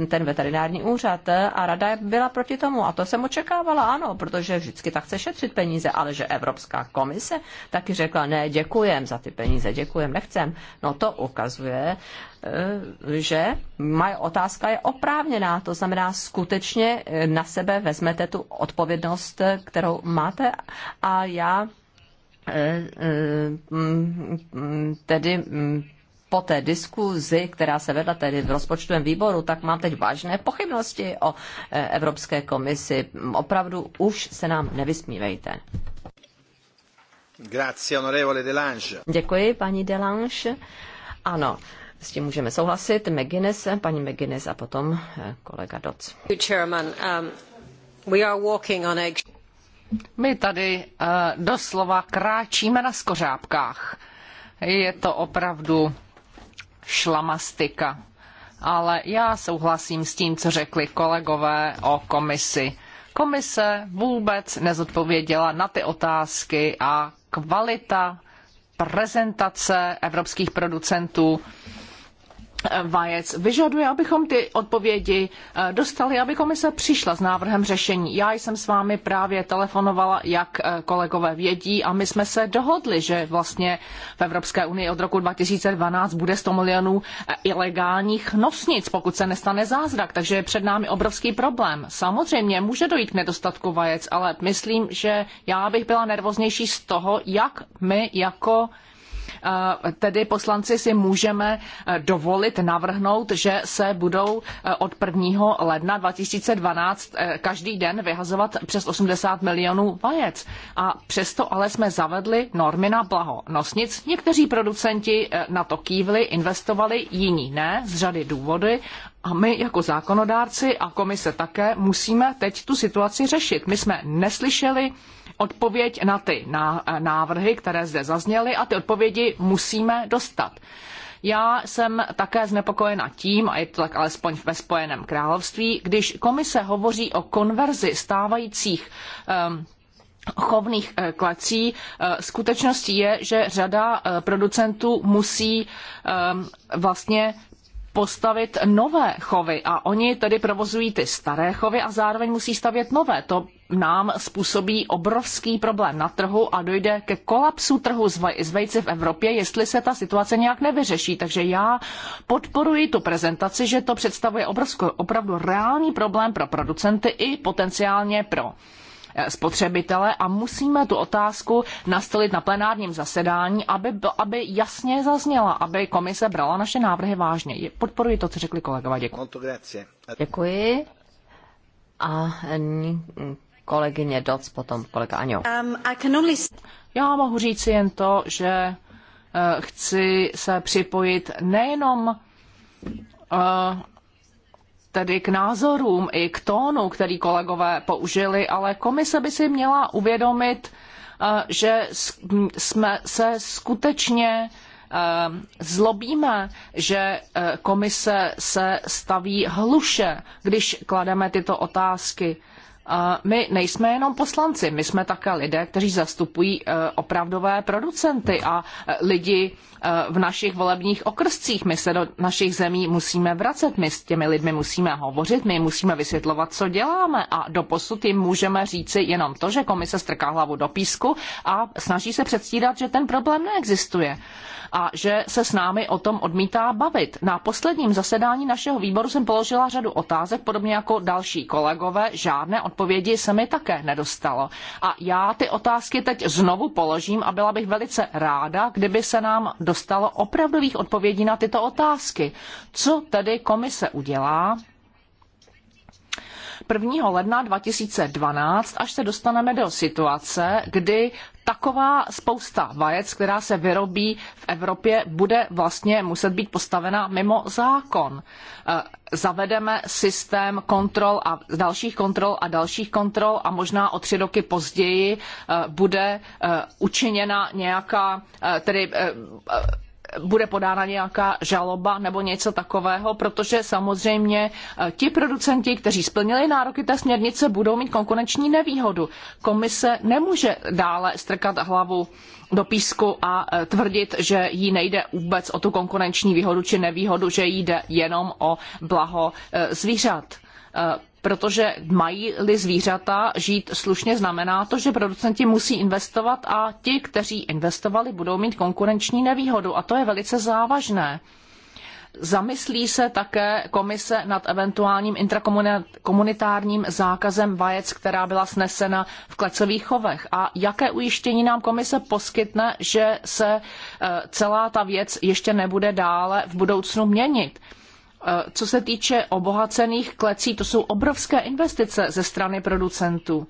eh, ten veterinární úřad a rada byla proti tomu. A to jsem očekávala, ano, protože vždycky tak chce šetřit peníze, ale že Evropská komise taky řekla, ne, děkujem za ty peníze, děkujem, nechcem. No to ukazuje, eh, že moje otázka je oprávněná, to znamená skutečně eh, na sebe vezmete tu odpovědnost, kterou máte a já mm, mm, tedy mm, po té diskuzi, která se vedla tedy v rozpočtovém výboru, tak mám teď vážné pochybnosti o eh, Evropské komisi. Opravdu už se nám nevysmívejte. Grazie, onorevole Delange. Děkuji, paní Delange. Ano, s tím můžeme souhlasit. McGuinness, paní McGuinness a potom eh, kolega Doc. Um, My tady eh, doslova kráčíme na skořápkách. Je to opravdu šlamastika. Ale já souhlasím s tím, co řekli kolegové o komisi. Komise vůbec nezodpověděla na ty otázky a kvalita prezentace evropských producentů vajec vyžaduje, abychom ty odpovědi eh, dostali, aby komise přišla s návrhem řešení. Já jsem s vámi právě telefonovala, jak eh, kolegové vědí, a my jsme se dohodli, že vlastně v Evropské unii od roku 2012 bude 100 milionů eh, ilegálních nosnic, pokud se nestane zázrak, takže je před námi obrovský problém. Samozřejmě může dojít k nedostatku vajec, ale myslím, že já bych byla nervóznější z toho, jak my jako Eh, tedy poslanci si můžeme eh, dovolit navrhnout, že se budou eh, od 1. ledna 2012 každý den vyhazovat přes 80 milionů vajec. A přesto ale jsme zavedli normy na blaho nosnic. Někteří producenti na to kývli, investovali, jiní ne, z řady důvodů. A my jako zákonodárci a komise také musíme teď tu situaci řešit. My jsme neslyšeli odpověď na ty eh, návrhy, které zde zazněly a ty odpovědi musíme dostat. Já jsem také znepokojena tím, a je to tak alespoň ve Spojeném království, když komise hovoří o konverzi stávajících um, chovných eh, klecí. Eh, skutečností je, že řada producentů musí ehm, vlastně postavit nové chovy a oni tedy provozují ty staré chovy a zároveň musí stavět nové. To nám způsobí obrovský problém na trhu a dojde ke kolapsu trhu s, vejci v Evropě, jestli se ta situace nějak nevyřeší. Takže já podporuji tu prezentaci, že to představuje obrovskou, opravdu reálný problém pro producenty i potenciálně pro Eh, spotřebitele a musíme tu otázku nastolit na plenárním zasedání, aby, aby jasně zazněla, aby komise brala naše návrhy vážně. Podporuji to, co řekli kolegové. Děkuji. Děkuji. A mm, kolegyně Doc, potom kolega Aňo. Um, only... Já mohu říci jen to, že eh, chci se připojit nejenom eh, tedy k názorům i k tónu, který kolegové použili, ale komise by si měla uvědomit, eh, že jsme se skutečně eh, zlobíme, že eh, komise se staví hluše, když klademe tyto otázky. My nejsme jenom poslanci, my jsme také lidé, kteří zastupují opravdové producenty a lidi Eh, v našich volebních okrscích. My se do našich zemí musíme vracet, my s těmi lidmi musíme hovořit, my musíme vysvětlovat, co děláme a doposud jim můžeme říci jenom to, že komise strká hlavu do písku a snaží se předstírat, že ten problém neexistuje a že se s námi o tom odmítá bavit. Na posledním zasedání našeho výboru jsem položila řadu otázek, podobně jako další kolegové, žádné odpovědi se mi také nedostalo. A já ty otázky teď znovu položím a byla bych velice ráda, kdyby se nám dostalo dostalo opravdových odpovědí na tyto otázky. Co tedy komise udělá, 1. ledna 2012, až se dostaneme do situace, kdy taková spousta vajec, která se vyrobí v Evropě, bude vlastně muset být postavena mimo zákon. Eh, zavedeme systém kontrol a dalších kontrol a dalších kontrol a možná o tři roky později eh, bude eh, učiněna nějaká, tedy bude podána nějaká žaloba nebo něco takového, protože samozřejmě eh, ti producenti, kteří splnili nároky té směrnice, budou mít konkurenční nevýhodu. Komise nemůže dále strkat hlavu do písku a eh, tvrdit, že jí nejde vůbec o tu konkurenční výhodu či nevýhodu, že jí jde jenom o blaho eh, zvířat protože mají-li zvířata žít slušně, znamená to, že producenti musí investovat a ti, kteří investovali, budou mít konkurenční nevýhodu a to je velice závažné. Zamyslí se také komise nad eventuálním intrakomunitárním zákazem vajec, která byla snesena v klecových chovech. A jaké ujištění nám komise poskytne, že se e, celá ta věc ještě nebude dále v budoucnu měnit? Eh, co se týče obohacených klecí, to jsou obrovské investice ze strany producentů.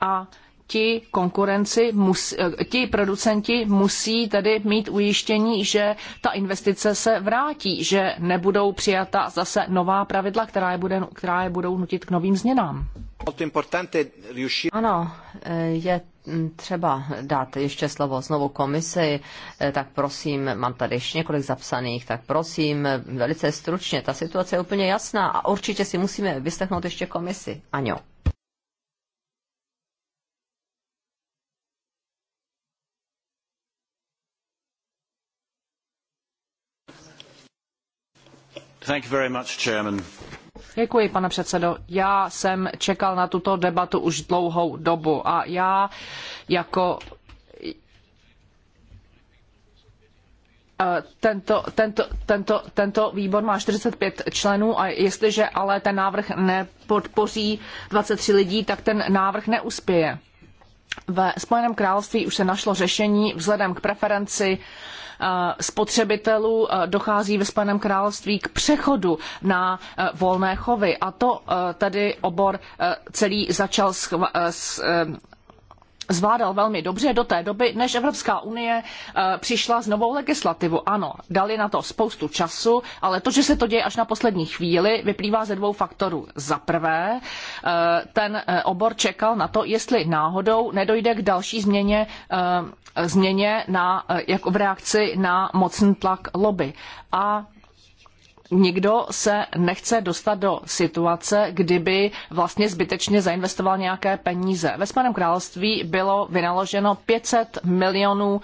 A ti konkurenci, mus, eh, ti producenti musí tedy mít ujištění, že ta investice se vrátí, že nebudou přijata zase nová pravidla, která je, bude, která je budou nutit k novým změnám. Ano, eh, je Mm, třeba dát ještě slovo znovu komisi, eh, tak prosím, mám tady ještě několik zapsaných, tak prosím, velice stručně, ta situace je úplně jasná a určitě si musíme vyslechnout ještě komisi. Aňo. Thank you very much, Chairman. Děkuji, pane předsedo. Já jsem čekal na tuto debatu už dlouhou dobu a já jako eh, Tento, tento, tento, tento výbor má 45 členů a jestliže ale ten návrh nepodpoří 23 lidí, tak ten návrh neuspěje. Ve Spojeném království už se našlo řešení vzhledem k preferenci uh, Eh, spotřebitelů eh, dochází ve Spojeném království k přechodu na eh, volné chovy. A to tedy obor celý začal zvládal velmi dobře do té doby, než Evropská unie eh, přišla s novou legislativou. Ano, dali na to spoustu času, ale to, že se to děje až na poslední chvíli, vyplývá ze dvou faktorů. Za prvé, eh, ten eh, obor čekal na to, jestli náhodou nedojde k další změně, změně na, jako v reakci na mocný tlak lobby. A nikdo se nechce dostat do situace, kdyby vlastně zbytečně zainvestoval nějaké peníze. Ve Spojeném království bylo vynaloženo 500 milionů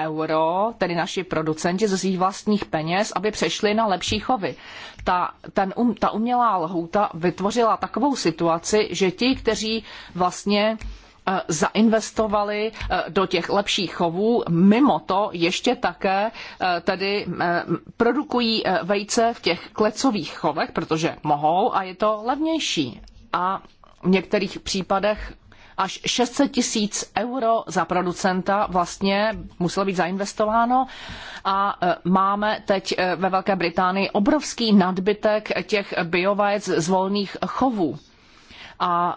euro, tedy naši producenti ze svých vlastních peněz, aby přešli na lepší chovy. Ta, ten, um, ta umělá lhůta vytvořila takovou situaci, že ti, kteří vlastně Eh, zainvestovali eh, do těch lepších chovů. Mimo to ještě také eh, tedy produkují vejce v těch klecových chovech, protože mohou a je to levnější. A v některých případech až 600 tisíc euro za producenta vlastně muselo být zainvestováno a máme teď ve Velké Británii obrovský nadbytek těch biovajec z volných chovů. A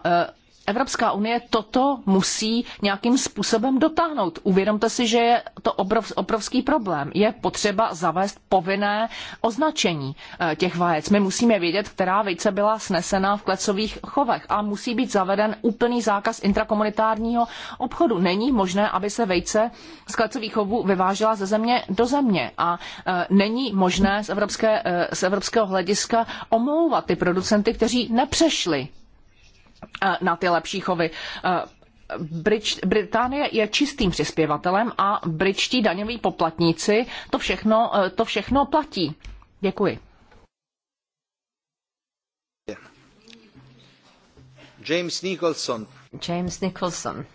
Evropská unie toto musí nějakým způsobem dotáhnout. Uvědomte si, že je to obrov, obrovský problém. Je potřeba zavést povinné označení eh, těch vajec. My musíme vědět, která vejce byla snesena v klecových chovech a musí být zaveden úplný zákaz intrakomunitárního obchodu. Není možné, aby se vejce z klecových chovů vyvážela ze země do země a eh, není možné z, evropské, eh, z evropského hlediska omlouvat ty producenty, kteří nepřešli Eh, na ty lepší chovy. Eh, Británie je čistým přispěvatelem a britští daňoví poplatníci to všechno, eh, to všechno platí. Děkuji. James Nicholson. James Nicholson.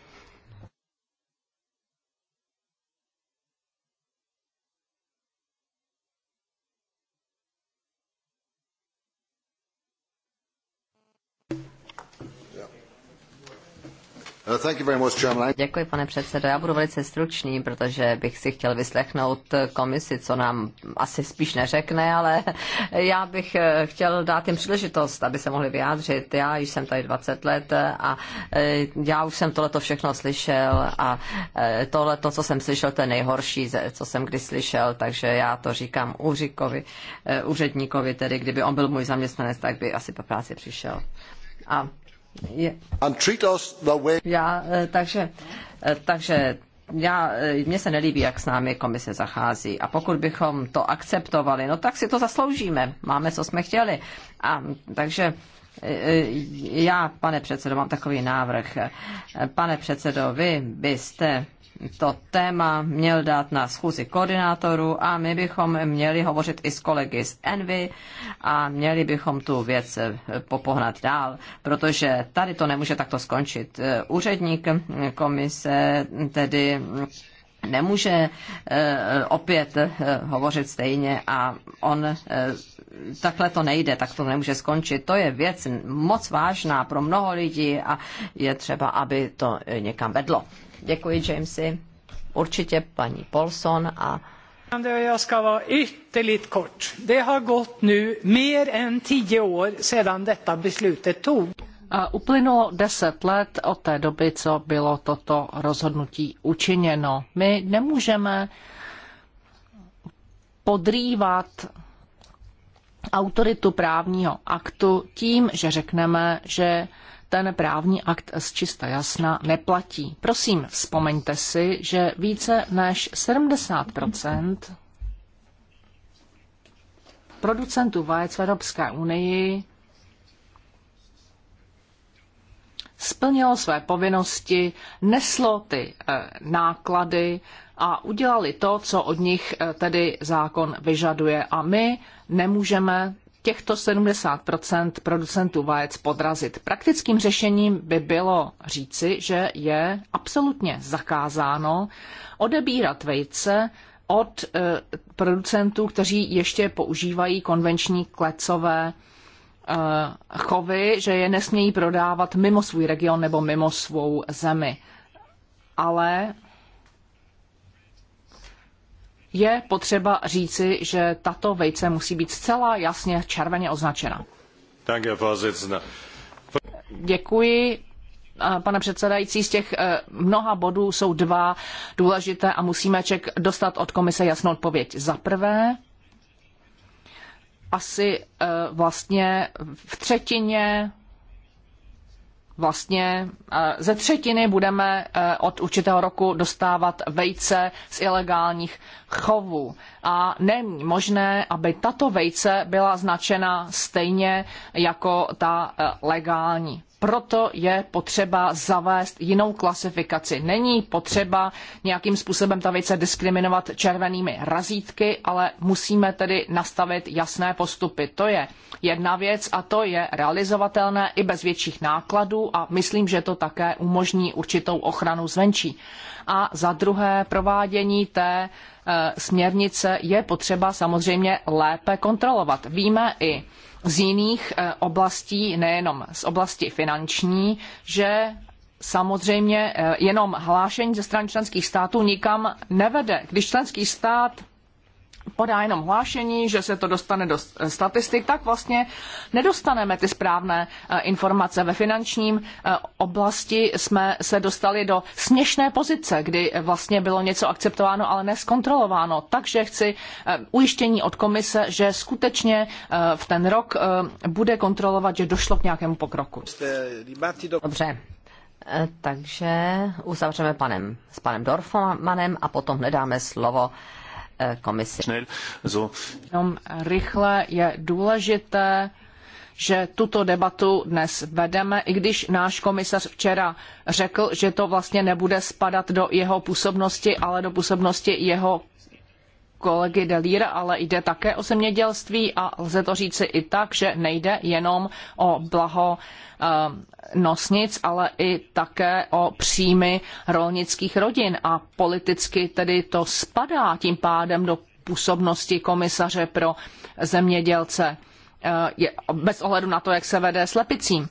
Děkuji, pane předsedo. Já budu velice stručný, protože bych si chtěl vyslechnout komisi, co nám asi spíš neřekne, ale já bych chtěl dát jim příležitost, aby se mohli vyjádřit. Já již jsem tady 20 let a já už jsem tohleto všechno slyšel a tohleto, to, co jsem slyšel, to je nejhorší, co jsem kdy slyšel, takže já to říkám úřikovi, úředníkovi, tedy kdyby on byl můj zaměstnanec, tak by asi po práci přišel. A já, eh, takže, eh, takže já, eh, mně se nelíbí, jak s námi komise zachází. A pokud bychom to akceptovali, no tak si to zasloužíme. Máme, co jsme chtěli. A takže já, pane předsedo, mám takový návrh. Pane předsedo, vy byste to téma měl dát na schůzi koordinátorů a my bychom měli hovořit i s kolegy z Envy a měli bychom tu věc eh, popohnat dál, protože tady to nemůže takto skončit. Eh, úředník komise tedy nemůže eh, opět hovořit stejně a on takhle to nejde, tak to nemůže skončit. To je věc moc vážná pro mnoho lidí a je třeba, aby to někam vedlo. Děkuji, Jamesy. Určitě paní Paulson a Jag ska vara ytterligt kort. Det har gått nu mer än tio år sedan detta beslutet tog. Uplynulo deset let od té doby, co bylo toto rozhodnutí učiněno. My nemůžeme podrývat autoritu právního aktu tím, že řekneme, že ten právní akt z čista jasna neplatí. Prosím, vzpomeňte si, že více než 70 producentů vajec v Evropské unii splnilo své povinnosti, neslo ty eh, náklady a udělali to, co od nich eh, tedy zákon vyžaduje. A my nemůžeme těchto 70 producentů vajec podrazit. Praktickým řešením by bylo říci, že je absolutně zakázáno odebírat vejce od e, producentů, kteří ještě používají konvenční klecové e, chovy, že je nesmějí prodávat mimo svůj region nebo mimo svou zemi. Ale je potřeba říci, že tato vejce musí být zcela jasně červeně označena. Děkuji, pane předsedající, z těch e, mnoha bodů jsou dva důležité a musíme ček dostat od komise jasnou odpověď. Za prvé, asi e, vlastně v třetině vlastně eh, ze třetiny budeme eh, od určitého roku dostávat vejce z ilegálních chovů. A není možné, aby tato vejce byla značena stejně jako ta eh, legální proto je potřeba zavést jinou klasifikaci. Není potřeba nějakým způsobem ta věce diskriminovat červenými razítky, ale musíme tedy nastavit jasné postupy. To je jedna věc a to je realizovatelné i bez větších nákladů a myslím, že to také umožní určitou ochranu zvenčí. A za druhé provádění té e, směrnice je potřeba samozřejmě lépe kontrolovat. Víme i, z jiných eh, oblastí, nejenom z oblasti finanční, že samozřejmě eh, jenom hlášení ze strany členských států nikam nevede. Když členský stát podá jenom hlášení, že se to dostane do e, statistik, tak vlastně nedostaneme ty správné e, informace. Ve finančním e, oblasti jsme se dostali do směšné pozice, kdy vlastně bylo něco akceptováno, ale neskontrolováno. Takže chci ujištění od komise, že skutečně v ten rok bude kontrolovat, že došlo k nějakému pokroku. Dobře, takže uzavřeme panem, s panem Dorfmanem a potom nedáme slovo Eh, komisi. Jenom rychle je důležité, že tuto debatu dnes vedeme, i když náš komisař včera řekl, že to vlastně nebude spadat do jeho působnosti, ale do působnosti jeho kolegy Delíra, ale jde také o zemědělství a lze to říci i tak, že nejde jenom o blaho eh, nosnic, ale i také o příjmy rolnických rodin a politicky tedy to spadá tím pádem do působnosti komisaře pro zemědělce eh, bez ohledu na to, jak se vede slepicím.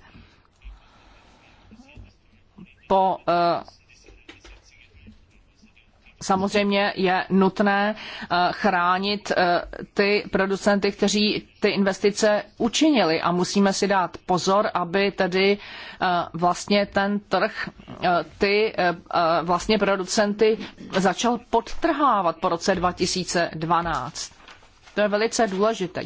Po eh, Samozřejmě je nutné eh, chránit eh, ty producenty, kteří ty investice učinili a musíme si dát pozor, aby tedy eh, vlastně ten trh ty vlastně producenty začal podtrhávat po roce 2012. To je velice důležité.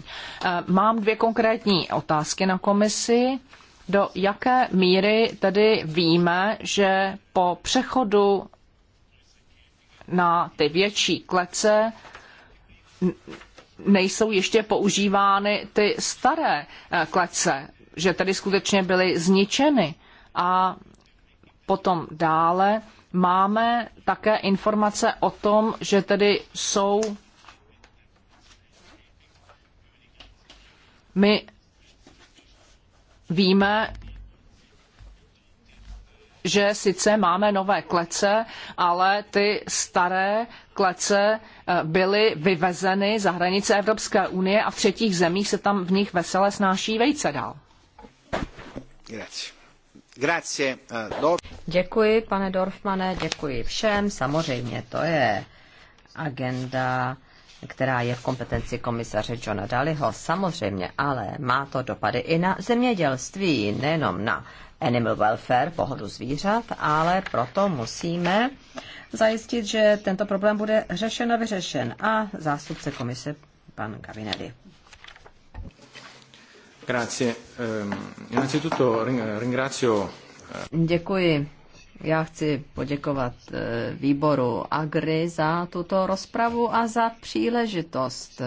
Mám dvě konkrétní otázky na komisi. Do jaké míry tedy víme, že po přechodu na ty větší klece nejsou ještě používány ty staré eh, klece, že tedy skutečně byly zničeny. A potom dále máme také informace o tom, že tedy jsou my víme, že sice máme nové klece, ale ty staré klece eh, byly vyvezeny za hranice Evropské unie a v třetích zemích se tam v nich vesele snáší vejce dál. Eh, děkuji, pane Dorfmane, děkuji všem. Samozřejmě to je agenda která je v kompetenci komisaře Johna Daliho, samozřejmě, ale má to dopady i na zemědělství, nejenom na animal welfare, pohodu zvířat, ale proto musíme zajistit, že tento problém bude řešen a vyřešen. A zástupce komise, pan Gavinelli. Ehm, eh, Děkuji. Já chci poděkovat eh, výboru Agri za tuto rozpravu a za příležitost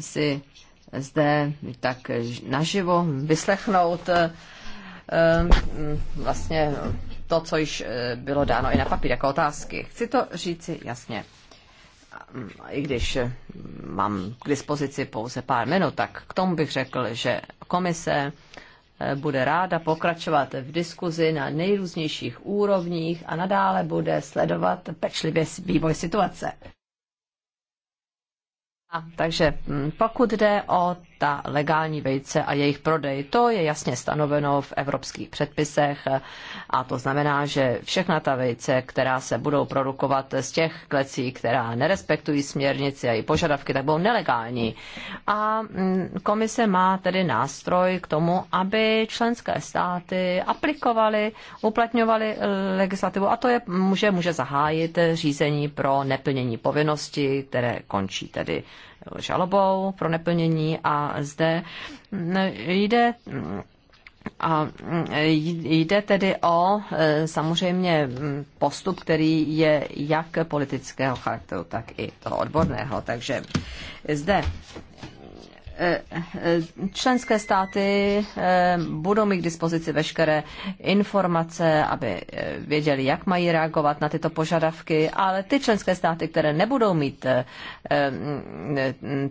si zde tak naživo vyslechnout eh, Ehm, vlastně to, co již eh, bylo dáno i na papír jako otázky. Chci to říci jasně. I když eh, mám k dispozici pouze pár minut, tak k tomu bych řekl, že komise eh, bude ráda pokračovat v diskuzi na nejrůznějších úrovních a nadále bude sledovat pečlivě vývoj situace. A, takže hm, pokud jde o ta legální vejce a jejich prodej. To je jasně stanoveno v evropských předpisech a to znamená, že všechna ta vejce, která se budou produkovat z těch klecí, která nerespektují směrnici a její požadavky, tak budou nelegální. A mm, komise má tedy nástroj k tomu, aby členské státy aplikovaly, uplatňovaly eh, legislativu a to je, může, může zahájit řízení pro neplnění povinnosti, které končí tedy žalobou pro neplnění a zde mm, jde mm, a mm, jde tedy o e, samozřejmě postup, který je jak politického charakteru, tak i toho odborného. Takže zde členské státy eh, budou mít k dispozici veškeré informace, aby eh, věděli, jak mají reagovat na tyto požadavky, ale ty členské státy, které nebudou mít eh,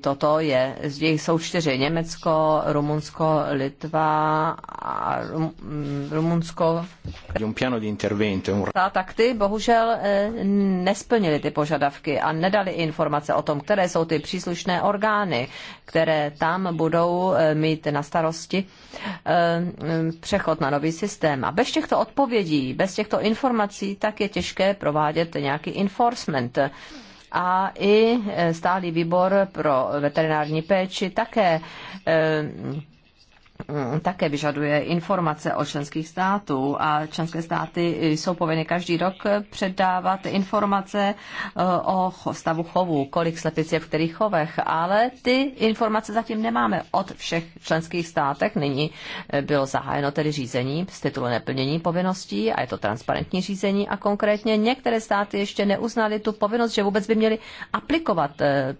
toto, je, jsou čtyři, Německo, Rumunsko, Litva a mm, Rumunsko. Tak ty bohužel nesplnili ty požadavky a nedali informace o tom, které jsou ty příslušné orgány, které tam budou eh, mít na starosti eh, přechod na nový systém. A bez těchto odpovědí, bez těchto informací, tak je těžké provádět nějaký enforcement a i eh, stálý výbor pro veterinární péči také Eh, také vyžaduje informace o členských států a členské státy jsou povinny každý rok předávat informace eh, o stavu chovu, kolik slepic je v kterých chovech, ale ty informace zatím nemáme od všech členských státech. Nyní eh, bylo zahájeno tedy řízení z titulu neplnění povinností a je to transparentní řízení a konkrétně některé státy ještě neuznaly tu povinnost, že vůbec by měly aplikovat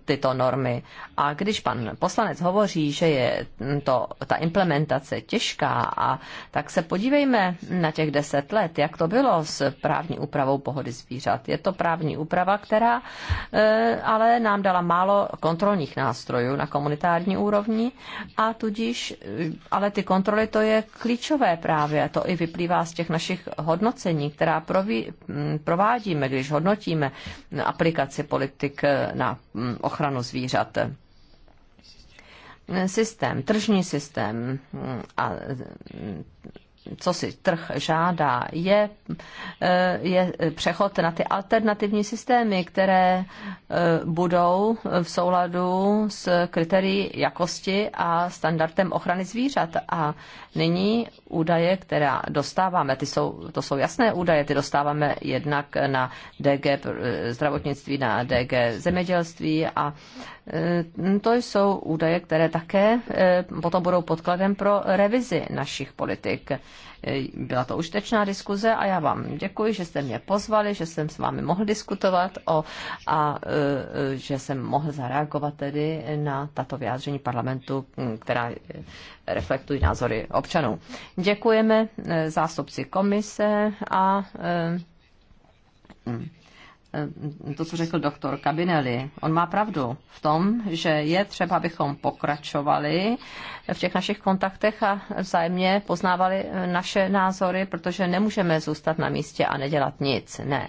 tyto normy. A když pan poslanec hovoří, že je mm, to ta implementace implementace těžká a tak se podívejme na těch deset let, jak to bylo s právní úpravou pohody zvířat. Je to právní úprava, která eh, ale nám dala málo kontrolních nástrojů na komunitární úrovni a tudíž, eh, ale ty kontroly to je klíčové právě, to i vyplývá z těch našich hodnocení, která proví, hm, provádíme, když hodnotíme aplikaci politik eh, na hm, ochranu zvířat systém, tržní systém a co si trh žádá, je, eh, je přechod na ty alternativní systémy, které eh, budou v souladu s kritérií jakosti a standardem ochrany zvířat. A nyní údaje, které dostáváme, ty jsou, to jsou jasné údaje, ty dostáváme jednak na DG eh, zdravotnictví, na DG zemědělství a Eh, to jsou údaje, které také eh, potom budou podkladem pro revizi našich politik. Eh, byla to užitečná diskuze a já vám děkuji, že jste mě pozvali, že jsem s vámi mohl diskutovat o, a že jsem mohl zareagovat tedy na tato vyjádření parlamentu, hm, která reflektují názory občanů. Děkujeme zástupci komise a hm, Eh, to, co řekl doktor Kabinelli. On má pravdu v tom, že je třeba, abychom pokračovali v těch našich kontaktech a vzájemně poznávali eh, naše názory, protože nemůžeme zůstat na místě a nedělat nic. Ne.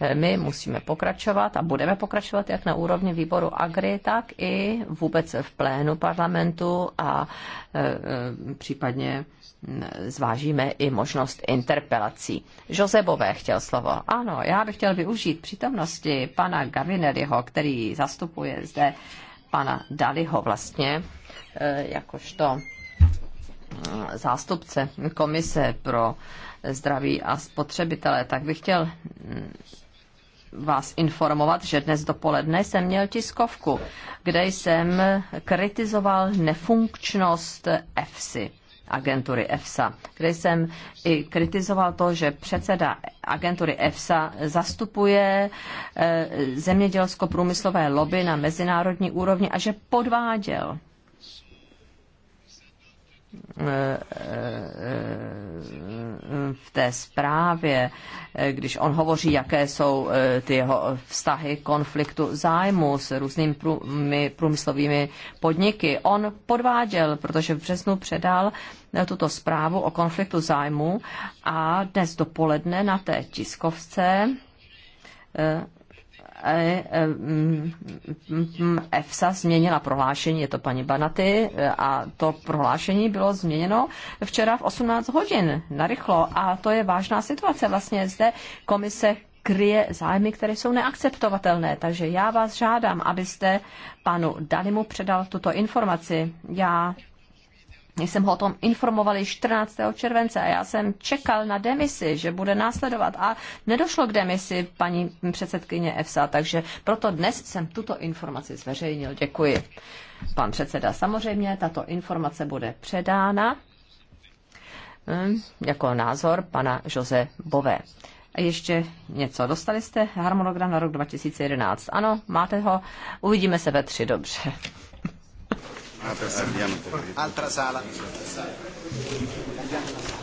Eh, my musíme pokračovat a budeme pokračovat jak na úrovni výboru Agri, tak i vůbec v plénu parlamentu a případně zvážíme i možnost interpelací. Josebové chtěl slovo. Ano, já bych chtěl využít přítomnosti pana Gavineliho, který zastupuje zde pana Daliho vlastně, eh, jakožto eh, zástupce Komise pro zdraví a spotřebitele, tak bych chtěl mm, vás informovat, že dnes dopoledne jsem měl tiskovku, kde jsem kritizoval nefunkčnost EFSI agentury EFSA, kde jsem i kritizoval to, že předseda agentury EFSA zastupuje eh, zemědělsko-průmyslové lobby na mezinárodní úrovni a že podváděl Eh, eh, v té zprávě, eh, když on hovoří, jaké jsou ty jeho vztahy konfliktu zájmu s různými průmyslovými podniky. On podváděl, protože v březnu předal tuto zprávu o konfliktu zájmu a dnes dopoledne na té tiskovce EFSA e, změnila prohlášení, je to paní Banaty, a to prohlášení bylo změněno včera v 18 hodin, narychlo, a to je vážná situace. Vlastně zde komise kryje zájmy, které jsou neakceptovatelné. Takže já vás žádám, abyste panu Danimu předal tuto informaci. Já jsem ho o tom informovali 14. července a já jsem čekal na demisi, že bude následovat a nedošlo k demisi paní předsedkyně EFSA, takže proto dnes jsem tuto informaci zveřejnil. Děkuji. Pan předseda, samozřejmě tato informace bude předána hm, jako názor pana Jose Bové. A ještě něco. Dostali jste harmonogram na rok 2011. Ano, máte ho. Uvidíme se ve tři, dobře. Altra sala. Altra sala.